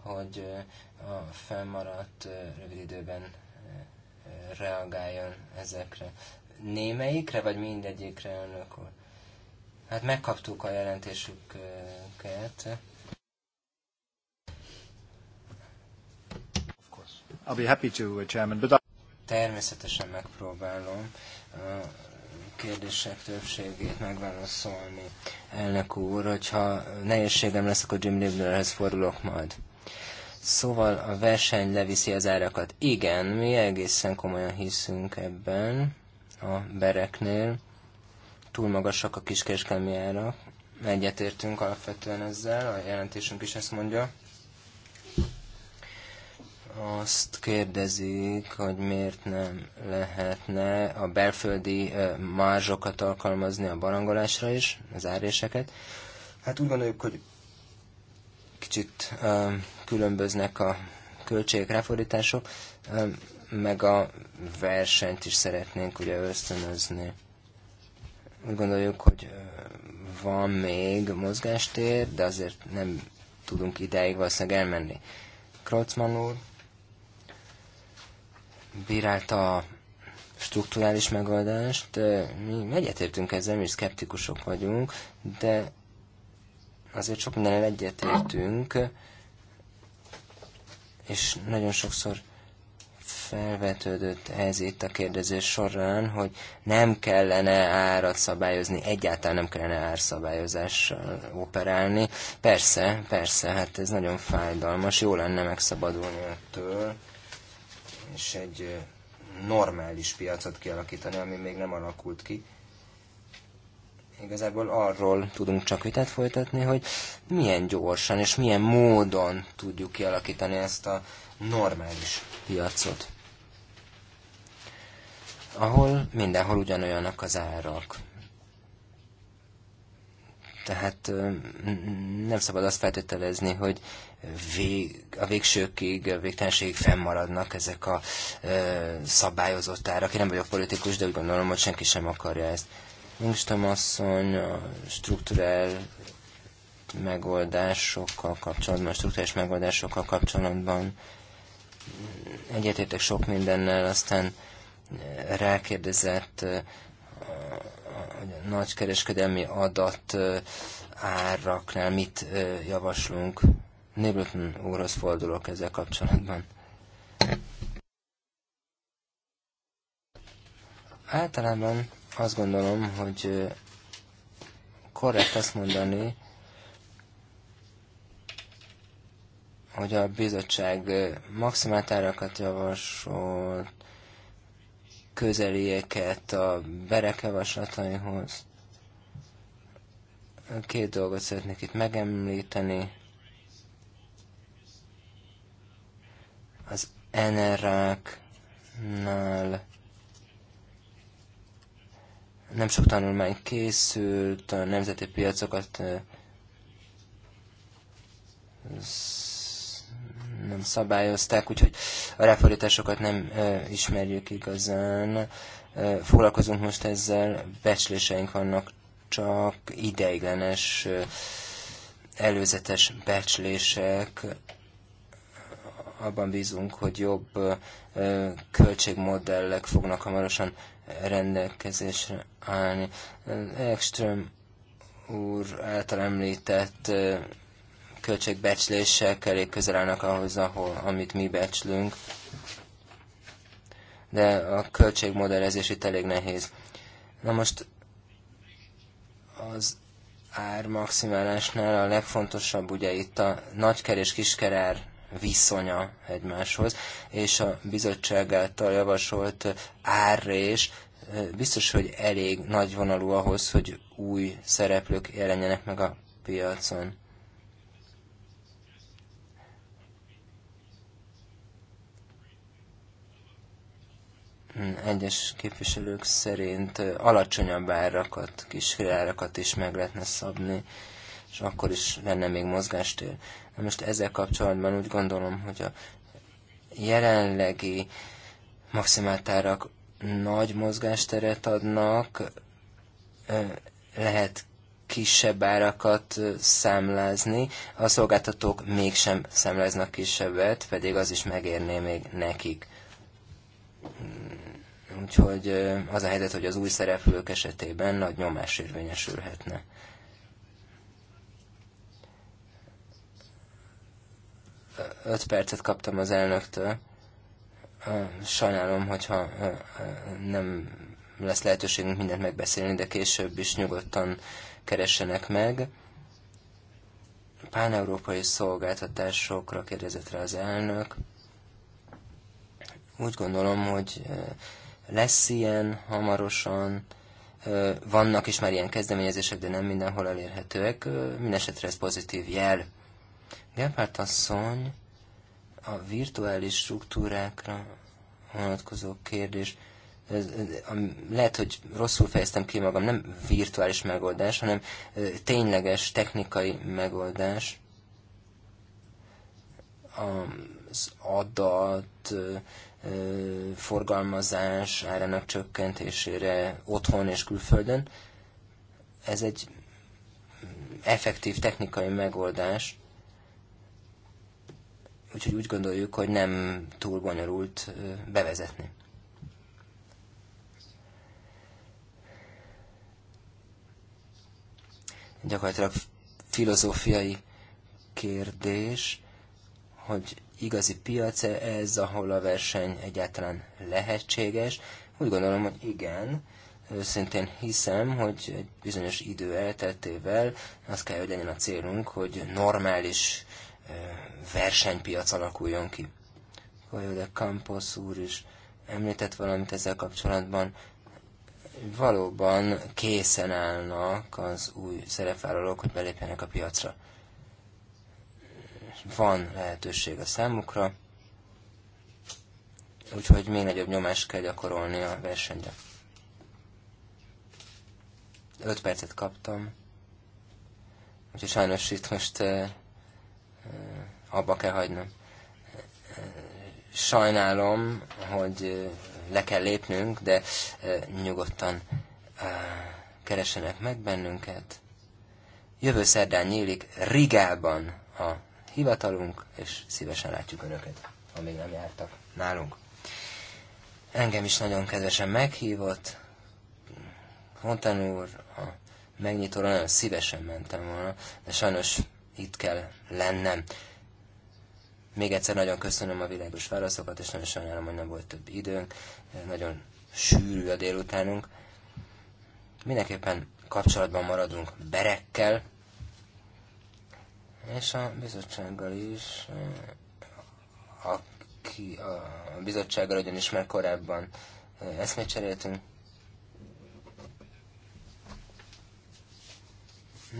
hogy a felmaradt rövid időben reagáljon ezekre. Némelyikre, vagy mindegyikre, önök úr? Hát megkaptuk a jelentésüket. I'll be happy to, uh, Chairman, but I... Természetesen megpróbálom. Uh, kérdések többségét megválaszolni. Elnök úr, hogyha nehézségem lesz, akkor Jim Libnerhez fordulok majd. Szóval a verseny leviszi az árakat. Igen, mi egészen komolyan hiszünk ebben a bereknél. Túl magasak a kiskereskedelmi árak. Egyetértünk alapvetően ezzel, a jelentésünk is ezt mondja azt kérdezik, hogy miért nem lehetne a belföldi marzsokat alkalmazni a barangolásra is, az áréseket. Hát úgy gondoljuk, hogy kicsit különböznek a költségek, ráfordítások, meg a versenyt is szeretnénk ugye ösztönözni. Úgy gondoljuk, hogy van még mozgástér, de azért nem tudunk ideig valószínűleg elmenni. Krocman úr, bírálta a struktúrális megoldást. Mi egyetértünk ezzel, mi is szkeptikusok vagyunk, de azért sok mindenre egyetértünk, és nagyon sokszor felvetődött ez itt a kérdezés során, hogy nem kellene árat szabályozni, egyáltalán nem kellene árszabályozással operálni. Persze, persze, hát ez nagyon fájdalmas, jó lenne megszabadulni ettől és egy normális piacot kialakítani, ami még nem alakult ki. Igazából arról tudunk csak vitát folytatni, hogy milyen gyorsan és milyen módon tudjuk kialakítani ezt a normális piacot, ahol mindenhol ugyanolyanak az árak. Tehát nem szabad azt feltételezni, hogy vég, a végsőkig, a végtelenségig fennmaradnak ezek a e, szabályozott árak. Én nem vagyok politikus, de úgy gondolom, hogy senki sem akarja ezt. Lindström asszony a struktúrál megoldásokkal kapcsolatban, struktúrális megoldásokkal kapcsolatban egyetértek sok mindennel, aztán rákérdezett nagykereskedelmi adat áraknál mit javaslunk. Nébleton úrhoz fordulok ezzel kapcsolatban. Általában azt gondolom, hogy korrekt azt mondani, hogy a bizottság maximált árakat javasolt, közelieket a berekjavaslataihoz. Két dolgot szeretnék itt megemlíteni. Az NRA-knál nem sok tanulmány készült, a nemzeti piacokat nem szabályozták, úgyhogy a ráfordításokat nem ismerjük igazán. Foglalkozunk most ezzel, becsléseink vannak csak ideiglenes előzetes becslések, abban bízunk, hogy jobb költségmodellek fognak hamarosan rendelkezésre állni. Ekström úr által említett költségbecslések elég közel állnak ahhoz, ahol, amit mi becslünk, de a költségmodellezés itt elég nehéz. Na most az ár maximálásnál a legfontosabb ugye itt a nagyker és kiskerár viszonya egymáshoz, és a bizottság által javasolt árrés biztos, hogy elég nagy vonalú ahhoz, hogy új szereplők jelenjenek meg a piacon. egyes képviselők szerint alacsonyabb árakat, kis árakat is meg lehetne szabni, és akkor is lenne még mozgástér. Na most ezzel kapcsolatban úgy gondolom, hogy a jelenlegi maximáltárak nagy mozgásteret adnak, lehet kisebb árakat számlázni, a szolgáltatók mégsem számláznak kisebbet, pedig az is megérné még nekik Úgyhogy az a helyzet, hogy az új szereplők esetében nagy nyomás érvényesülhetne. Öt percet kaptam az elnöktől. Sajnálom, hogyha nem lesz lehetőségünk mindent megbeszélni, de később is nyugodtan keressenek meg. Pán-európai szolgáltatásokra kérdezett rá az elnök. Úgy gondolom, hogy lesz ilyen hamarosan, vannak is már ilyen kezdeményezések, de nem mindenhol elérhetőek. mindesetre ez pozitív jel. Gephardt asszony a virtuális struktúrákra vonatkozó kérdés. Lehet, hogy rosszul fejeztem ki magam, nem virtuális megoldás, hanem tényleges technikai megoldás. Az adat, forgalmazás árának csökkentésére otthon és külföldön. Ez egy effektív technikai megoldás, úgyhogy úgy gondoljuk, hogy nem túl bonyolult bevezetni. Gyakorlatilag filozófiai kérdés, hogy igazi piac -e ez, ahol a verseny egyáltalán lehetséges? Úgy gondolom, hogy igen. Őszintén hiszem, hogy egy bizonyos idő elteltével az kell, hogy legyen a célunk, hogy normális versenypiac alakuljon ki. Vajon de Campos úr is említett valamit ezzel kapcsolatban. Valóban készen állnak az új szerepvállalók, hogy belépjenek a piacra van lehetőség a számukra, úgyhogy még nagyobb nyomást kell gyakorolni a versenyre. 5 percet kaptam, úgyhogy sajnos itt most abba kell hagynom. Sajnálom, hogy le kell lépnünk, de nyugodtan keresenek meg bennünket. Jövő szerdán nyílik Rigában a hivatalunk, és szívesen látjuk Önöket, ha még nem jártak nálunk. Engem is nagyon kedvesen meghívott, Fontan úr, a megnyitóra nagyon szívesen mentem volna, de sajnos itt kell lennem. Még egyszer nagyon köszönöm a világos válaszokat, és nagyon sajnálom, hogy nem volt több időnk. Nagyon sűrű a délutánunk. Mindenképpen kapcsolatban maradunk berekkel, és a bizottsággal is, eh, aki a bizottsággal ugyanis már korábban eh, eszmét cseréltünk.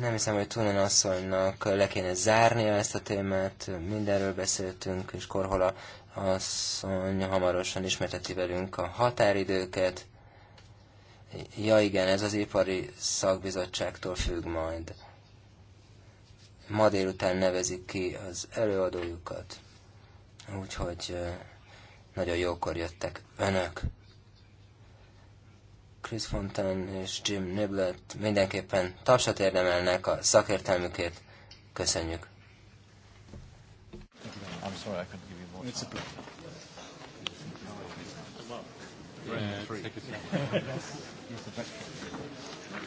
Nem hiszem, hogy Tunen asszonynak le kéne zárnia ezt a témát, mindenről beszéltünk, és Korhola asszony hamarosan ismerteti velünk a határidőket. Ja igen, ez az ipari szakbizottságtól függ majd ma délután nevezik ki az előadójukat, úgyhogy nagyon jókor jöttek önök. Chris Fontaine és Jim Niblett mindenképpen tapsat érdemelnek a szakértelmükért. Köszönjük! I'm sorry, I couldn't give you more. It's a Yeah, take I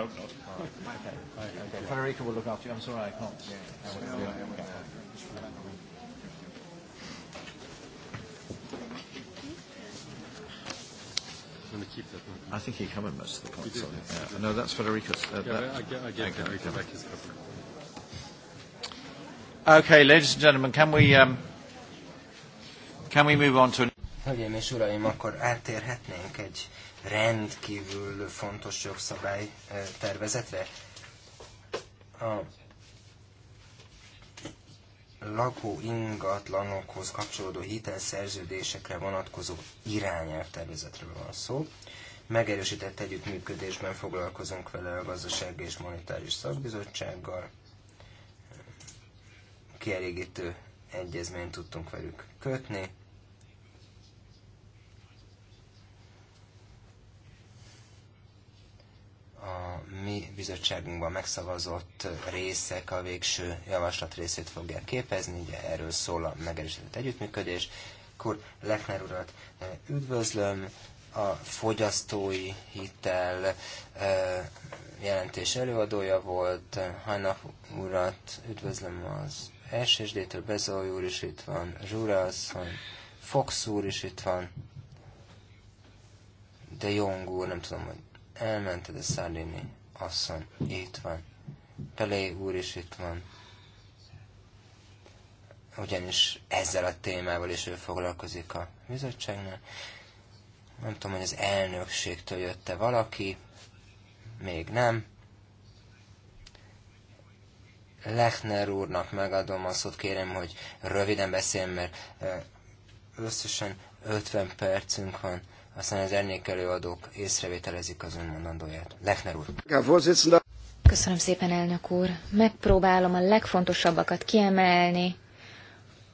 hope not. Federica will look after you. I'm sorry, I can't. Let me keep that one. I think he covered most of the points. Did, yeah. Yeah. No, that's Federica's. Uh, yeah, that, I, get, I get Federica back his cover. Okay, ladies and gentlemen, can we um, can we move on to? An Hölgyeim és uraim, akkor átérhetnénk egy rendkívül fontos jogszabály eh, tervezetre. A lakó ingatlanokhoz kapcsolódó hitelszerződésekre vonatkozó irányelv tervezetről van szó. Megerősített együttműködésben foglalkozunk vele a Gazdasági és Monetáris Szakbizottsággal. Kielégítő egyezményt tudtunk velük kötni a mi bizottságunkban megszavazott részek a végső javaslat részét fogják képezni, ugye erről szól a megerősített együttműködés. Akkor Lechner urat üdvözlöm, a fogyasztói hitel jelentés előadója volt, Hajnap urat üdvözlöm az SSD-től, Bezói úr is itt van, Zsura asszony, Fox úr is itt van, de Jong úr, nem tudom, hogy elmented a Szállini asszony. Itt van. Pelé úr is itt van. Ugyanis ezzel a témával is ő foglalkozik a bizottságnál. Nem tudom, hogy az elnökségtől jött-e valaki. Még nem. Lechner úrnak megadom azt, hogy kérem, hogy röviden beszéljen, mert eh, összesen 50 percünk van aztán az árnyék előadók észrevételezik az ön mondandóját. Lechner úr. Köszönöm szépen, elnök úr. Megpróbálom a legfontosabbakat kiemelni.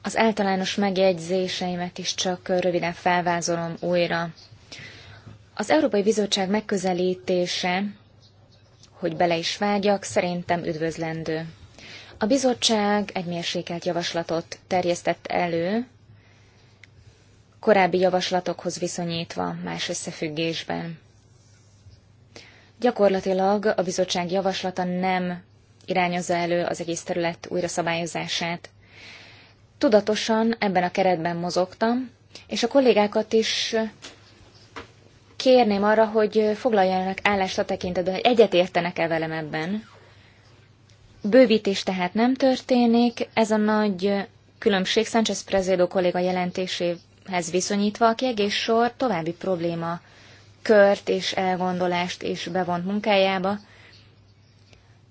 Az általános megjegyzéseimet is csak röviden felvázolom újra. Az Európai Bizottság megközelítése, hogy bele is vágjak, szerintem üdvözlendő. A bizottság egy mérsékelt javaslatot terjesztett elő, korábbi javaslatokhoz viszonyítva más összefüggésben. Gyakorlatilag a bizottság javaslata nem irányozza elő az egész terület újra szabályozását. Tudatosan ebben a keretben mozogtam, és a kollégákat is kérném arra, hogy foglaljanak állást a tekintetben, hogy egyetértenek-e velem ebben. Bővítés tehát nem történik, ez a nagy különbség Sánchez Prezédó kolléga jelentésével ez viszonyítva a kiegész sor további probléma kört és elgondolást és bevont munkájába.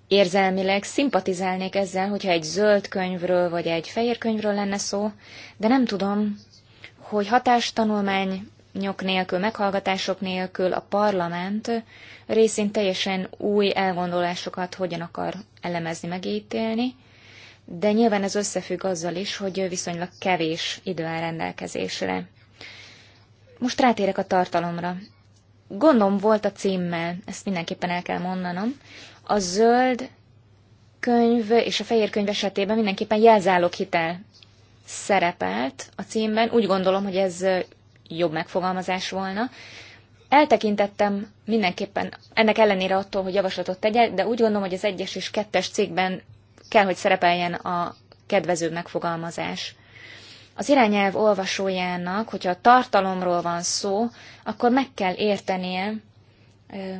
Érzelmileg szimpatizálnék ezzel, hogyha egy zöld könyvről vagy egy fehér könyvről lenne szó, de nem tudom, hogy nyok nélkül, meghallgatások nélkül a parlament részint teljesen új elgondolásokat hogyan akar elemezni, megítélni de nyilván ez összefügg azzal is, hogy viszonylag kevés idő áll rendelkezésre. Most rátérek a tartalomra. Gondom volt a címmel, ezt mindenképpen el kell mondanom. A zöld könyv és a fehér könyv esetében mindenképpen hitel szerepelt a címben. Úgy gondolom, hogy ez jobb megfogalmazás volna. Eltekintettem mindenképpen ennek ellenére attól, hogy javaslatot tegyek, de úgy gondolom, hogy az egyes és kettes cikkben kell, hogy szerepeljen a kedvezőbb megfogalmazás. Az irányelv olvasójának, hogyha a tartalomról van szó, akkor meg kell értenie,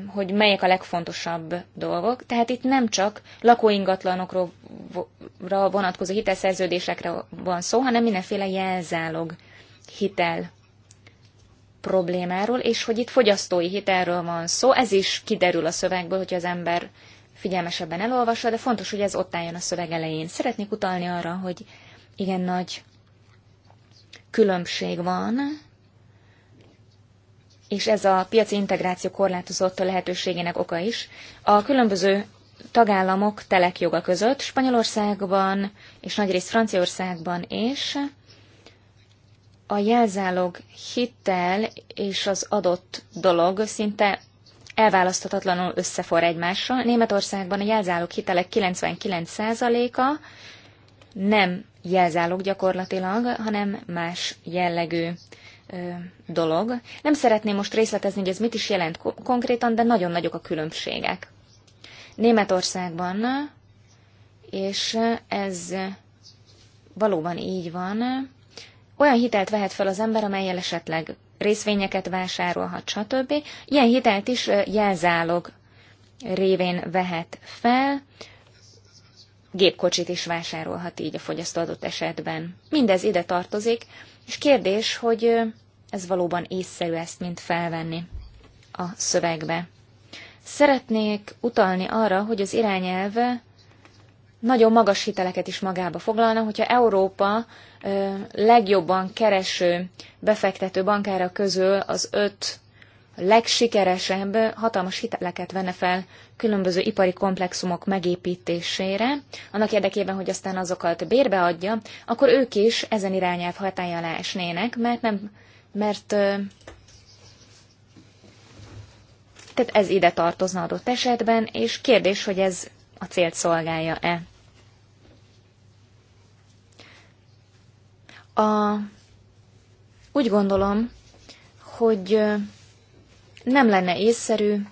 hogy melyek a legfontosabb dolgok. Tehát itt nem csak lakóingatlanokra vonatkozó hitelszerződésekre van szó, hanem mindenféle jelzálog hitel problémáról, és hogy itt fogyasztói hitelről van szó, ez is kiderül a szövegből, hogy az ember figyelmesebben elolvasva, de fontos, hogy ez ott álljon a szöveg elején. Szeretnék utalni arra, hogy igen nagy különbség van, és ez a piaci integráció korlátozott a lehetőségének oka is. A különböző tagállamok telek joga között, Spanyolországban és nagyrészt Franciaországban és a jelzálog hittel és az adott dolog szinte elválaszthatatlanul összefor egymással. Németországban a jelzálók hitelek 99%-a nem jelzálók gyakorlatilag, hanem más jellegű ö, dolog. Nem szeretném most részletezni, hogy ez mit is jelent konkrétan, de nagyon nagyok a különbségek. Németországban, és ez valóban így van, olyan hitelt vehet fel az ember, amelyel esetleg részvényeket vásárolhat, stb. Ilyen hitelt is jelzálog révén vehet fel, gépkocsit is vásárolhat így a fogyasztó adott esetben. Mindez ide tartozik, és kérdés, hogy ez valóban észszerű ezt mint felvenni a szövegbe. Szeretnék utalni arra, hogy az irányelve nagyon magas hiteleket is magába foglalna, hogyha Európa legjobban kereső befektető bankára közül az öt legsikeresebb hatalmas hiteleket venne fel különböző ipari komplexumok megépítésére, annak érdekében, hogy aztán azokat bérbeadja, adja, akkor ők is ezen irányelv hatája alá esnének, mert nem, mert tehát ez ide tartozna adott esetben, és kérdés, hogy ez a célt szolgálja-e. A, úgy gondolom, hogy nem lenne észszerű,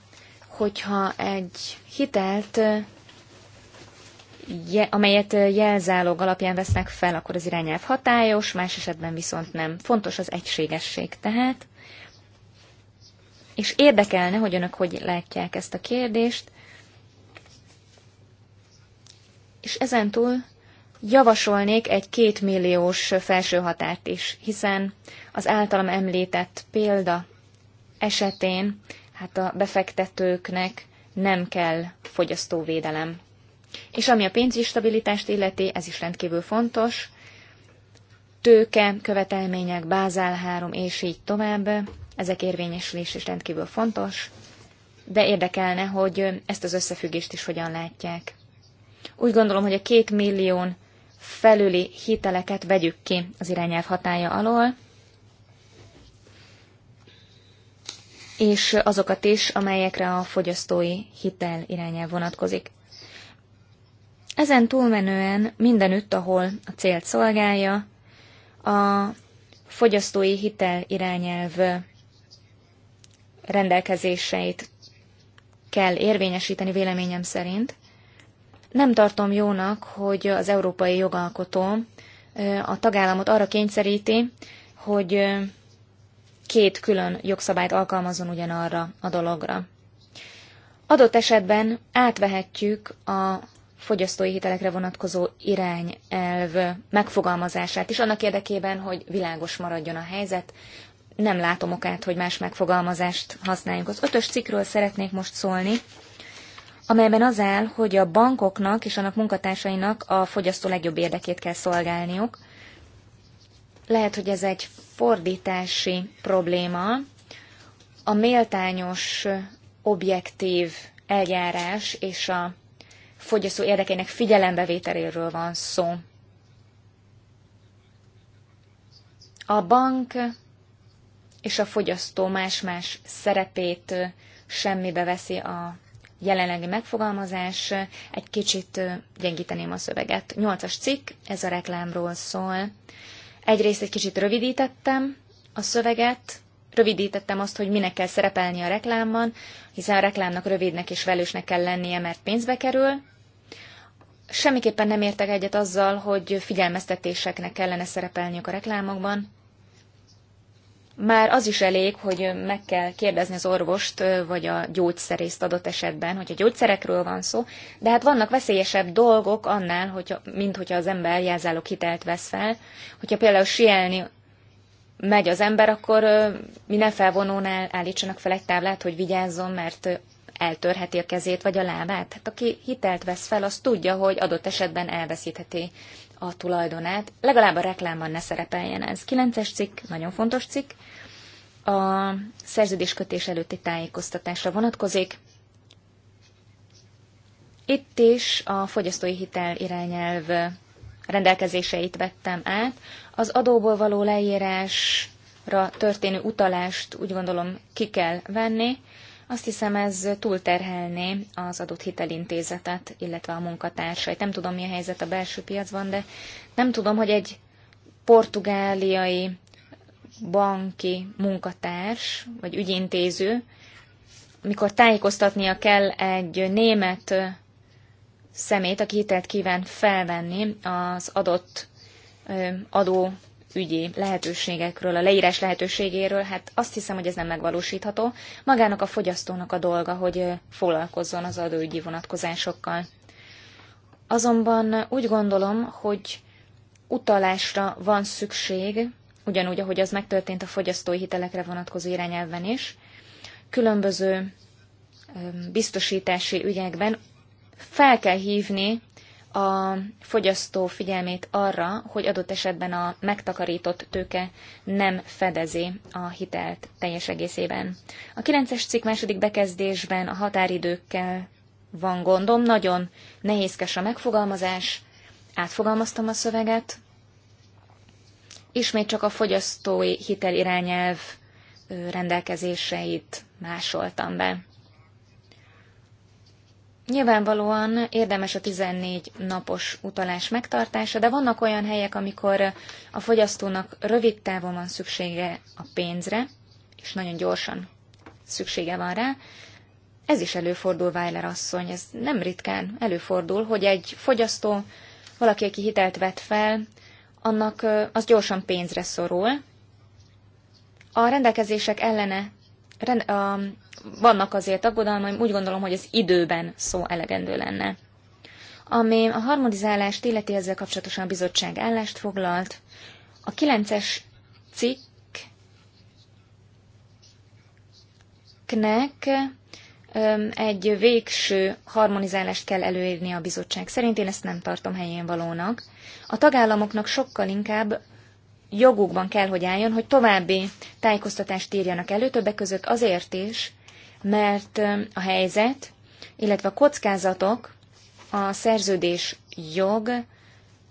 hogyha egy hitelt, amelyet jelzálog alapján vesznek fel, akkor az irányelv hatályos, más esetben viszont nem. Fontos az egységesség tehát. És érdekelne, hogy önök hogy látják ezt a kérdést. És ezentúl Javasolnék egy kétmilliós felső határt is, hiszen az általam említett példa esetén hát a befektetőknek nem kell fogyasztóvédelem. És ami a pénzügyi stabilitást illeti, ez is rendkívül fontos, tőke, követelmények, Bázál három és így tovább, ezek érvényesülés is rendkívül fontos, de érdekelne, hogy ezt az összefüggést is hogyan látják. Úgy gondolom, hogy a két millión felüli hiteleket vegyük ki az irányelv hatája alól, és azokat is, amelyekre a fogyasztói hitel irányelv vonatkozik. Ezen túlmenően mindenütt, ahol a célt szolgálja, a fogyasztói hitel irányelv rendelkezéseit kell érvényesíteni véleményem szerint, nem tartom jónak, hogy az európai jogalkotó a tagállamot arra kényszeríti, hogy két külön jogszabályt alkalmazon ugyanarra a dologra. Adott esetben átvehetjük a fogyasztói hitelekre vonatkozó irányelv megfogalmazását is, annak érdekében, hogy világos maradjon a helyzet. Nem látom okát, hogy más megfogalmazást használjunk. Az ötös cikkről szeretnék most szólni amelyben az áll, hogy a bankoknak és annak munkatársainak a fogyasztó legjobb érdekét kell szolgálniuk. Lehet, hogy ez egy fordítási probléma. A méltányos, objektív eljárás és a fogyasztó érdekeinek figyelembevételéről van szó. A bank és a fogyasztó más-más szerepét semmibe veszi a jelenlegi megfogalmazás egy kicsit gyengíteném a szöveget. Nyolcas cikk, ez a reklámról szól. Egyrészt egy kicsit rövidítettem a szöveget, rövidítettem azt, hogy minek kell szerepelni a reklámban, hiszen a reklámnak rövidnek és velősnek kell lennie, mert pénzbe kerül. Semmiképpen nem értek egyet azzal, hogy figyelmeztetéseknek kellene szerepelniük a reklámokban már az is elég, hogy meg kell kérdezni az orvost, vagy a gyógyszerészt adott esetben, hogyha gyógyszerekről van szó, de hát vannak veszélyesebb dolgok annál, hogyha, mint hogyha az ember jelzálók hitelt vesz fel. Hogyha például sielni megy az ember, akkor minden felvonónál állítsanak fel egy táblát, hogy vigyázzon, mert eltörheti a kezét vagy a lábát. Hát aki hitelt vesz fel, az tudja, hogy adott esetben elveszítheti a tulajdonát. Legalább a reklámban ne szerepeljen ez. 9-es cikk, nagyon fontos cikk, a szerződéskötés előtti tájékoztatásra vonatkozik. Itt is a fogyasztói hitel irányelv rendelkezéseit vettem át. Az adóból való leírásra történő utalást úgy gondolom ki kell venni, azt hiszem, ez túlterhelné az adott hitelintézetet, illetve a munkatársait. Nem tudom, mi a helyzet a belső piacban, de nem tudom, hogy egy portugáliai banki munkatárs vagy ügyintéző, mikor tájékoztatnia kell egy német szemét, aki hitelt kíván felvenni az adott adó ügyi lehetőségekről, a leírás lehetőségéről, hát azt hiszem, hogy ez nem megvalósítható. Magának a fogyasztónak a dolga, hogy foglalkozzon az adóügyi vonatkozásokkal. Azonban úgy gondolom, hogy utalásra van szükség, ugyanúgy, ahogy az megtörtént a fogyasztói hitelekre vonatkozó irányelven is, különböző biztosítási ügyekben fel kell hívni a fogyasztó figyelmét arra, hogy adott esetben a megtakarított tőke nem fedezi a hitelt teljes egészében. A 9-es cikk második bekezdésben a határidőkkel van gondom, nagyon nehézkes a megfogalmazás, átfogalmaztam a szöveget. Ismét csak a fogyasztói hitel irányelv rendelkezéseit másoltam be. Nyilvánvalóan érdemes a 14 napos utalás megtartása, de vannak olyan helyek, amikor a fogyasztónak rövid távon van szüksége a pénzre, és nagyon gyorsan szüksége van rá. Ez is előfordul, Weiler asszony, ez nem ritkán előfordul, hogy egy fogyasztó, valaki, aki hitelt vett fel, annak az gyorsan pénzre szorul. A rendelkezések ellene, a vannak azért aggodalmaim, úgy gondolom, hogy az időben szó elegendő lenne. Ami a harmonizálást illeti ezzel kapcsolatosan a bizottság állást foglalt, a 9-es cikknek egy végső harmonizálást kell előírni a bizottság szerint, én ezt nem tartom helyén valónak. A tagállamoknak sokkal inkább jogukban kell, hogy álljon, hogy további tájékoztatást írjanak elő, többek között azért is, mert a helyzet, illetve a kockázatok a szerződés jog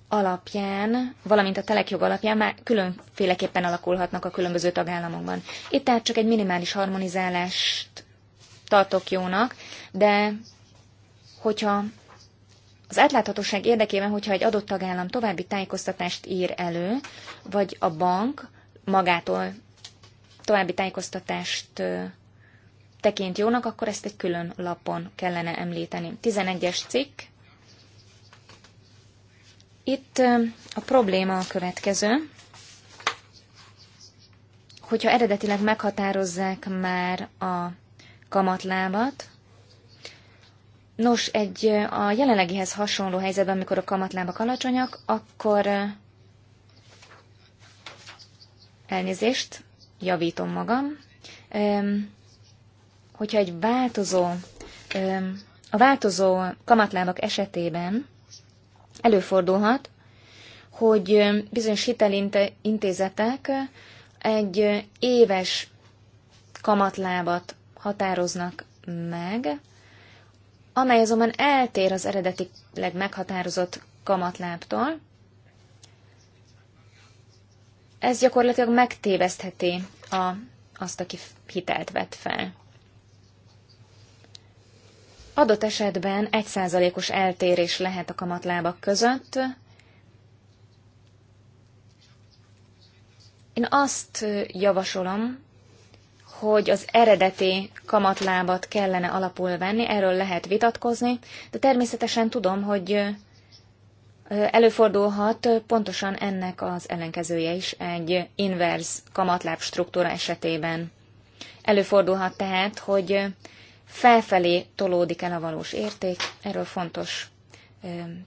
alapján, valamint a telekjog alapján már különféleképpen alakulhatnak a különböző tagállamokban. Itt tehát csak egy minimális harmonizálást tartok jónak, de hogyha az átláthatóság érdekében, hogyha egy adott tagállam további tájékoztatást ír elő, vagy a bank magától további tájékoztatást tekint jónak, akkor ezt egy külön lapon kellene említeni. 11-es cikk. Itt a probléma a következő, hogyha eredetileg meghatározzák már a kamatlábat, Nos, egy a jelenlegihez hasonló helyzetben, amikor a kamatlábak alacsonyak, akkor elnézést, javítom magam hogyha egy változó, a változó kamatlábak esetében előfordulhat, hogy bizonyos hitelintézetek egy éves kamatlábat határoznak meg, amely azonban eltér az eredetileg meghatározott kamatlábtól. Ez gyakorlatilag megtévesztheti a, azt, aki hitelt vett fel. Adott esetben egy os eltérés lehet a kamatlábak között. Én azt javasolom, hogy az eredeti kamatlábat kellene alapul venni, erről lehet vitatkozni, de természetesen tudom, hogy előfordulhat pontosan ennek az ellenkezője is egy inverz kamatláb struktúra esetében. Előfordulhat tehát, hogy felfelé tolódik el a valós érték, erről fontos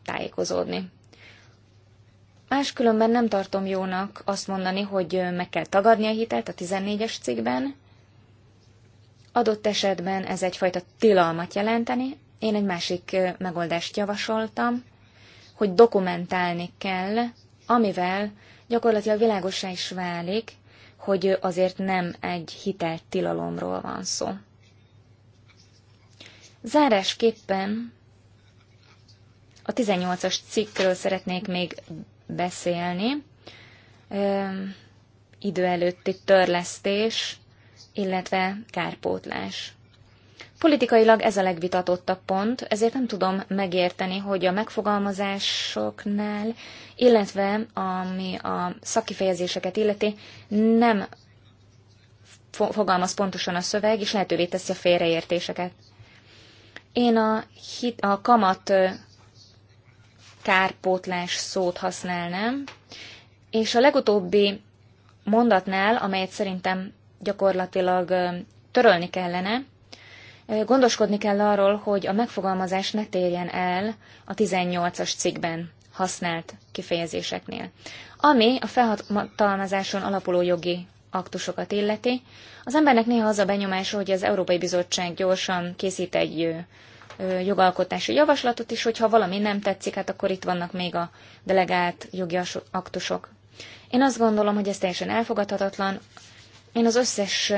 tájékozódni. Máskülönben nem tartom jónak azt mondani, hogy meg kell tagadni a hitelt a 14-es cikkben. Adott esetben ez egyfajta tilalmat jelenteni. Én egy másik megoldást javasoltam, hogy dokumentálni kell, amivel gyakorlatilag világosá is válik, hogy azért nem egy hitelt tilalomról van szó. Zárásképpen a 18-as cikkről szeretnék még beszélni. Ö, idő előtti törlesztés, illetve kárpótlás. Politikailag ez a legvitatottabb pont, ezért nem tudom megérteni, hogy a megfogalmazásoknál, illetve ami a szakifejezéseket illeti, nem fogalmaz pontosan a szöveg, és lehetővé teszi a félreértéseket. Én a, hit, a kamat kárpótlás szót használnám, és a legutóbbi mondatnál, amelyet szerintem gyakorlatilag törölni kellene, gondoskodni kell arról, hogy a megfogalmazás ne térjen el a 18-as cikkben használt kifejezéseknél, ami a felhatalmazáson alapuló jogi aktusokat illeti. Az embernek néha az a benyomása, hogy az Európai Bizottság gyorsan készít egy jogalkotási javaslatot is, hogyha valami nem tetszik, hát akkor itt vannak még a delegált jogi aktusok. Én azt gondolom, hogy ez teljesen elfogadhatatlan. Én az összes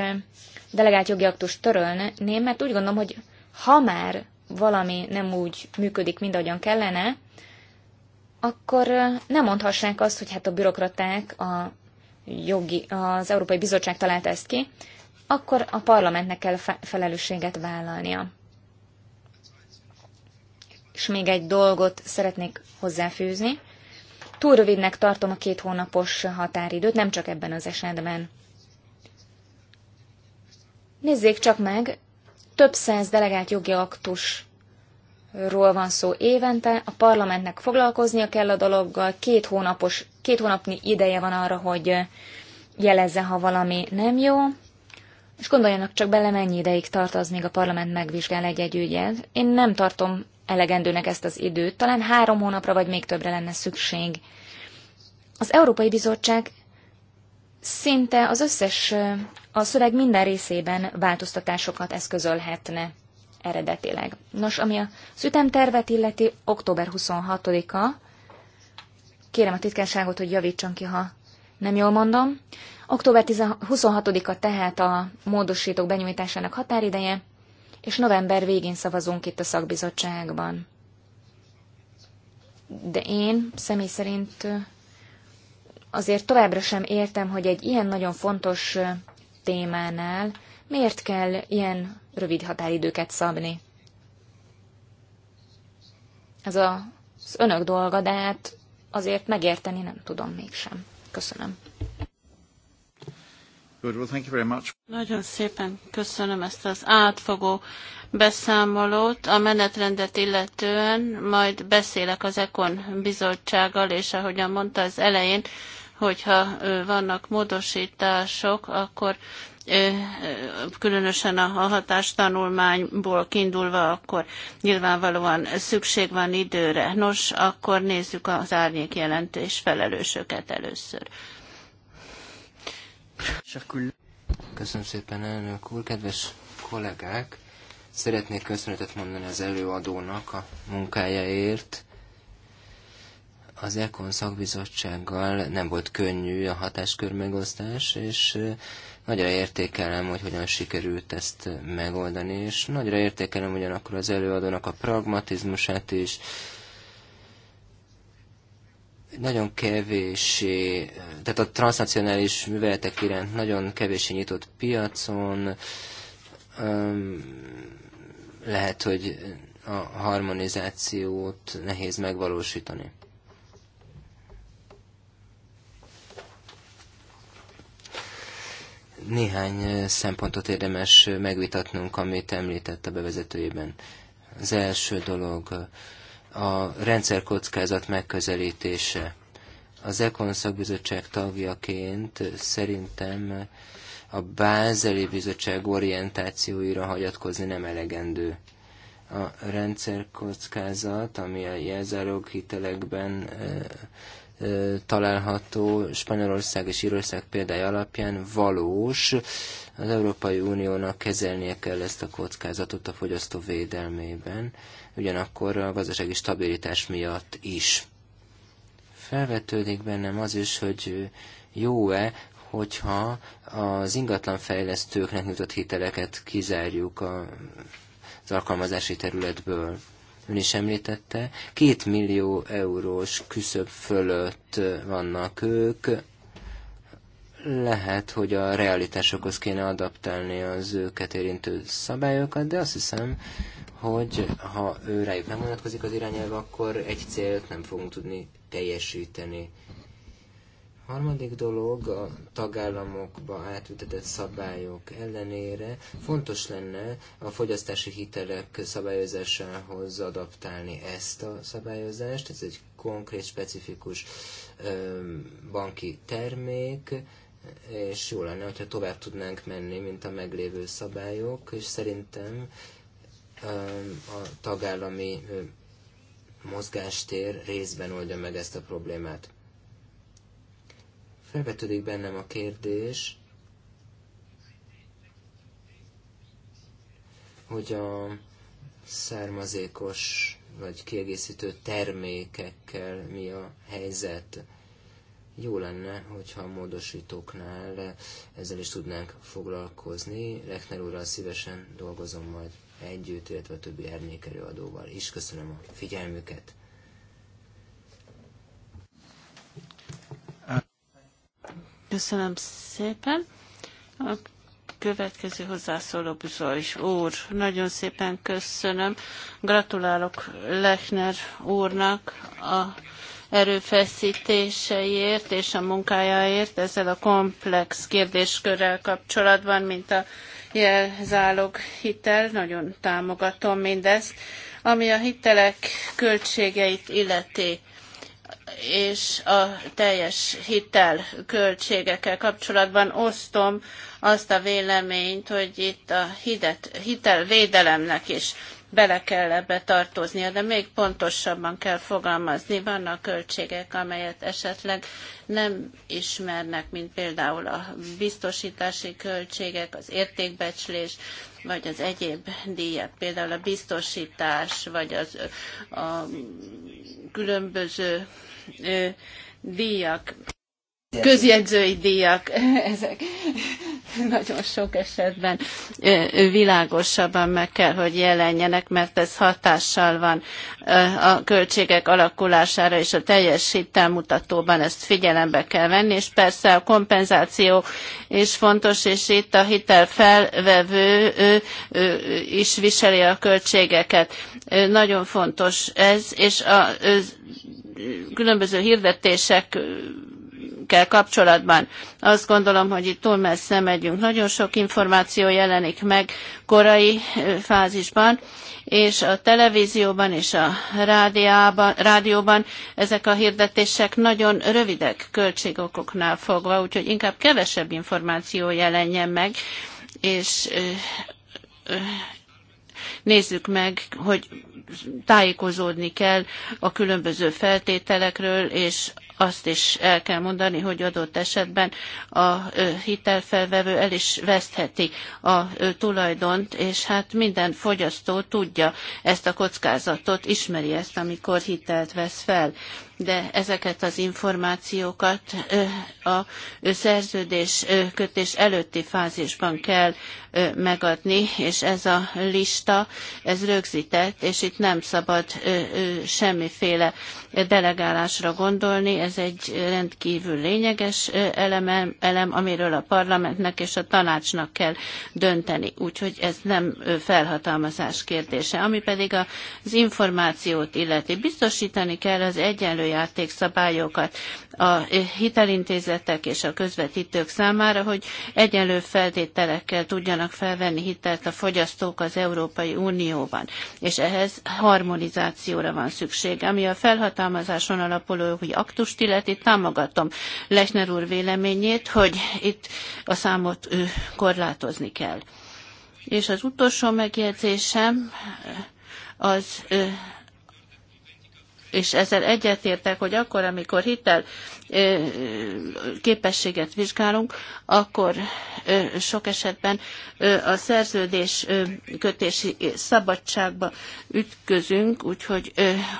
delegált jogi aktust törölném, mert úgy gondolom, hogy ha már valami nem úgy működik, mint ahogyan kellene, akkor nem mondhassák azt, hogy hát a bürokraták, a jogi, az Európai Bizottság találta ezt ki, akkor a parlamentnek kell felelősséget vállalnia. És még egy dolgot szeretnék hozzáfűzni. Túl rövidnek tartom a két hónapos határidőt, nem csak ebben az esetben. Nézzék csak meg, több száz delegált jogi aktusról van szó évente, a parlamentnek foglalkoznia kell a dologgal, két hónapos két hónapnyi ideje van arra, hogy jelezze, ha valami nem jó, és gondoljanak csak bele, mennyi ideig tart az, még a parlament megvizsgál egy-egy ügyet. Én nem tartom elegendőnek ezt az időt, talán három hónapra vagy még többre lenne szükség. Az Európai Bizottság szinte az összes, a szöveg minden részében változtatásokat eszközölhetne eredetileg. Nos, ami a ütemtervet illeti, október 26-a kérem a titkárságot, hogy javítson ki, ha nem jól mondom. Október 26-a tehát a módosítók benyújtásának határideje, és november végén szavazunk itt a szakbizottságban. De én személy szerint azért továbbra sem értem, hogy egy ilyen nagyon fontos témánál miért kell ilyen rövid határidőket szabni. Ez az önök dolga, de hát azért megérteni nem tudom mégsem. Köszönöm. Good, well, thank you very much. Nagyon szépen köszönöm ezt az átfogó beszámolót a menetrendet illetően, majd beszélek az Ekon bizottsággal, és ahogyan mondta az elején, hogyha vannak módosítások, akkor különösen a hatástanulmányból kiindulva, akkor nyilvánvalóan szükség van időre. Nos, akkor nézzük az árnyék jelentés felelősöket először. Köszönöm szépen, elnök úr, kedves kollégák! Szeretnék köszönetet mondani az előadónak a munkájáért. Az EKON szakbizottsággal nem volt könnyű a hatáskör megosztás, és Nagyra értékelem, hogy hogyan sikerült ezt megoldani, és nagyra értékelem ugyanakkor az előadónak a pragmatizmusát is. Nagyon kevésé, tehát a transnacionális műveletek iránt nagyon kevésé nyitott piacon, lehet, hogy a harmonizációt nehéz megvalósítani. Néhány szempontot érdemes megvitatnunk, amit említett a bevezetőjében. Az első dolog a rendszerkockázat megközelítése. Az Ekon szakbizottság tagjaként szerintem a Bázeli Bizottság orientációira hagyatkozni nem elegendő. A rendszerkockázat, ami a jelzálóghitelekben található Spanyolország és Írország példája alapján valós. Az Európai Uniónak kezelnie kell ezt a kockázatot a fogyasztó védelmében, ugyanakkor a gazdasági stabilitás miatt is. Felvetődik bennem az is, hogy jó-e, hogyha az ingatlanfejlesztőknek nyújtott hiteleket kizárjuk a az alkalmazási területből ön is említette, két millió eurós küszöb fölött vannak ők, lehet, hogy a realitásokhoz kéne adaptálni az őket érintő szabályokat, de azt hiszem, hogy ha ő rájuk nem vonatkozik az irányelv, akkor egy célt nem fogunk tudni teljesíteni. Harmadik dolog, a tagállamokba átültetett szabályok ellenére fontos lenne a fogyasztási hitelek szabályozásához adaptálni ezt a szabályozást. Ez egy konkrét, specifikus banki termék, és jó lenne, hogyha tovább tudnánk menni, mint a meglévő szabályok, és szerintem a tagállami mozgástér részben oldja meg ezt a problémát felvetődik bennem a kérdés, hogy a származékos vagy kiegészítő termékekkel mi a helyzet. Jó lenne, hogyha a módosítóknál ezzel is tudnánk foglalkozni. Lechner úrral szívesen dolgozom majd együtt, illetve a többi árnyékelő adóval is. Köszönöm a figyelmüket! Köszönöm szépen. A következő hozzászóló is úr. Nagyon szépen köszönöm. Gratulálok Lechner úrnak a erőfeszítéseiért és a munkájáért ezzel a komplex kérdéskörrel kapcsolatban, mint a jelzálog hitel. Nagyon támogatom mindezt. Ami a hitelek költségeit illeti, és a teljes hitel költségekkel kapcsolatban osztom azt a véleményt, hogy itt a hidet, hitelvédelemnek is bele kell ebbe tartoznia, de még pontosabban kell fogalmazni. Vannak költségek, amelyet esetleg nem ismernek, mint például a biztosítási költségek, az értékbecslés, vagy az egyéb díjak, például a biztosítás, vagy az a különböző díjak közjegyzői díjak, ezek nagyon sok esetben világosabban meg kell, hogy jelenjenek, mert ez hatással van a költségek alakulására, és a teljes hitelmutatóban ezt figyelembe kell venni, és persze a kompenzáció is fontos, és itt a hitelfelvevő ő, ő, is viseli a költségeket. Nagyon fontos ez, és a különböző hirdetések kell kapcsolatban. Azt gondolom, hogy itt túl messze megyünk. Nagyon sok információ jelenik meg korai fázisban, és a televízióban és a rádiában, rádióban ezek a hirdetések nagyon rövidek költségokoknál fogva, úgyhogy inkább kevesebb információ jelenjen meg, és nézzük meg, hogy tájékozódni kell a különböző feltételekről, és azt is el kell mondani, hogy adott esetben a hitelfelvevő el is vesztheti a tulajdont, és hát minden fogyasztó tudja ezt a kockázatot, ismeri ezt, amikor hitelt vesz fel de ezeket az információkat a szerződés kötés előtti fázisban kell megadni, és ez a lista, ez rögzített, és itt nem szabad semmiféle delegálásra gondolni, ez egy rendkívül lényeges eleme, elem, amiről a parlamentnek és a tanácsnak kell dönteni, úgyhogy ez nem felhatalmazás kérdése. Ami pedig az információt illeti, biztosítani kell az egyenlő játékszabályokat a hitelintézetek és a közvetítők számára, hogy egyenlő feltételekkel tudjanak felvenni hitelt a fogyasztók az Európai Unióban, és ehhez harmonizációra van szükség, ami a felhatalmazás felhatalmazáson alapuló hogy aktust illeti, támogatom Lechner úr véleményét, hogy itt a számot korlátozni kell. És az utolsó megjegyzésem az és ezzel egyetértek, hogy akkor, amikor hitel képességet vizsgálunk, akkor sok esetben a szerződés kötési szabadságba ütközünk, úgyhogy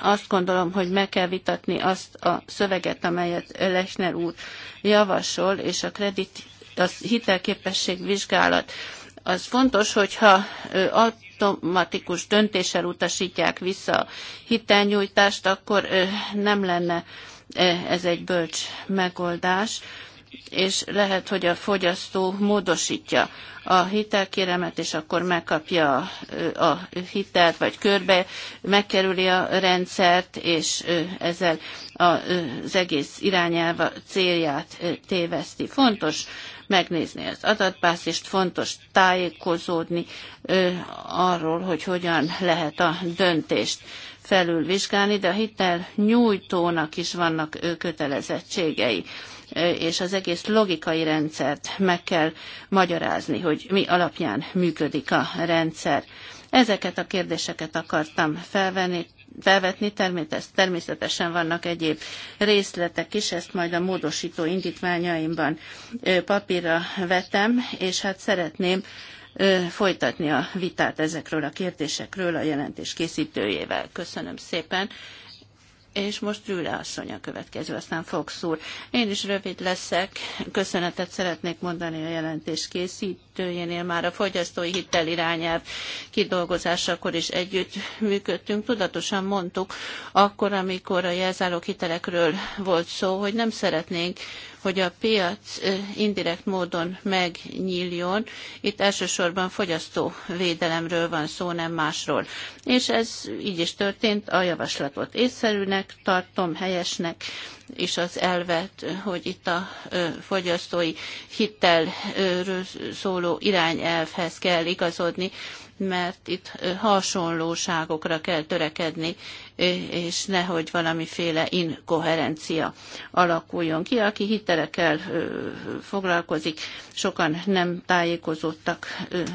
azt gondolom, hogy meg kell vitatni azt a szöveget, amelyet Lechner úr javasol, és a kredit, a hitelképesség vizsgálat az fontos, hogyha automatikus döntéssel utasítják vissza a hitelnyújtást, akkor nem lenne ez egy bölcs megoldás és lehet, hogy a fogyasztó módosítja a hitelkéremet, és akkor megkapja a hitelt, vagy körbe megkerüli a rendszert, és ezzel az egész irányelva célját téveszti. Fontos megnézni az adatbázist, fontos tájékozódni arról, hogy hogyan lehet a döntést felülvizsgálni, de a hitel nyújtónak is vannak kötelezettségei és az egész logikai rendszert meg kell magyarázni, hogy mi alapján működik a rendszer. Ezeket a kérdéseket akartam felvenni, felvetni, természetesen vannak egyéb részletek is, ezt majd a módosító indítványaimban papírra vetem, és hát szeretném folytatni a vitát ezekről a kérdésekről a jelentés készítőjével. Köszönöm szépen, és most Rüle asszony a következő, aztán Fox úr. Én is rövid leszek. Köszönetet szeretnék mondani a jelentés készít kettőjénél már a fogyasztói hitel irányelv kidolgozásakor is együtt működtünk. Tudatosan mondtuk, akkor, amikor a jelzálók hitelekről volt szó, hogy nem szeretnénk hogy a piac indirekt módon megnyíljon. Itt elsősorban fogyasztóvédelemről van szó, nem másról. És ez így is történt, a javaslatot észszerűnek tartom, helyesnek, és az elvet, hogy itt a fogyasztói hitelről szóló irányelvhez kell igazodni, mert itt hasonlóságokra kell törekedni, és nehogy valamiféle inkoherencia alakuljon ki. Aki hitelekkel foglalkozik, sokan nem tájékozottak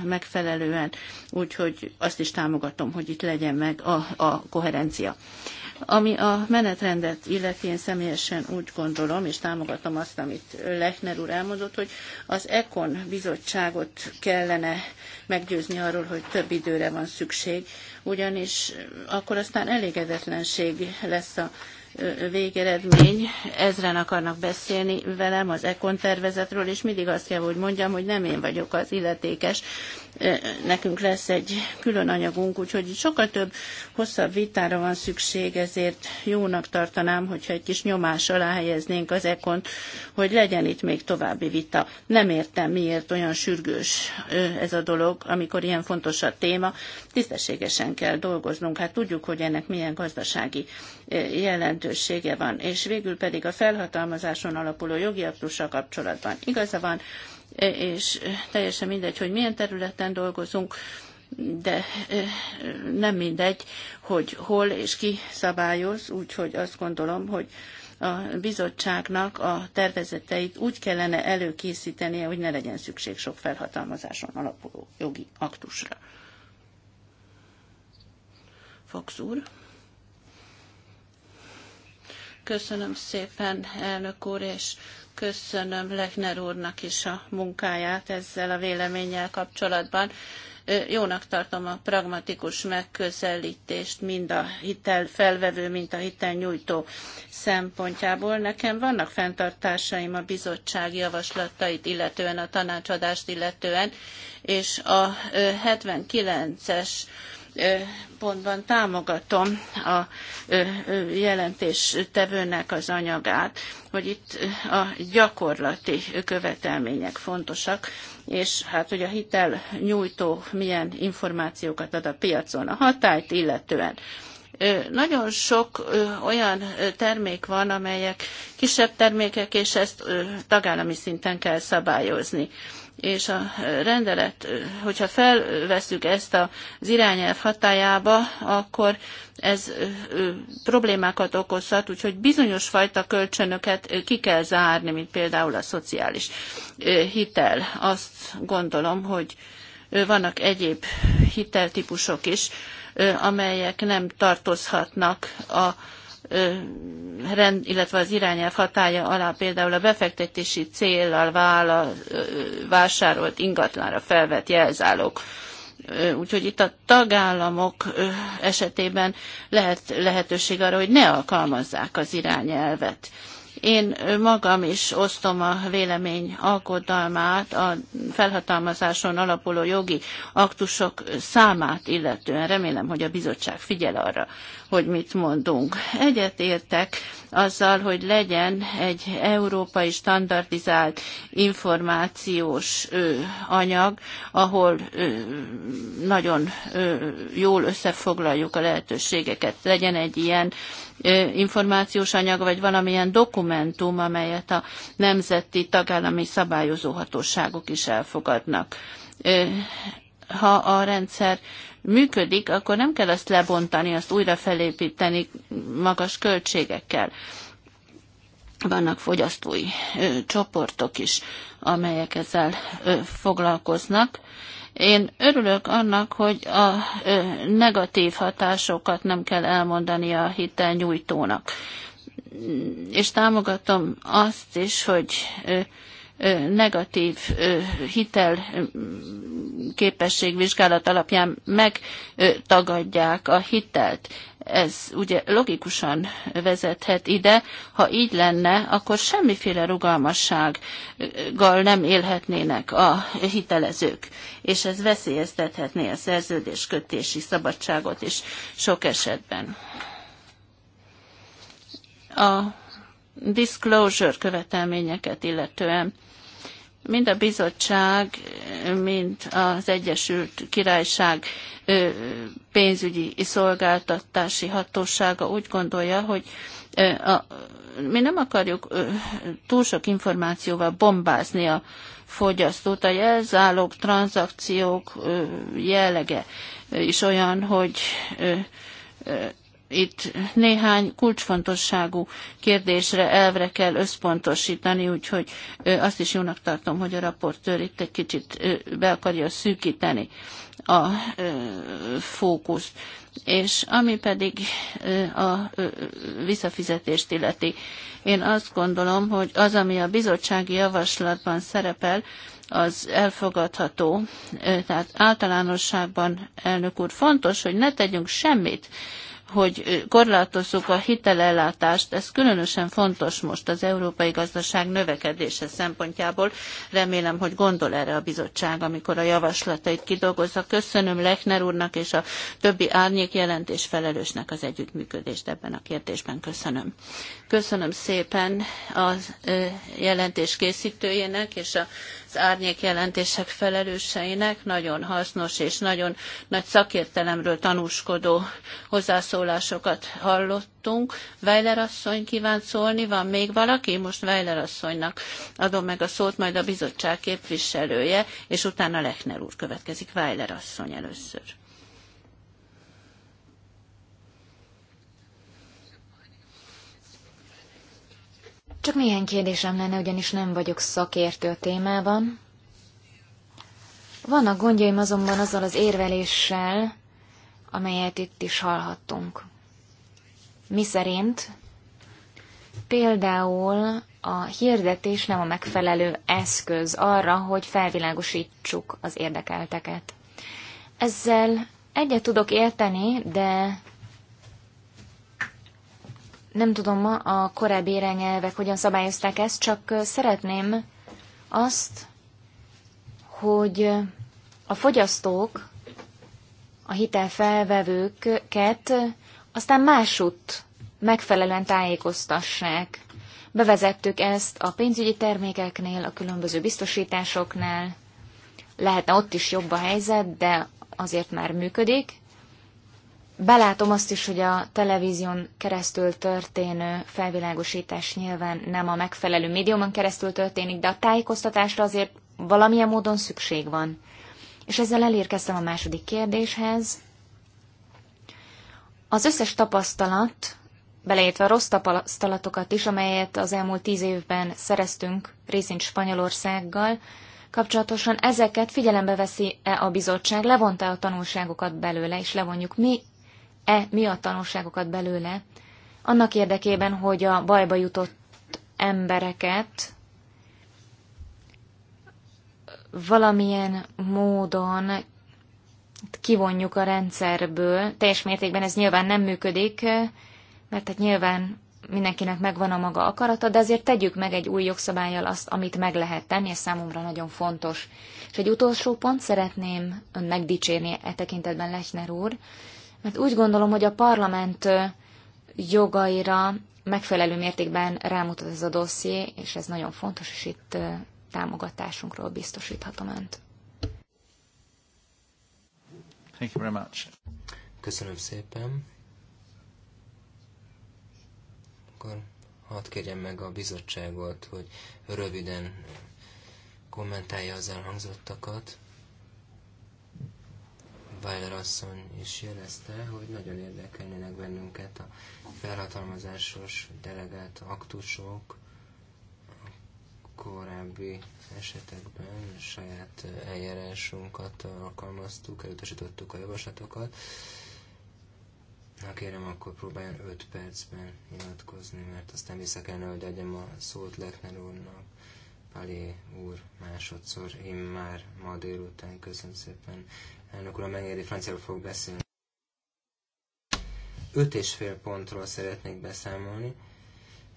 megfelelően, úgyhogy azt is támogatom, hogy itt legyen meg a, a koherencia. Ami a menetrendet illeti, én személyesen úgy gondolom, és támogatom azt, amit Lechner úr elmondott, hogy az ECON bizottságot kellene meggyőzni arról, hogy több időre van szükség, ugyanis akkor aztán elégedetlenség lesz a végeredmény. Ezren akarnak beszélni velem az ECON tervezetről, és mindig azt kell, hogy mondjam, hogy nem én vagyok az illetékes, nekünk lesz egy külön anyagunk, úgyhogy sokkal több hosszabb vitára van szükség, ezért jónak tartanám, hogyha egy kis nyomás alá helyeznénk az ekont, hogy legyen itt még további vita. Nem értem, miért olyan sürgős ez a dolog, amikor ilyen fontos a téma. Tisztességesen kell dolgoznunk, hát tudjuk, hogy ennek milyen gazdasági jelentősége van. És végül pedig a felhatalmazáson alapuló jogi aktussal kapcsolatban igaza van, E, és teljesen mindegy, hogy milyen területen dolgozunk, de e, nem mindegy, hogy hol és ki szabályoz, úgyhogy azt gondolom, hogy a bizottságnak a tervezeteit úgy kellene előkészítenie, hogy ne legyen szükség sok felhatalmazáson alapuló jogi aktusra. Fox úr. Köszönöm szépen, elnök úr, és Köszönöm Lechner úrnak is a munkáját ezzel a véleménnyel kapcsolatban. Jónak tartom a pragmatikus megközelítést mind a hitel felvevő, mint a hitel nyújtó szempontjából. Nekem vannak fenntartásaim a bizottság javaslatait, illetően a tanácsadást, illetően, és a 79-es pontban támogatom a jelentéstevőnek az anyagát, hogy itt a gyakorlati követelmények fontosak, és hát, hogy a hitel nyújtó milyen információkat ad a piacon a hatályt illetően. Nagyon sok olyan termék van, amelyek kisebb termékek, és ezt tagállami szinten kell szabályozni és a rendelet, hogyha felveszük ezt az irányelv hatájába, akkor ez problémákat okozhat, úgyhogy bizonyos fajta kölcsönöket ki kell zárni, mint például a szociális hitel. Azt gondolom, hogy vannak egyéb hiteltípusok is, amelyek nem tartozhatnak a rend, illetve az irányelv hatája alá például a befektetési céllal vála, vásárolt ingatlanra felvett jelzálók. Úgyhogy itt a tagállamok esetében lehet lehetőség arra, hogy ne alkalmazzák az irányelvet én magam is osztom a vélemény alkodalmát a felhatalmazáson alapuló jogi aktusok számát illetően. Remélem, hogy a bizottság figyel arra, hogy mit mondunk. Egyet értek azzal, hogy legyen egy európai standardizált információs anyag, ahol nagyon jól összefoglaljuk a lehetőségeket. Legyen egy ilyen információs anyag, vagy valamilyen dokumentum, amelyet a nemzeti tagállami szabályozóhatóságok is elfogadnak ha a rendszer működik, akkor nem kell azt lebontani, azt újra felépíteni magas költségekkel. Vannak fogyasztói ö, csoportok is, amelyek ezzel ö, foglalkoznak. Én örülök annak, hogy a ö, negatív hatásokat nem kell elmondani a hitelnyújtónak. És támogatom azt is, hogy ö, negatív hitel képességvizsgálat alapján megtagadják a hitelt. Ez ugye logikusan vezethet ide, ha így lenne, akkor semmiféle rugalmassággal nem élhetnének a hitelezők, és ez veszélyeztethetné a szerződéskötési szabadságot is sok esetben. A disclosure követelményeket illetően mind a bizottság, mind az Egyesült Királyság pénzügyi szolgáltatási hatósága úgy gondolja, hogy a, mi nem akarjuk túl sok információval bombázni a fogyasztót. A jelzálók, tranzakciók jellege is olyan, hogy itt néhány kulcsfontosságú kérdésre, elvre kell összpontosítani, úgyhogy azt is jónak tartom, hogy a raportőr itt egy kicsit be akarja szűkíteni a fókuszt. És ami pedig a visszafizetést illeti, én azt gondolom, hogy az, ami a bizottsági javaslatban szerepel, az elfogadható. Tehát általánosságban, elnök úr, fontos, hogy ne tegyünk semmit, hogy korlátozzuk a hitelellátást, ez különösen fontos most az európai gazdaság növekedése szempontjából. Remélem, hogy gondol erre a bizottság, amikor a javaslatait kidolgozza. Köszönöm Lechner úrnak és a többi árnyék jelentés felelősnek az együttműködést ebben a kérdésben. Köszönöm. Köszönöm szépen a jelentés készítőjének és az árnyék jelentések felelőseinek. Nagyon hasznos és nagyon nagy szakértelemről tanúskodó hozzászólásokat hallottunk. Weiler asszony kívánt szólni, van még valaki? Most Weiler asszonynak adom meg a szót, majd a bizottság képviselője, és utána Lechner úr következik. Weiler asszony először. Csak néhány kérdésem lenne, ugyanis nem vagyok szakértő a témában. Vannak gondjaim azonban azzal az érveléssel, amelyet itt is hallhattunk. Mi szerint például a hirdetés nem a megfelelő eszköz arra, hogy felvilágosítsuk az érdekelteket. Ezzel egyet tudok érteni, de nem tudom ma a korábbi irányelvek hogyan szabályozták ezt, csak szeretném azt, hogy a fogyasztók, a hitelfelvevőket aztán másutt megfelelően tájékoztassák. Bevezettük ezt a pénzügyi termékeknél, a különböző biztosításoknál. Lehetne ott is jobb a helyzet, de azért már működik. Belátom azt is, hogy a televízión keresztül történő felvilágosítás nyilván nem a megfelelő médiumon keresztül történik, de a tájékoztatásra azért valamilyen módon szükség van. És ezzel elérkeztem a második kérdéshez. Az összes tapasztalat, beleértve a rossz tapasztalatokat is, amelyet az elmúlt tíz évben szereztünk részint Spanyolországgal, kapcsolatosan ezeket figyelembe veszi-e a bizottság, levonta a tanulságokat belőle, és levonjuk mi e mi a tanulságokat belőle, annak érdekében, hogy a bajba jutott embereket valamilyen módon kivonjuk a rendszerből. Teljes mértékben ez nyilván nem működik, mert hát nyilván mindenkinek megvan a maga akarata, de azért tegyük meg egy új jogszabályjal azt, amit meg lehet tenni, ez számomra nagyon fontos. És egy utolsó pont, szeretném ön megdicsérni e tekintetben Lechner úr, mert úgy gondolom, hogy a parlament jogaira megfelelő mértékben rámutat ez a dosszié, és ez nagyon fontos, és itt támogatásunkról biztosíthatom önt. Thank you very much. Köszönöm szépen. Akkor hadd kérjem meg a bizottságot, hogy röviden kommentálja az elhangzottakat. Weiler asszony is jelezte, hogy nagyon érdekelnének bennünket a felhatalmazásos delegált aktusok a korábbi esetekben a saját eljárásunkat alkalmaztuk, elutasítottuk a javaslatokat. Na kérem, akkor próbáljon 5 percben nyilatkozni, mert aztán vissza kellene, hogy adjam a szót Lechner úrnak. Pali úr másodszor, én már ma délután köszönöm szépen Elnök úr, megéri, franciául fog beszélni. Öt és fél pontról szeretnék beszámolni.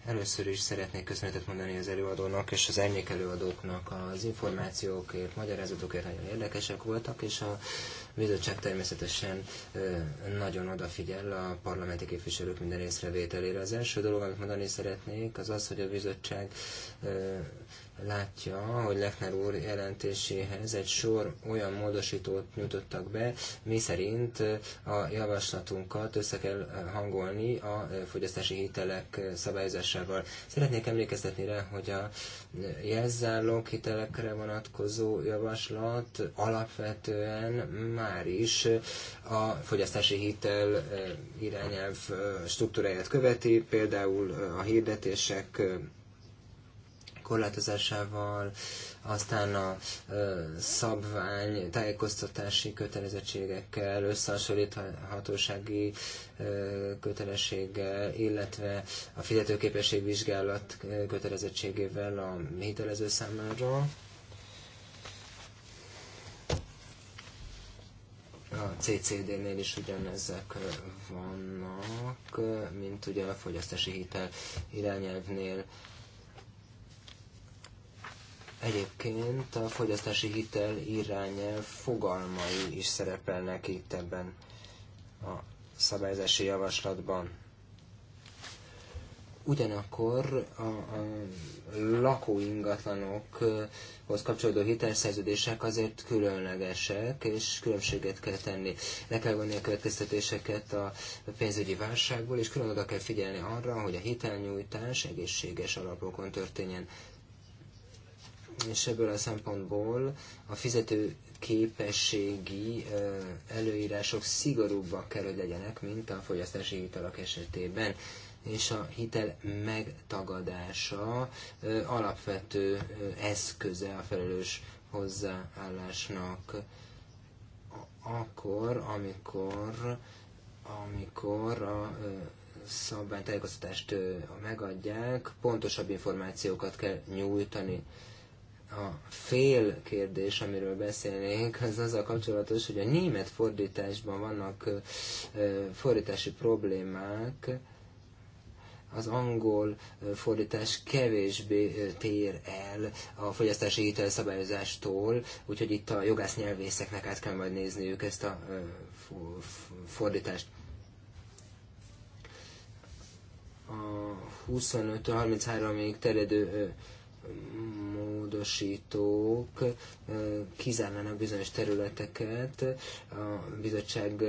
Először is szeretnék köszönetet mondani az előadónak és az árnyék előadóknak. Az információkért, magyarázatokért nagyon érdekesek voltak, és a bizottság természetesen nagyon odafigyel a parlamenti képviselők minden észrevételére. Az első dolog, amit mondani szeretnék, az az, hogy a bizottság látja, hogy Lechner úr jelentéséhez egy sor olyan módosítót nyújtottak be, mi szerint eh, a javaslatunkat össze kell eh, hangolni a eh, fogyasztási hitelek szabályozásával. Szeretnék emlékeztetni rá, hogy a jelzálók hitelekre vonatkozó javaslat alapvetően már is a fogyasztási hitel irányelv struktúráját követi, például a hirdetések korlátozásával, aztán a szabvány tájékoztatási kötelezettségekkel, összehasonlíthatósági kötelességgel, illetve a fizetőképesség vizsgálat kötelezettségével a hitelező számára. a CCD-nél is ugyanezek vannak, mint ugye a fogyasztási hitel irányelvnél Egyébként a fogyasztási hitel irányel fogalmai is szerepelnek itt ebben a szabályzási javaslatban. Ugyanakkor a, a lakóingatlanokhoz kapcsolódó hitelszerződések azért különlegesek, és különbséget kell tenni. Le kell vonni a következtetéseket a pénzügyi válságból, és külön oda kell figyelni arra, hogy a hitelnyújtás egészséges alapokon történjen és ebből a szempontból a fizető képességi előírások szigorúbbak kell, hogy legyenek, mint a fogyasztási italak esetében és a hitel megtagadása alapvető eszköze a felelős hozzáállásnak akkor, amikor, amikor a szabványtájékoztatást megadják, pontosabb információkat kell nyújtani a fél kérdés, amiről beszélnénk, az azzal kapcsolatos, hogy a német fordításban vannak fordítási problémák, az angol fordítás kevésbé tér el a fogyasztási hitelszabályozástól, úgyhogy itt a jogásznyelvészeknek át kell majd nézniük ezt a fordítást. A 25-33-ig terjedő módosítók kizárnának bizonyos területeket. A bizottság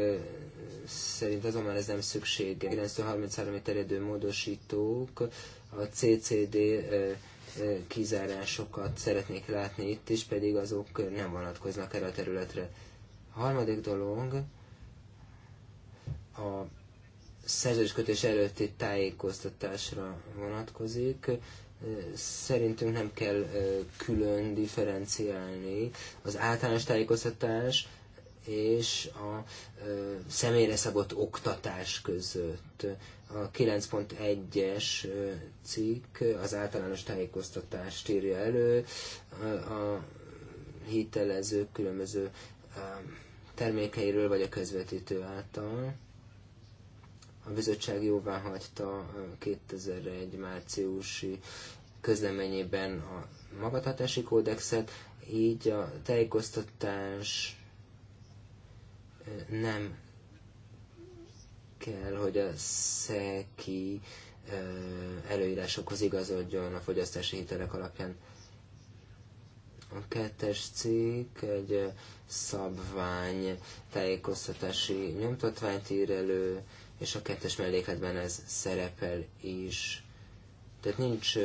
szerint azonban ez nem szüksége. 933 terjedő módosítók a CCD kizárásokat szeretnék látni itt is, pedig azok nem vonatkoznak erre a területre. A harmadik dolog a szerződéskötés előtti tájékoztatásra vonatkozik. Szerintünk nem kell külön differenciálni az általános tájékoztatás és a személyre szabott oktatás között. A 9.1-es cikk az általános tájékoztatást írja elő, a hitelezők különböző termékeiről vagy a közvetítő által a bizottság jóvá hagyta 2001 márciusi közleményében a magatartási kódexet, így a tájékoztatás eh, nem kell, hogy a szeki eh, előírásokhoz igazodjon a fogyasztási hitelek alapján. A kettes cikk egy eh, szabvány tájékoztatási nyomtatványt ír elő, és a kettes mellékletben ez szerepel is. Tehát nincs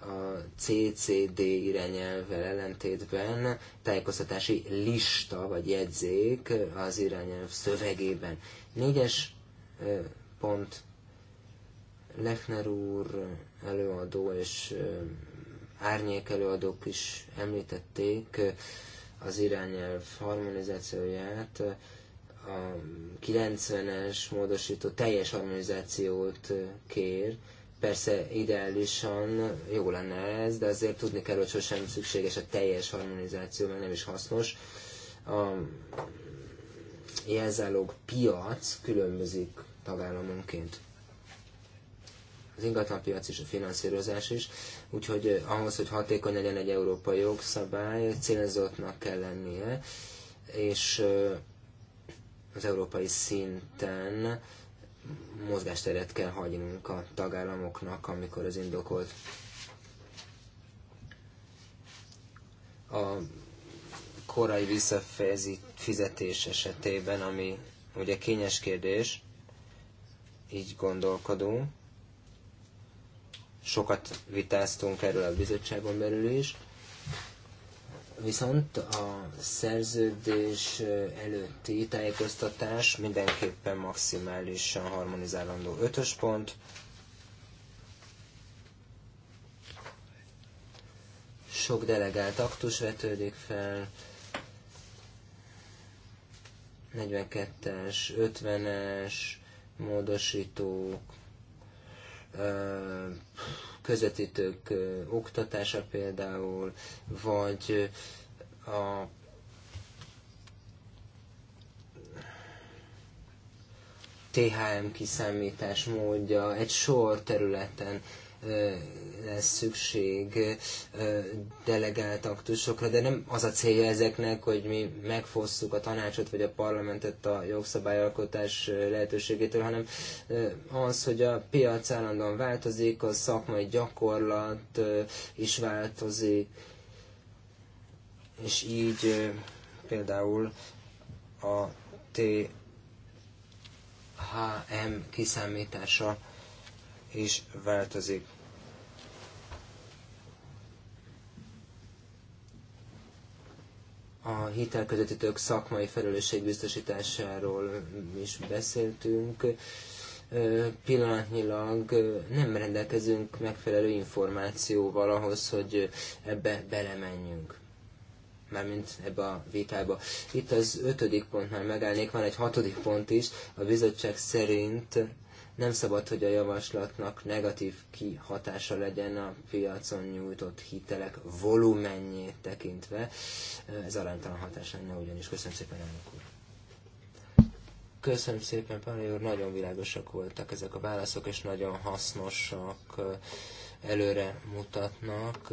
a CCD irányelvvel ellentétben tájékoztatási lista vagy jegyzék az irányelv szövegében. Négyes pont Lechner úr előadó és árnyék előadók is említették az irányelv harmonizációját, a 90-es módosító teljes harmonizációt kér. Persze ideálisan jó lenne ez, de azért tudni kell, hogy sosem szükséges a teljes harmonizáció, mert nem is hasznos. A jelzálog piac különbözik tagállamonként. Az ingatlanpiac és a finanszírozás is, úgyhogy ahhoz, hogy hatékony legyen egy európai jogszabály, célzottnak kell lennie, és az európai szinten mozgásteret kell hagynunk a tagállamoknak, amikor az indokolt. A korai visszafizetés esetében, ami ugye kényes kérdés, így gondolkodunk. Sokat vitáztunk erről a bizottságon belül is. Viszont a szerződés előtti tájékoztatás mindenképpen maximálisan harmonizálandó ötös pont. Sok delegált aktus vetődik fel, 42-es, 50-es módosítók, közvetítők oktatása például, vagy a THM kiszámítás módja egy sor területen lesz szükség delegált aktusokra, de nem az a célja ezeknek, hogy mi megfosszuk a tanácsot vagy a parlamentet a jogszabályalkotás lehetőségétől, hanem az, hogy a piac állandóan változik, a szakmai gyakorlat is változik, és így például a THM kiszámítása is változik. A hitelközvetítők szakmai felelősségbiztosításáról is beszéltünk. Pillanatnyilag nem rendelkezünk megfelelő információval ahhoz, hogy ebbe belemenjünk mármint ebbe a vitába. Itt az ötödik pontnál megállnék, van egy hatodik pont is, a bizottság szerint nem szabad, hogy a javaslatnak negatív kihatása legyen a piacon nyújtott hitelek volumenjét tekintve. Ez aránytalan hatás lenne ugyanis. Köszönöm szépen, elnök úr. Köszönöm szépen, Pali úr, nagyon világosak voltak ezek a válaszok, és nagyon hasznosak, előre mutatnak.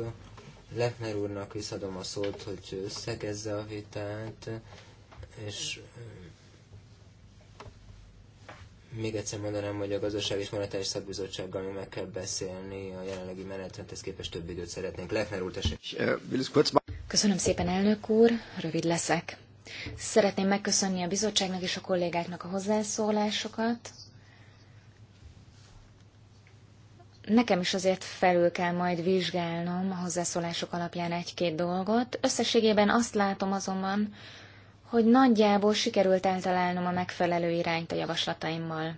Lechner úrnak visszadom a szót, hogy szegezze a vitát, és még egyszer mondanám, hogy a Gazdaság és Monetáris Szakbizottsággal mi meg kell beszélni, a jelenlegi menetrendhez képest több időt szeretnénk. Lechner úr, tessék. Köszönöm szépen, elnök úr, rövid leszek. Szeretném megköszönni a bizottságnak és a kollégáknak a hozzászólásokat. Nekem is azért felül kell majd vizsgálnom a hozzászólások alapján egy-két dolgot. Összességében azt látom azonban, hogy nagyjából sikerült eltalálnom a megfelelő irányt a javaslataimmal.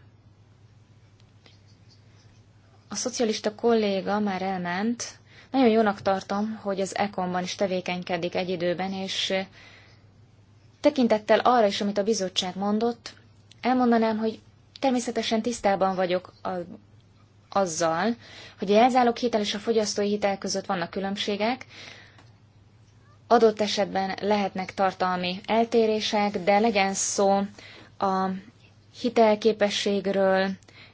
A szocialista kolléga már elment. Nagyon jónak tartom, hogy az ekonban is tevékenykedik egy időben, és tekintettel arra is, amit a bizottság mondott, elmondanám, hogy természetesen tisztában vagyok a, azzal, hogy a jelzálók hitel és a fogyasztói hitel között vannak különbségek, Adott esetben lehetnek tartalmi eltérések, de legyen szó a hitelképességről,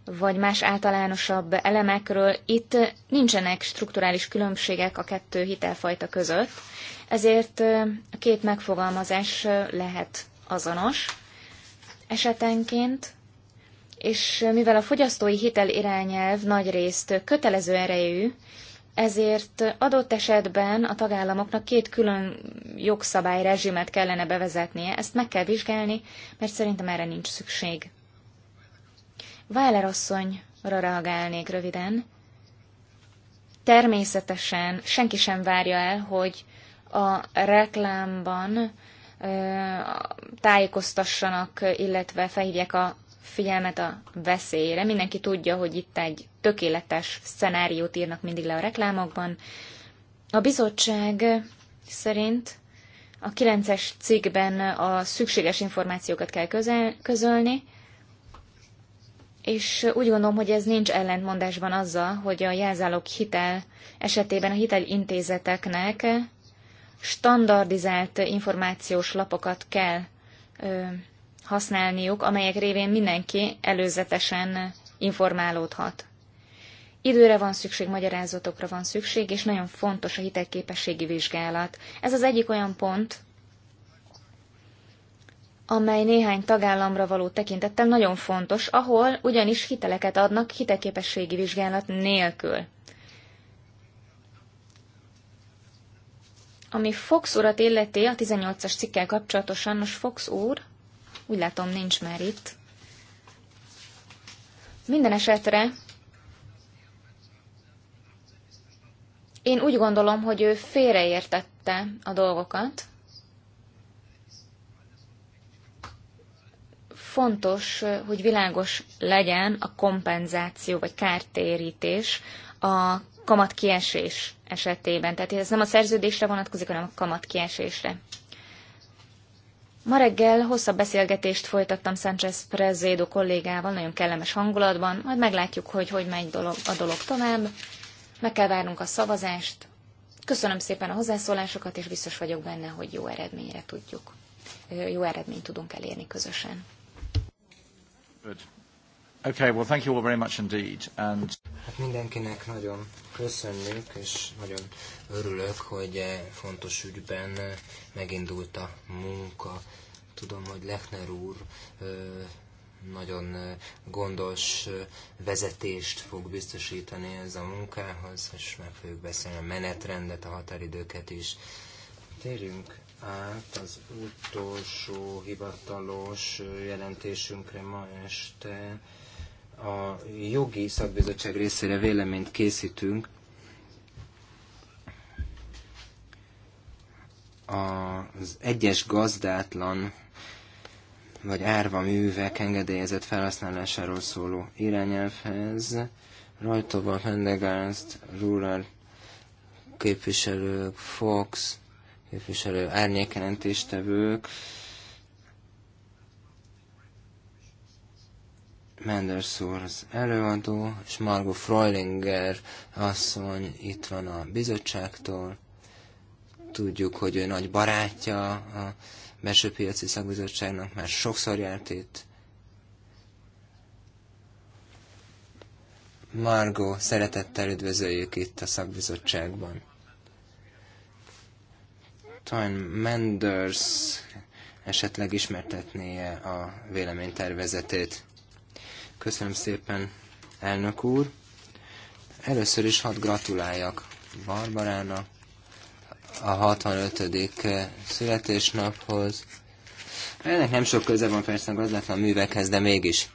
vagy más általánosabb elemekről. Itt nincsenek strukturális különbségek a kettő hitelfajta között, ezért a két megfogalmazás lehet azonos esetenként, és mivel a fogyasztói hitel irányelv nagy részt kötelező erejű, ezért adott esetben a tagállamoknak két külön jogszabályrezsimet kellene bevezetnie, ezt meg kell vizsgálni, mert szerintem erre nincs szükség. Váler asszonyra reagálnék röviden. Természetesen senki sem várja el, hogy a reklámban tájékoztassanak, illetve felhívják a figyelmet a veszélyre. Mindenki tudja, hogy itt egy tökéletes szenáriót írnak mindig le a reklámokban. A bizottság szerint a 9-es cikkben a szükséges információkat kell közel, közölni, és úgy gondolom, hogy ez nincs ellentmondásban azzal, hogy a jelzálók hitel esetében a hitelintézeteknek standardizált információs lapokat kell ö, használniuk, amelyek révén mindenki előzetesen informálódhat. Időre van szükség, magyarázatokra van szükség, és nagyon fontos a hitelképességi vizsgálat. Ez az egyik olyan pont, amely néhány tagállamra való tekintettel nagyon fontos, ahol ugyanis hiteleket adnak hitelképességi vizsgálat nélkül. Ami Fox urat illeti a 18-as cikkel kapcsolatosan, most Fox úr, úgy látom nincs már itt. Minden esetre Én úgy gondolom, hogy ő félreértette a dolgokat. Fontos, hogy világos legyen a kompenzáció vagy kártérítés a kamatkiesés esetében. Tehát ez nem a szerződésre vonatkozik, hanem a kamatkiesésre. Ma reggel hosszabb beszélgetést folytattam Sánchez Prezédo kollégával, nagyon kellemes hangulatban, majd meglátjuk, hogy hogy megy dolog, a dolog tovább meg kell várnunk a szavazást. Köszönöm szépen a hozzászólásokat, és biztos vagyok benne, hogy jó eredményre tudjuk, jó eredményt tudunk elérni közösen. Good. Okay, well, thank you all very much indeed. And... Hát mindenkinek nagyon köszönjük, és nagyon örülök, hogy e fontos ügyben megindult a munka. Tudom, hogy Lechner úr nagyon gondos vezetést fog biztosítani ez a munkához, és meg fogjuk beszélni a menetrendet, a határidőket is. Térjünk át az utolsó hivatalos jelentésünkre ma este. A jogi szakbizottság részére véleményt készítünk. Az egyes gazdátlan vagy árva művek engedélyezett felhasználásáról szóló irányelvhez. Rajtóban Fendegánzt, Rural képviselők, Fox képviselő, árnyékelentéstevők, Menders úr az előadó, és Margot Freulinger asszony itt van a bizottságtól. Tudjuk, hogy ő nagy barátja a mesőpiaci Szakbizottságnak már sokszor járt itt. Margo, szeretettel üdvözöljük itt a szakbizottságban. Tony Menders esetleg ismertetnie a véleménytervezetét. Köszönöm szépen, elnök úr. Először is hadd gratuláljak Barbarának a 65. Eh, születésnaphoz. Ennek nem sok köze van persze a gazdátlan művekhez, de mégis.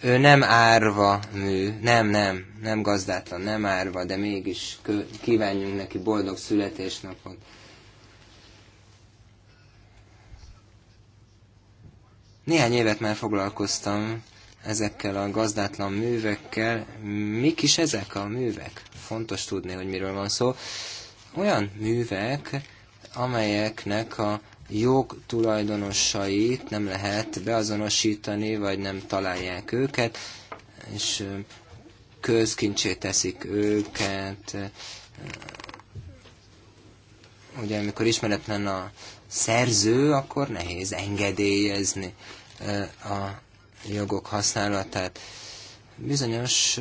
Ő nem árva mű, nem, nem, nem gazdátlan, nem árva, de mégis kívánjunk neki boldog születésnapot. Néhány évet már foglalkoztam ezekkel a gazdátlan művekkel. Mik is ezek a művek? Fontos tudni, hogy miről van szó. Olyan művek, amelyeknek a jog tulajdonosait nem lehet beazonosítani, vagy nem találják őket, és közkincsé teszik őket. Ugye, amikor ismeretlen a szerző, akkor nehéz engedélyezni a jogok használatát. Bizonyos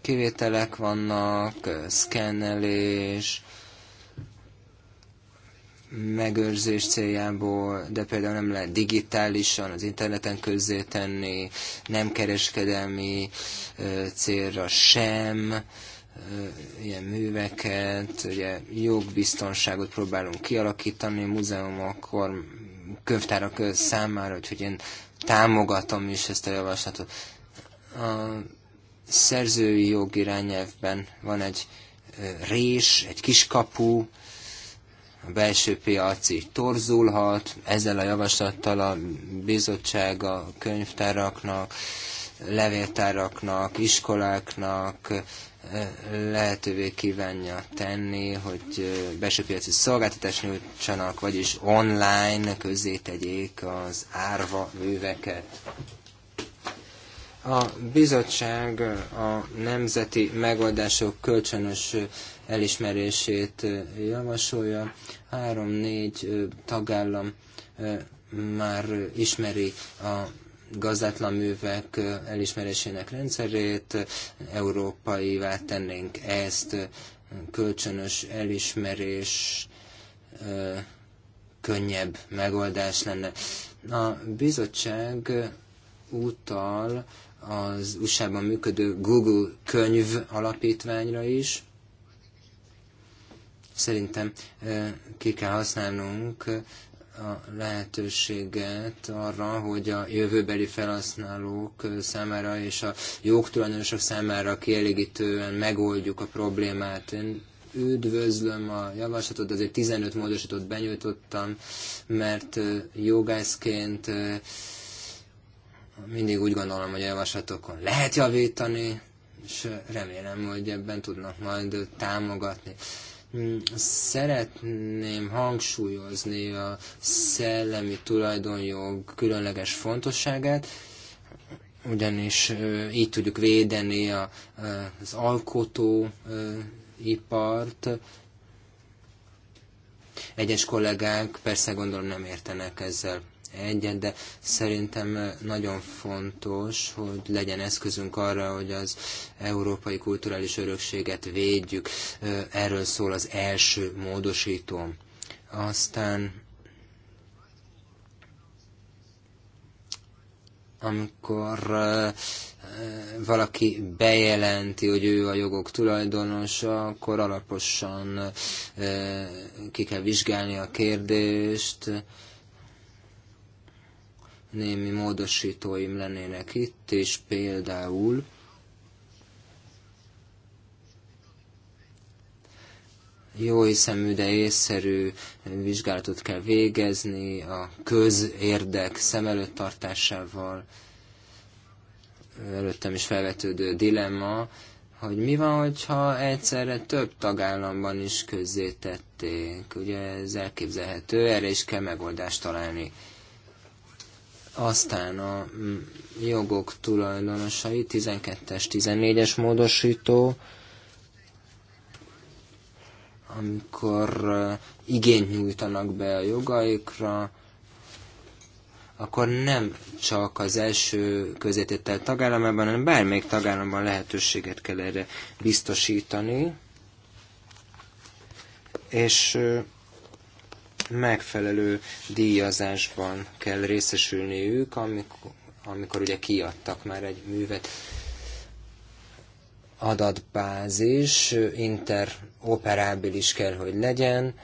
kivételek vannak, szkennelés, megőrzés céljából, de például nem lehet digitálisan, az interneten tenni, nem kereskedelmi célra sem, ilyen műveket, ugye jogbiztonságot próbálunk kialakítani, múzeumok, könyvtárak számára, úgyhogy én támogatom is ezt a javaslatot. A szerzői jog irányelvben van egy rés, egy kiskapu, a belső piaci torzulhat, ezzel a javaslattal a bizottság a könyvtáraknak, levéltáraknak, iskoláknak, lehetővé kívánja tenni, hogy belső piaci szolgáltatás nyújtsanak, vagyis online közé tegyék az árva műveket. A bizottság a nemzeti megoldások kölcsönös elismerését javasolja. Három-négy tagállam már ismeri a gazdátlan művek elismerésének rendszerét, európaivá tennénk ezt, kölcsönös elismerés könnyebb megoldás lenne. A bizottság utal az USA-ban működő Google könyv alapítványra is. Szerintem ki kell használnunk a lehetőséget arra, hogy a jövőbeli felhasználók számára és a jogtulajdonosok számára kielégítően megoldjuk a problémát. Én üdvözlöm a javaslatot, azért 15 módosítót benyújtottam, mert jogászként mindig úgy gondolom, hogy a javaslatokon lehet javítani, és remélem, hogy ebben tudnak majd támogatni. Szeretném hangsúlyozni a szellemi tulajdonjog különleges fontosságát, ugyanis így tudjuk védeni a, az alkotóipart. Egyes kollégák persze gondolom nem értenek ezzel egyet, de szerintem nagyon fontos, hogy legyen eszközünk arra, hogy az európai kulturális örökséget védjük. Erről szól az első módosító. Aztán amikor valaki bejelenti, hogy ő a jogok tulajdonosa, akkor alaposan ki kell vizsgálni a kérdést, némi módosítóim lennének itt, és például jó hiszemű, de észszerű vizsgálatot kell végezni a közérdek szem előtt tartásával. Előttem is felvetődő dilemma, hogy mi van, hogyha egyszerre több tagállamban is közzétették. Ugye ez elképzelhető, erre is kell megoldást találni. Aztán a mm, jogok tulajdonosai, 12-es, 14-es módosító, amikor igényt nyújtanak be a jogaikra, akkor nem csak az első közététel tagállamában, hanem bármelyik tagállamban lehetőséget kell erre biztosítani. És megfelelő díjazásban kell részesülniük, amikor, amikor ugye kiadtak már egy művet adatbázis, interoperábilis kell, hogy legyen.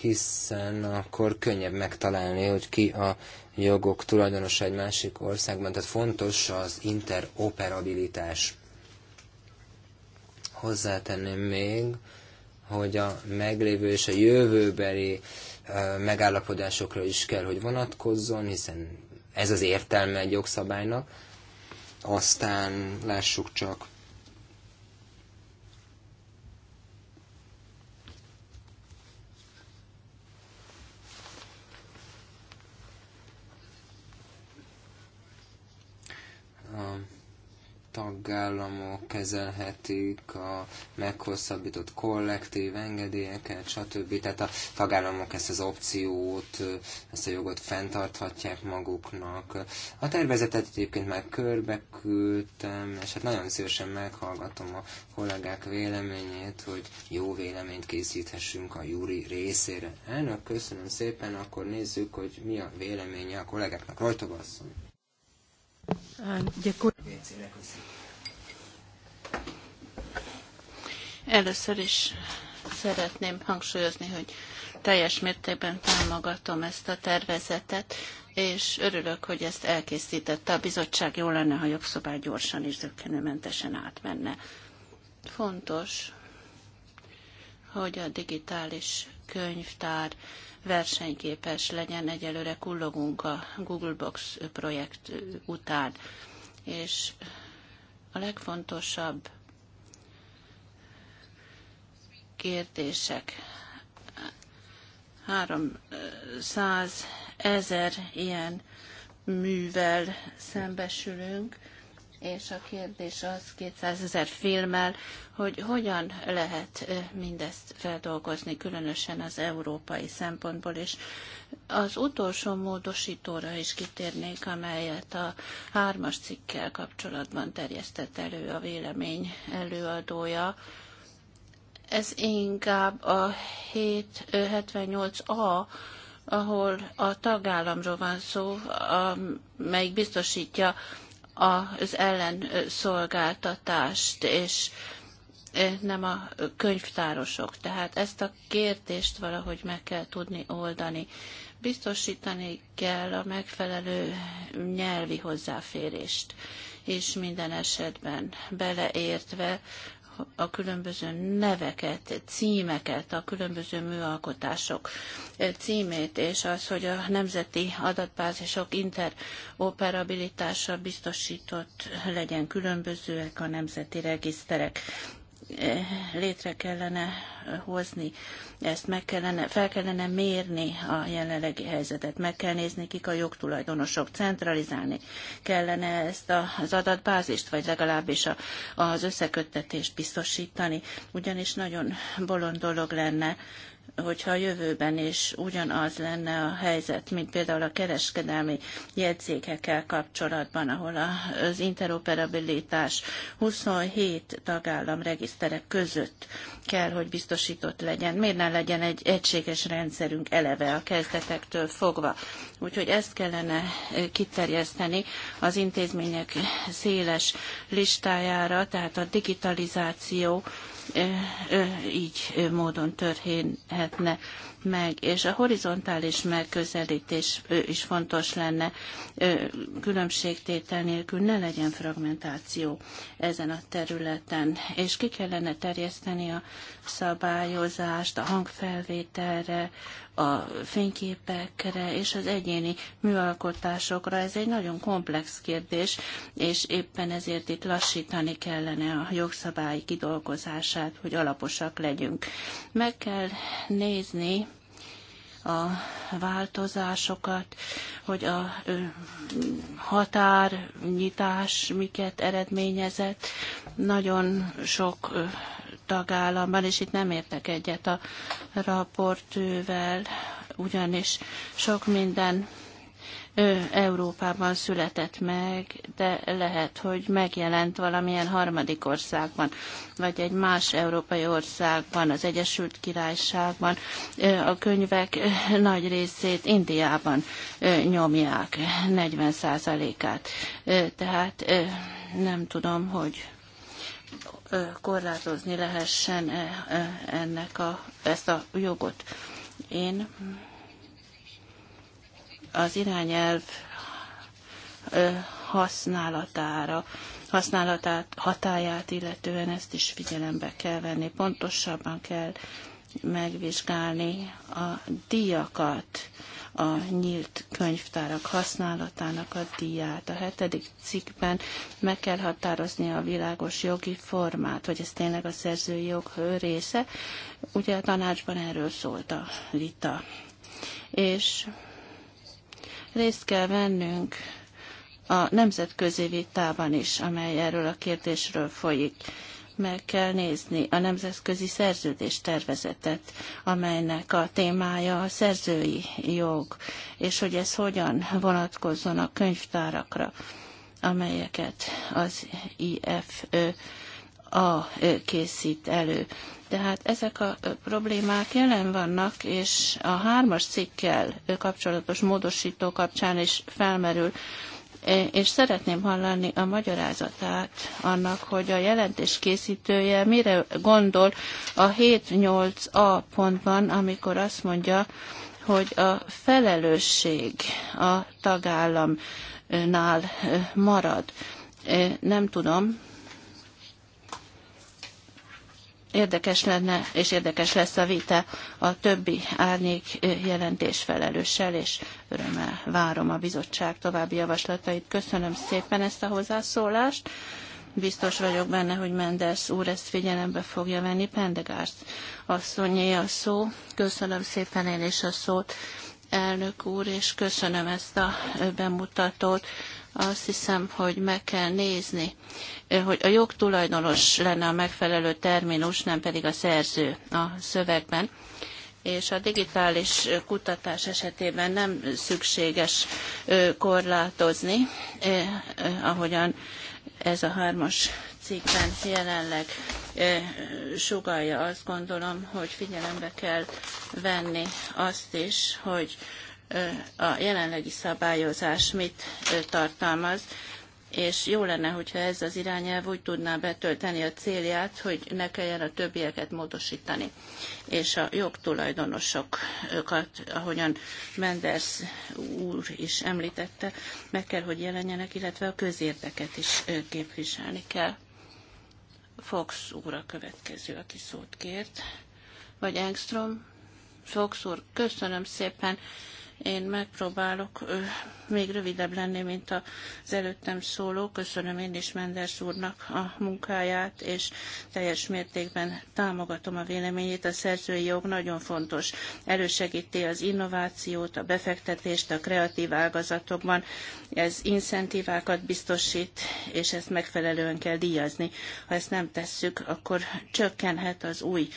hiszen akkor könnyebb megtalálni, hogy ki a jogok tulajdonosa egy másik országban. Tehát fontos az interoperabilitás. Hozzátenném még, hogy a meglévő és a jövőbeli megállapodásokra is kell, hogy vonatkozzon, hiszen ez az értelme egy jogszabálynak. Aztán lássuk csak tagállamok kezelhetik a meghosszabbított kollektív engedélyeket, stb. Tehát a tagállamok ezt az opciót, ezt a jogot fenntarthatják maguknak. A tervezetet egyébként már körbe küldtem, és hát nagyon szívesen meghallgatom a kollégák véleményét, hogy jó véleményt készíthessünk a júri részére. Elnök, köszönöm szépen, akkor nézzük, hogy mi a véleménye a kollégáknak. Rajtogasszony! Děkuji. Először is szeretném hangsúlyozni, hogy teljes mértékben támogatom ezt a tervezetet, és örülök, hogy ezt elkészítette a bizottság. Jó lenne, ha jogszabály gyorsan és zöggenőmentesen átmenne. Fontos, hogy a digitális könyvtár versenyképes legyen. Egyelőre kullogunk a Google Box projekt után. És a legfontosabb kérdések. 300 ezer ilyen művel szembesülünk, és a kérdés az 200 ezer filmmel, hogy hogyan lehet mindezt feldolgozni, különösen az európai szempontból is. Az utolsó módosítóra is kitérnék, amelyet a hármas cikkel kapcsolatban terjesztett elő a vélemény előadója. Ez inkább a 778A ahol a tagállamról van szó, amelyik biztosítja az ellenszolgáltatást, és nem a könyvtárosok. Tehát ezt a kérdést valahogy meg kell tudni oldani. Biztosítani kell a megfelelő nyelvi hozzáférést, és minden esetben beleértve a különböző neveket, címeket, a különböző műalkotások címét, és az, hogy a nemzeti adatbázisok interoperabilitása biztosított legyen különbözőek a nemzeti regiszterek létre kellene hozni, ezt meg kellene, fel kellene mérni a jelenlegi helyzetet, meg kell nézni, kik a jogtulajdonosok, centralizálni kellene ezt az adatbázist, vagy legalábbis a, az összeköttetést biztosítani, ugyanis nagyon bolond dolog lenne, hogyha a jövőben is ugyanaz lenne a helyzet, mint például a kereskedelmi jegyzékekkel kapcsolatban, ahol az interoperabilitás 27 tagállam regisztere között kell, hogy biztosított legyen. Miért ne legyen egy egységes rendszerünk eleve a kezdetektől fogva? Úgyhogy ezt kellene eh, kiterjeszteni az intézmények széles listájára, tehát a digitalizáció így módon történhetne meg, és a horizontális megközelítés is fontos lenne, különbségtétel nélkül ne legyen fragmentáció ezen a területen, és ki kellene terjeszteni a szabályozást a hangfelvételre, a fényképekre és az egyéni műalkotásokra. Ez egy nagyon komplex kérdés, és éppen ezért itt lassítani kellene a jogszabály kidolgozását, hogy alaposak legyünk. Meg kell nézni a változásokat, hogy a határnyitás miket eredményezett. Nagyon sok tagállamban, és itt nem értek egyet a raportővel, ugyanis sok minden Európában született meg, de lehet, hogy megjelent valamilyen harmadik országban, vagy egy más európai országban, az Egyesült Királyságban. A könyvek nagy részét Indiában nyomják, 40%-át. Tehát nem tudom, hogy korlátozni lehessen ennek a, ezt a jogot. Én az irányelv használatára, használatát, hatáját illetően ezt is figyelembe kell venni. Pontosabban kell megvizsgálni a díjakat, a nyílt könyvtárak használatának a díját. A hetedik cikkben meg kell határozni a világos jogi formát, hogy ez tényleg a szerzői jog része. Ugye a tanácsban erről szólt a vita. És részt kell vennünk a nemzetközi vitában is, amely erről a kérdésről folyik. Meg kell nézni a nemzetközi szerződés tervezetet, amelynek a témája a szerzői jog, és hogy ez hogyan vonatkozzon a könyvtárakra, amelyeket az IFA készít elő. Tehát ezek a problémák jelen vannak, és a hármas cikkel kapcsolatos módosító kapcsán is felmerül és szeretném hallani a magyarázatát annak, hogy a jelentés készítője mire gondol a 7-8a pontban, amikor azt mondja, hogy a felelősség a tagállamnál marad. Nem tudom, érdekes lenne, és érdekes lesz a vita a többi árnyék jelentés felelőssel, és örömmel várom a bizottság további javaslatait. Köszönöm szépen ezt a hozzászólást. Biztos vagyok benne, hogy Menders úr ezt figyelembe fogja venni. Pendegárt asszonyé a szó. Köszönöm szépen én is a szót, elnök úr, és köszönöm ezt a bemutatót. Azt hiszem, hogy meg kell nézni, eh, hogy a jogtulajdonos lenne a megfelelő terminus, nem pedig a szerző a szövegben és a digitális eh, kutatás esetében nem szükséges eh, korlátozni, ahogyan ez a hármas cikkben jelenleg sugalja, azt gondolom, hogy figyelembe kell venni azt is, hogy a jelenlegi szabályozás mit tartalmaz, és jó lenne, hogyha ez az irányelv úgy tudná betölteni a célját, hogy ne kelljen a többieket módosítani. És a jogtulajdonosokat, ahogyan Menders úr is említette, meg kell, hogy jelenjenek, illetve a közérdeket is képviselni kell. Fox úr a következő, aki szót kért. Vagy Engstrom. Fox úr, köszönöm szépen. Én megpróbálok még rövidebb lenni, mint az előttem szóló. Köszönöm én is Menders úrnak a munkáját, és teljes mértékben támogatom a véleményét. A szerzői jog nagyon fontos. Elősegíti az innovációt, a befektetést a kreatív ágazatokban. Ez incentívákat biztosít, és ezt megfelelően kell díjazni. Ha ezt nem tesszük, akkor csökkenhet az új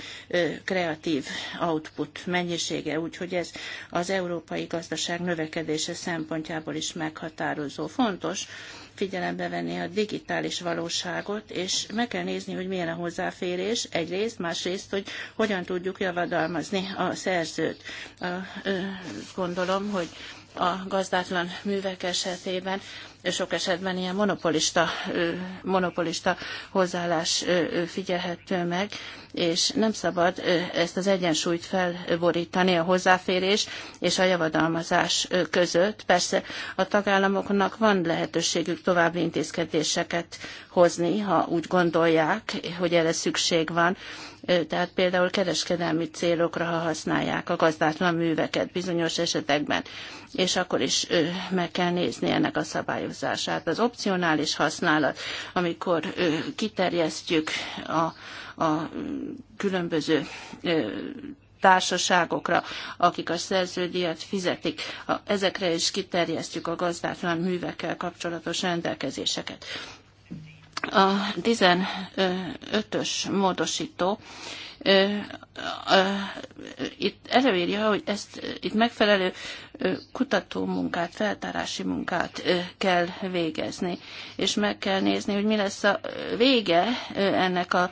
kreatív output mennyisége, úgyhogy ez az európai gazdaság növekedése szempontjából is meghatározó. Fontos figyelembe venni a digitális valóságot, és meg kell nézni, hogy milyen a hozzáférés egyrészt, másrészt, hogy hogyan tudjuk javadalmazni a szerzőt. Gondolom, hogy a gazdátlan művek esetében sok esetben ilyen monopolista, monopolista hozzáállás figyelhető meg, és nem szabad ezt az egyensúlyt felborítani a hozzáférés és a javadalmazás között. Persze a tagállamoknak van lehetőségük további intézkedéseket hozni, ha úgy gondolják, hogy erre szükség van, tehát például kereskedelmi célokra, ha használják a gazdátlan műveket bizonyos esetekben, és akkor is meg kell nézni ennek a szabályozását alkalmazását, az opcionális használat, amikor kiterjesztjük a, a különböző társaságokra, akik a szerződíjat fizetik. Ezekre is kiterjesztjük a gazdátlan művekkel kapcsolatos rendelkezéseket. A 15-ös módosító itt előírja, hogy ezt itt megfelelő kutatómunkát, feltárási munkát kell végezni, és meg kell nézni, hogy mi lesz a vége ennek a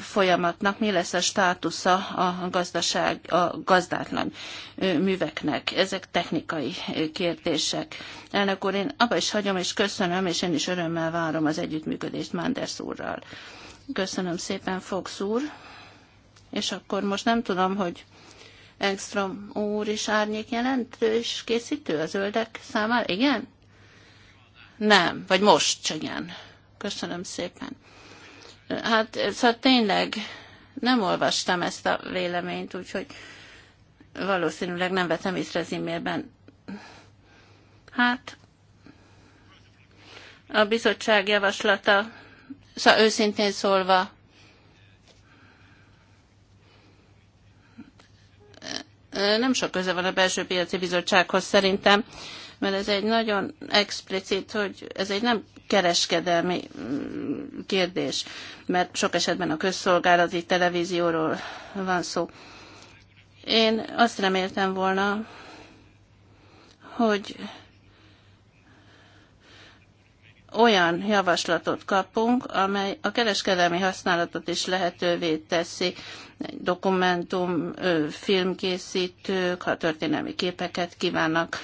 folyamatnak, mi lesz a státusza a, gazdaság, a gazdátlan műveknek. Ezek technikai kérdések. Elnök úr, én abba is hagyom, és köszönöm, és én is örömmel várom az együttműködést Manders úrral. Köszönöm szépen, Fox úr és akkor most nem tudom, hogy engstrom úr is árnyék jelentős készítő a zöldek számára, igen? Nem, vagy most igen. Köszönöm szépen. Hát, szóval tényleg nem olvastam ezt a véleményt, úgyhogy valószínűleg nem vettem észre az e-mailben. Hát, a bizottság javaslata, szóval őszintén szólva, nem sok köze van a belső piaci bizottsághoz szerintem, mert ez egy nagyon explicit, hogy ez egy nem kereskedelmi mm, kérdés, mert sok esetben a közszolgálati televízióról van szó. Én azt reméltem volna, hogy olyan javaslatot kapunk, amely a kereskedelmi használatot is lehetővé teszi, dokumentum, filmkészítők, ha történelmi képeket kívánnak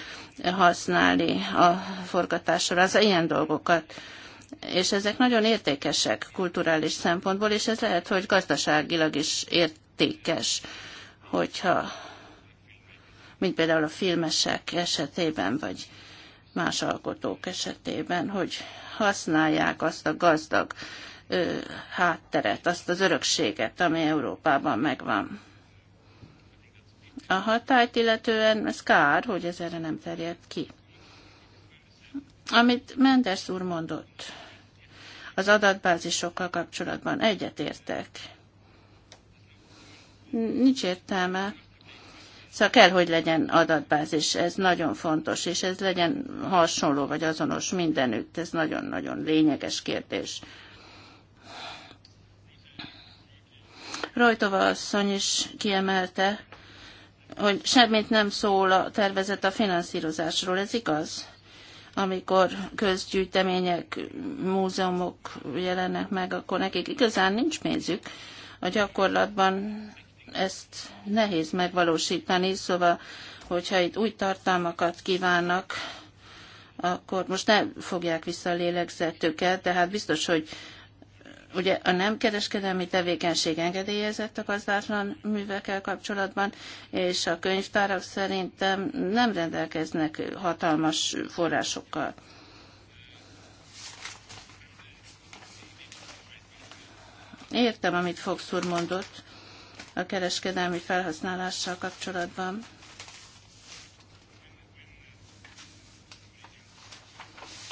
használni a forgatásra, az ilyen dolgokat és ezek nagyon értékesek kulturális szempontból, és ez lehet, hogy gazdaságilag is értékes, hogyha, mint például a filmesek esetében, vagy más alkotók esetében, hogy használják azt a gazdag ö, hátteret, azt az örökséget, ami Európában megvan. A hatályt illetően ez kár, hogy ez erre nem terjed ki. Amit Mendes úr mondott az adatbázisokkal kapcsolatban, egyetértek. Nincs értelme Szóval kell, hogy legyen adatbázis, ez nagyon fontos, és ez legyen hasonló vagy azonos mindenütt, ez nagyon-nagyon lényeges kérdés. Rojtova asszony is kiemelte, hogy semmit nem szól a tervezet a finanszírozásról, ez igaz? amikor közgyűjtemények, múzeumok jelennek meg, akkor nekik igazán nincs pénzük. A gyakorlatban ezt nehéz megvalósítani, szóval, hogyha itt új tartalmakat kívánnak, akkor most nem fogják vissza a lélegzetüket, tehát biztos, hogy ugye a nem kereskedelmi tevékenység engedélyezett a gazdátlan művekkel kapcsolatban, és a könyvtárak szerintem nem rendelkeznek hatalmas forrásokkal. Értem, amit Fox úr mondott, a kereskedelmi felhasználással kapcsolatban.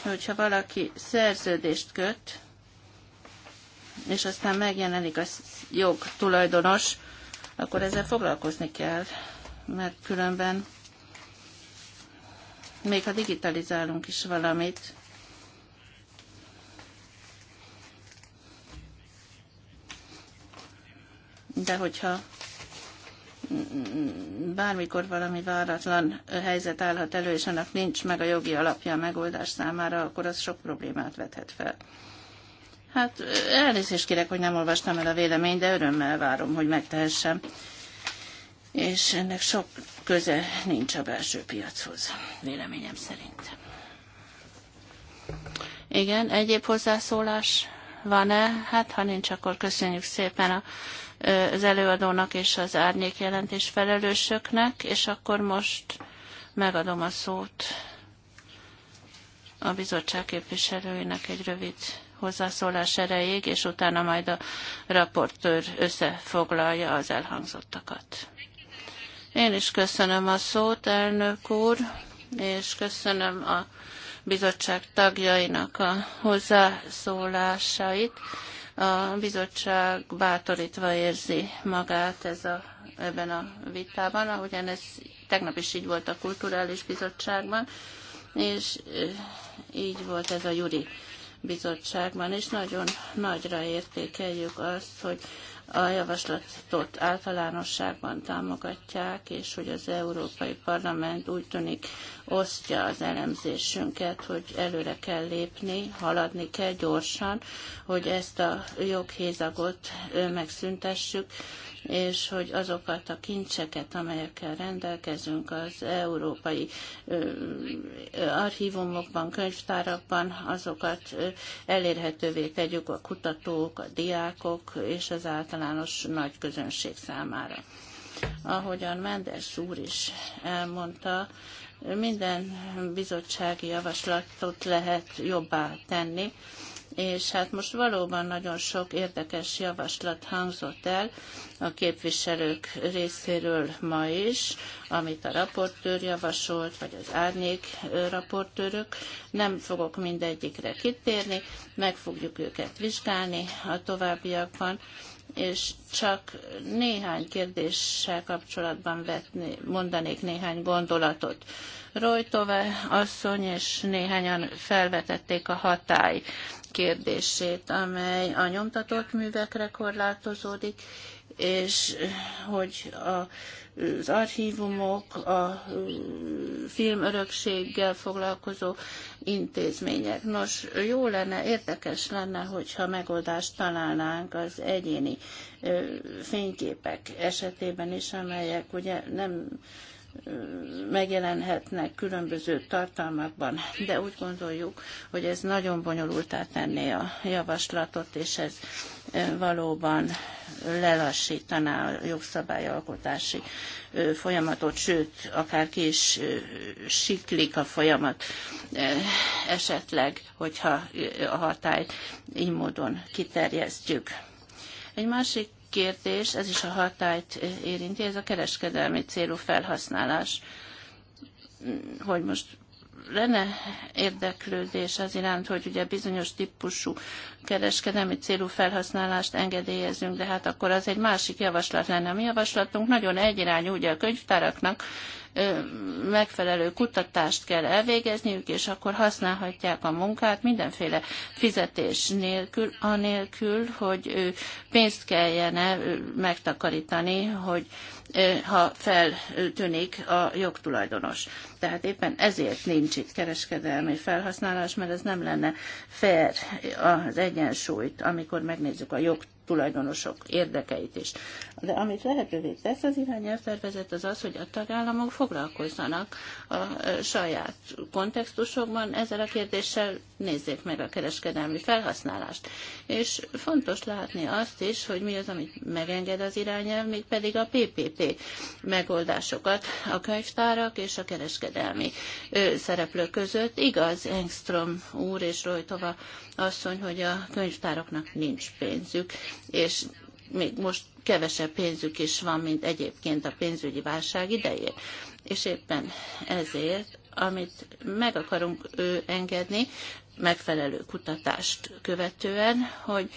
Hogyha valaki szerződést köt, és aztán megjelenik a jog tulajdonos, akkor ezzel foglalkozni kell, mert különben még ha digitalizálunk is valamit, de hogyha bármikor valami váratlan helyzet állhat elő, és annak nincs meg a jogi alapja a megoldás számára, akkor az sok problémát vethet fel. Hát elnézést kérek, hogy nem olvastam el a véleményt, de örömmel várom, hogy megtehessem. És ennek sok köze nincs a belső piachoz, véleményem szerint. Igen, egyéb hozzászólás van-e? Hát, ha nincs, akkor köszönjük szépen a az előadónak és az árnyék jelentés felelősöknek, és akkor most megadom a szót a bizottság képviselőinek egy rövid hozzászólás erejéig, és utána majd a raportőr összefoglalja az elhangzottakat. Én is köszönöm a szót, elnök úr, és köszönöm a bizottság tagjainak a hozzászólásait a bizottság bátorítva érzi magát ez a, ebben a vitában, ahogyan ez tegnap is így volt a Kulturális Bizottságban, és így volt ez a Juri bizottságban, és nagyon nagyra értékeljük azt, hogy a javaslatot általánosságban támogatják, és hogy az Európai Parlament úgy tűnik osztja az elemzésünket, hogy előre kell lépni, haladni kell gyorsan, hogy ezt a joghézagot megszüntessük, és hogy azokat a kincseket, amelyekkel rendelkezünk az európai archívumokban, könyvtárakban, azokat elérhetővé tegyük a kutatók, a diákok és az általános nagy közönség számára. Ahogyan Mendes úr is elmondta, minden bizottsági javaslatot lehet jobbá tenni, és hát most valóban nagyon sok érdekes javaslat hangzott el a képviselők részéről ma is, amit a raportőr javasolt, vagy az árnyék raportőrök. Nem fogok mindegyikre kitérni, meg fogjuk őket vizsgálni a továbbiakban és csak néhány kérdéssel kapcsolatban vetni, mondanék néhány gondolatot. Rojtove asszony és néhányan felvetették a hatály kérdését, amely a nyomtatott művekre korlátozódik, és eh, hogy a, az archívumok, a mm, filmörökséggel foglalkozó intézmények. Nos, jó lenne, érdekes lenne, hogyha megoldást találnánk az egyéni eh, fényképek esetében is, amelyek ugye nem megjelenhetnek különböző tartalmakban, de úgy gondoljuk, hogy ez nagyon bonyolultá tenné a javaslatot, és ez e, valóban lelassítaná a jogszabályalkotási e, folyamatot, sőt, akár ki is e, siklik a folyamat esetleg, hogyha a hatályt így módon kiterjesztjük. Egy másik kérdés, ez is a hatályt érinti, ez a kereskedelmi célú felhasználás. Hogy most lenne érdeklődés az iránt, hogy ugye bizonyos típusú kereskedelmi célú felhasználást engedélyezünk, de hát akkor az egy másik javaslat lenne. A mi javaslatunk nagyon egyirányú, ugye a könyvtáraknak megfelelő kutatást kell elvégezniük, és akkor használhatják a munkát mindenféle fizetés nélkül, anélkül, hogy pénzt kelljene megtakarítani, hogy ha feltűnik a jogtulajdonos. Tehát éppen ezért nincs itt kereskedelmi felhasználás, mert ez nem lenne fair az egyensúlyt, amikor megnézzük a jogtulajdonos tulajdonosok érdekeit is. De amit lehetővé tesz az irányelvtervezet, az az, hogy a tagállamok foglalkozzanak a e, saját kontextusokban ezzel a kérdéssel, nézzék meg a kereskedelmi felhasználást. És fontos látni azt is, hogy mi az, amit megenged az irányelv, még pedig a PPP megoldásokat a könyvtárak és a kereskedelmi szereplők között. Igaz, Engström úr és Rojtova asszony, hogy a könyvtároknak nincs pénzük és még most kevesebb pénzük is van, mint egyébként a pénzügyi válság idején. És éppen ezért, amit meg akarunk ő engedni, megfelelő kutatást követően, hogy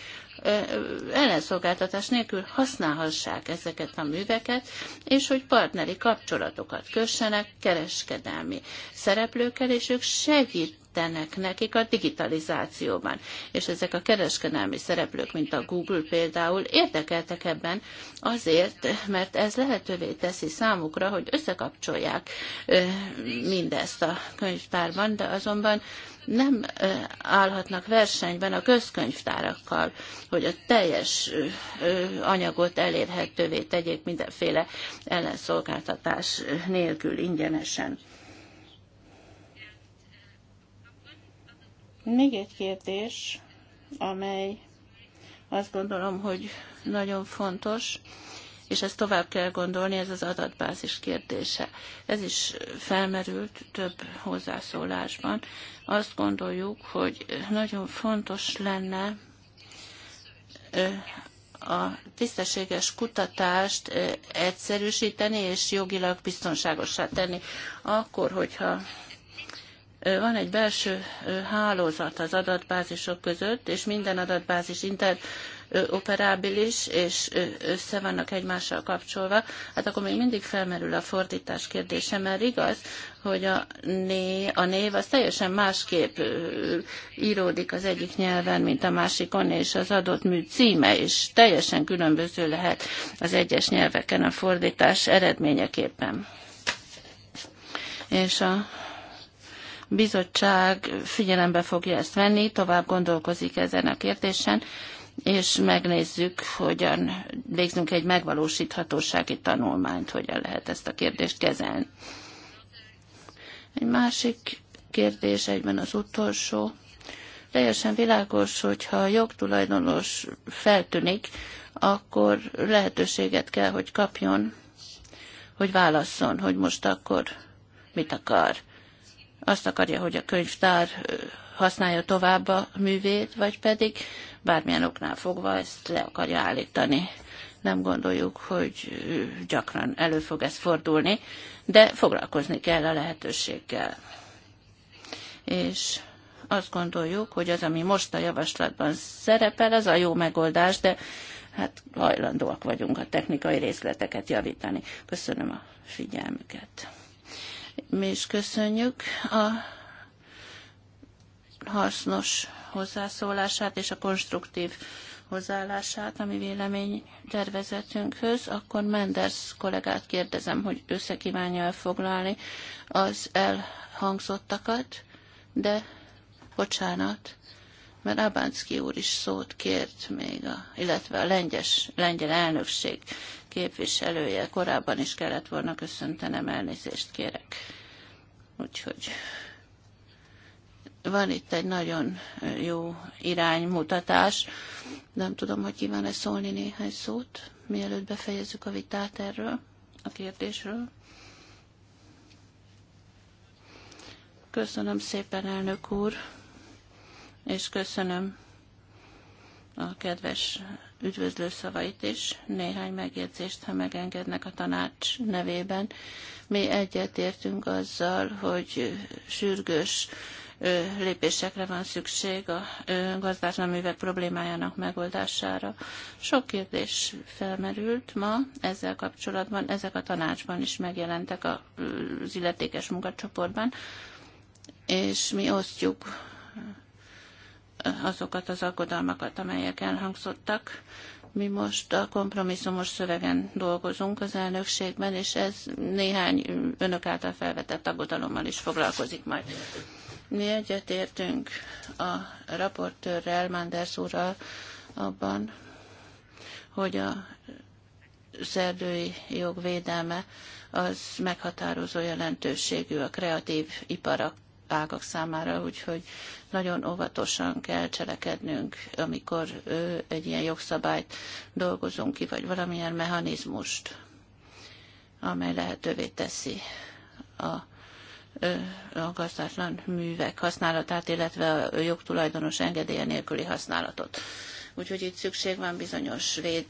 ellenszolgáltatás nélkül használhassák ezeket a műveket, és hogy partneri kapcsolatokat kössenek kereskedelmi szereplőkkel, és ők segít segítenek nekik a digitalizációban. És ezek a kereskedelmi szereplők, mint a Google például, érdekeltek ebben azért, mert ez lehetővé teszi számukra, hogy összekapcsolják mindezt a könyvtárban, de azonban nem állhatnak versenyben a közkönyvtárakkal, hogy a teljes anyagot elérhetővé tegyék mindenféle ellenszolgáltatás nélkül ingyenesen. Még egy kérdés, amely azt gondolom, hogy nagyon fontos, és ezt tovább kell gondolni, ez az adatbázis kérdése. Ez is felmerült több hozzászólásban. Azt gondoljuk, hogy nagyon fontos lenne a tisztességes kutatást egyszerűsíteni és jogilag biztonságosá tenni. Akkor, hogyha van egy belső hálózat az adatbázisok között, és minden adatbázis inter operábilis, és össze vannak egymással kapcsolva, hát akkor még mindig felmerül a fordítás kérdése, mert igaz, hogy a, né, a név az teljesen másképp íródik az egyik nyelven, mint a másikon, és az adott mű címe is teljesen különböző lehet az egyes nyelveken a fordítás eredményeképpen. És a bizottság figyelembe fogja ezt venni, tovább gondolkozik ezen a kérdésen, és megnézzük, hogyan végzünk egy megvalósíthatósági tanulmányt, hogyan lehet ezt a kérdést kezelni. Egy másik kérdés, egyben az utolsó. Teljesen világos, hogyha a jogtulajdonos feltűnik, akkor lehetőséget kell, hogy kapjon, hogy válasszon, hogy most akkor mit akar. Azt akarja, hogy a könyvtár használja tovább a művét, vagy pedig bármilyen oknál fogva ezt le akarja állítani. Nem gondoljuk, hogy gyakran elő fog ez fordulni, de foglalkozni kell a lehetőséggel. És azt gondoljuk, hogy az, ami most a javaslatban szerepel, az a jó megoldás, de hát hajlandóak vagyunk a technikai részleteket javítani. Köszönöm a figyelmüket. Mi is köszönjük a hasznos hozzászólását és a konstruktív hozzáállását a mi vélemény tervezetünkhöz, akkor Menders kollégát kérdezem, hogy összekívánja elfoglalni az elhangzottakat, de bocsánat, mert Abánszki úr is szót kért még, a, illetve a lengyes, lengyel elnökség képviselője korábban is kellett volna köszöntenem, elnézést kérek. Úgyhogy van itt egy nagyon jó iránymutatás. Nem tudom, hogy kíván-e szólni néhány szót, mielőtt befejezzük a vitát erről, a kérdésről. Köszönöm szépen, elnök úr, és köszönöm a kedves üdvözlő szavait is, néhány megjegyzést, ha megengednek a tanács nevében. Mi egyetértünk azzal, hogy sürgős lépésekre van szükség a gazdátlan művek problémájának megoldására. Sok kérdés felmerült ma ezzel kapcsolatban, ezek a tanácsban is megjelentek az illetékes munkacsoportban, és mi osztjuk azokat az aggodalmakat, amelyek elhangzottak. Mi most a kompromisszumos szövegen dolgozunk az elnökségben, és ez néhány önök által felvetett aggodalommal is foglalkozik majd. Mi egyetértünk a raportőrrel, Manders úrral abban, hogy a szerdői jogvédelme az meghatározó jelentőségű a kreatív iparak ágak számára, úgyhogy nagyon óvatosan kell cselekednünk, amikor egy ilyen jogszabályt dolgozunk ki, vagy valamilyen mechanizmust, amely lehetővé teszi a a művek használatát, illetve a jogtulajdonos engedélye nélküli használatot. Úgyhogy itt szükség van bizonyos véd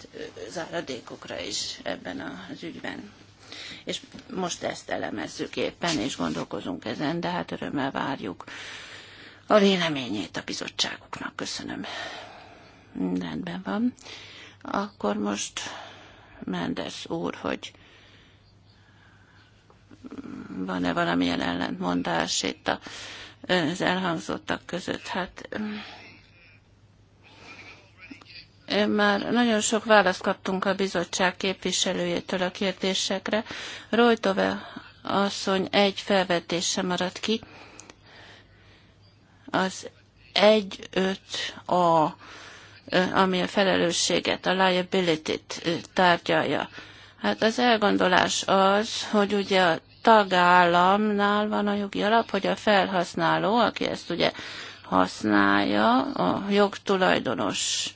záradékokra is ebben az ügyben. És most ezt elemezzük éppen, és gondolkozunk ezen, de hát örömmel várjuk a véleményét a bizottságoknak. Köszönöm. Rendben van. Akkor most Mendes úr, hogy van-e valamilyen ellentmondás itt az elhangzottak között. Hát már nagyon sok választ kaptunk a bizottság képviselőjétől a kérdésekre. Rojtove asszony egy felvetése maradt ki. Az 5 a ami a felelősséget, a liability-t tárgyalja. Hát az elgondolás az, hogy ugye a tagállamnál van a jogi alap, hogy a felhasználó, aki ezt ugye használja, a jogtulajdonos,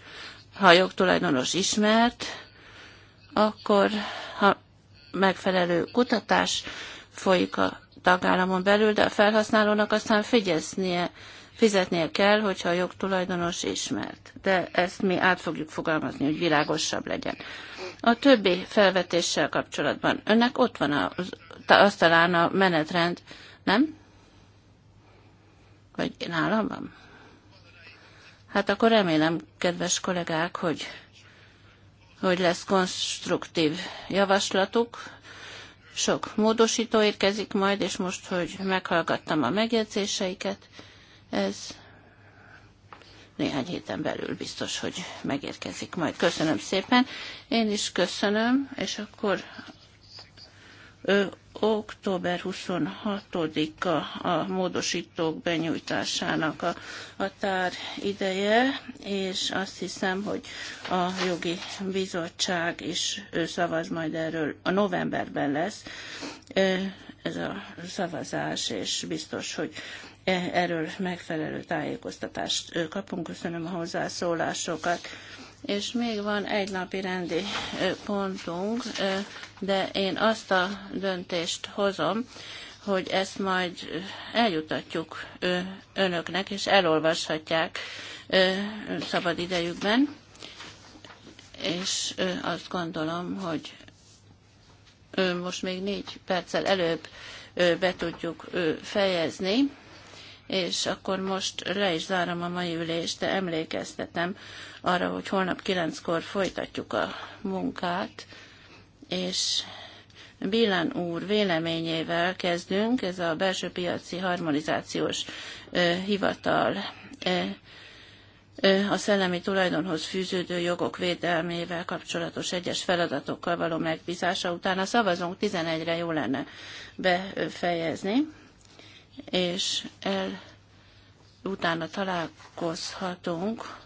ha a jogtulajdonos ismert, akkor ha megfelelő kutatás folyik a tagállamon belül, de a felhasználónak aztán figyeznie, fizetnie kell, hogyha a jogtulajdonos ismert. De ezt mi át fogjuk fogalmazni, hogy világosabb legyen. A többi felvetéssel kapcsolatban önnek ott van az az talán a menetrend, nem? Vagy nálam van? Hát akkor remélem, kedves kollégák, hogy, hogy lesz konstruktív javaslatuk. Sok módosító érkezik majd, és most, hogy meghallgattam a megjegyzéseiket, ez néhány héten belül biztos, hogy megérkezik majd. Köszönöm szépen. Én is köszönöm, és akkor ő október 26-a a módosítók benyújtásának a, a tár ideje, és azt hiszem, hogy a jogi bizottság is ő szavaz majd erről, a novemberben lesz ez a szavazás, és biztos, hogy e, erről megfelelő tájékoztatást kapunk. Köszönöm a hozzászólásokat és még van egy napi rendi pontunk, de én azt a döntést hozom, hogy ezt majd eljutatjuk önöknek, és elolvashatják szabad idejükben, és azt gondolom, hogy most még négy perccel előbb be tudjuk fejezni és akkor most le is zárom a mai ülést, de emlékeztetem arra, hogy holnap kilenckor folytatjuk a munkát, és Bilán úr véleményével kezdünk, ez a belső piaci harmonizációs ö, hivatal ö, ö, a szellemi tulajdonhoz fűződő jogok védelmével kapcsolatos egyes feladatokkal való megbízása utána szavazunk 11-re jó lenne befejezni és el utána találkozhatunk.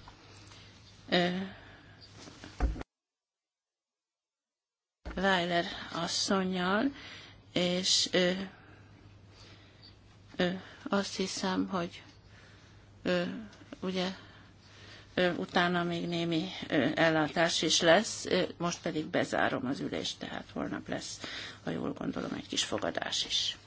Weiler asszonyjal, és ö, ö, azt hiszem, hogy ö, ugye ö, utána még némi ö, ellátás is lesz, ö, most pedig bezárom az ülést, tehát holnap lesz, ha jól gondolom, egy kis fogadás is.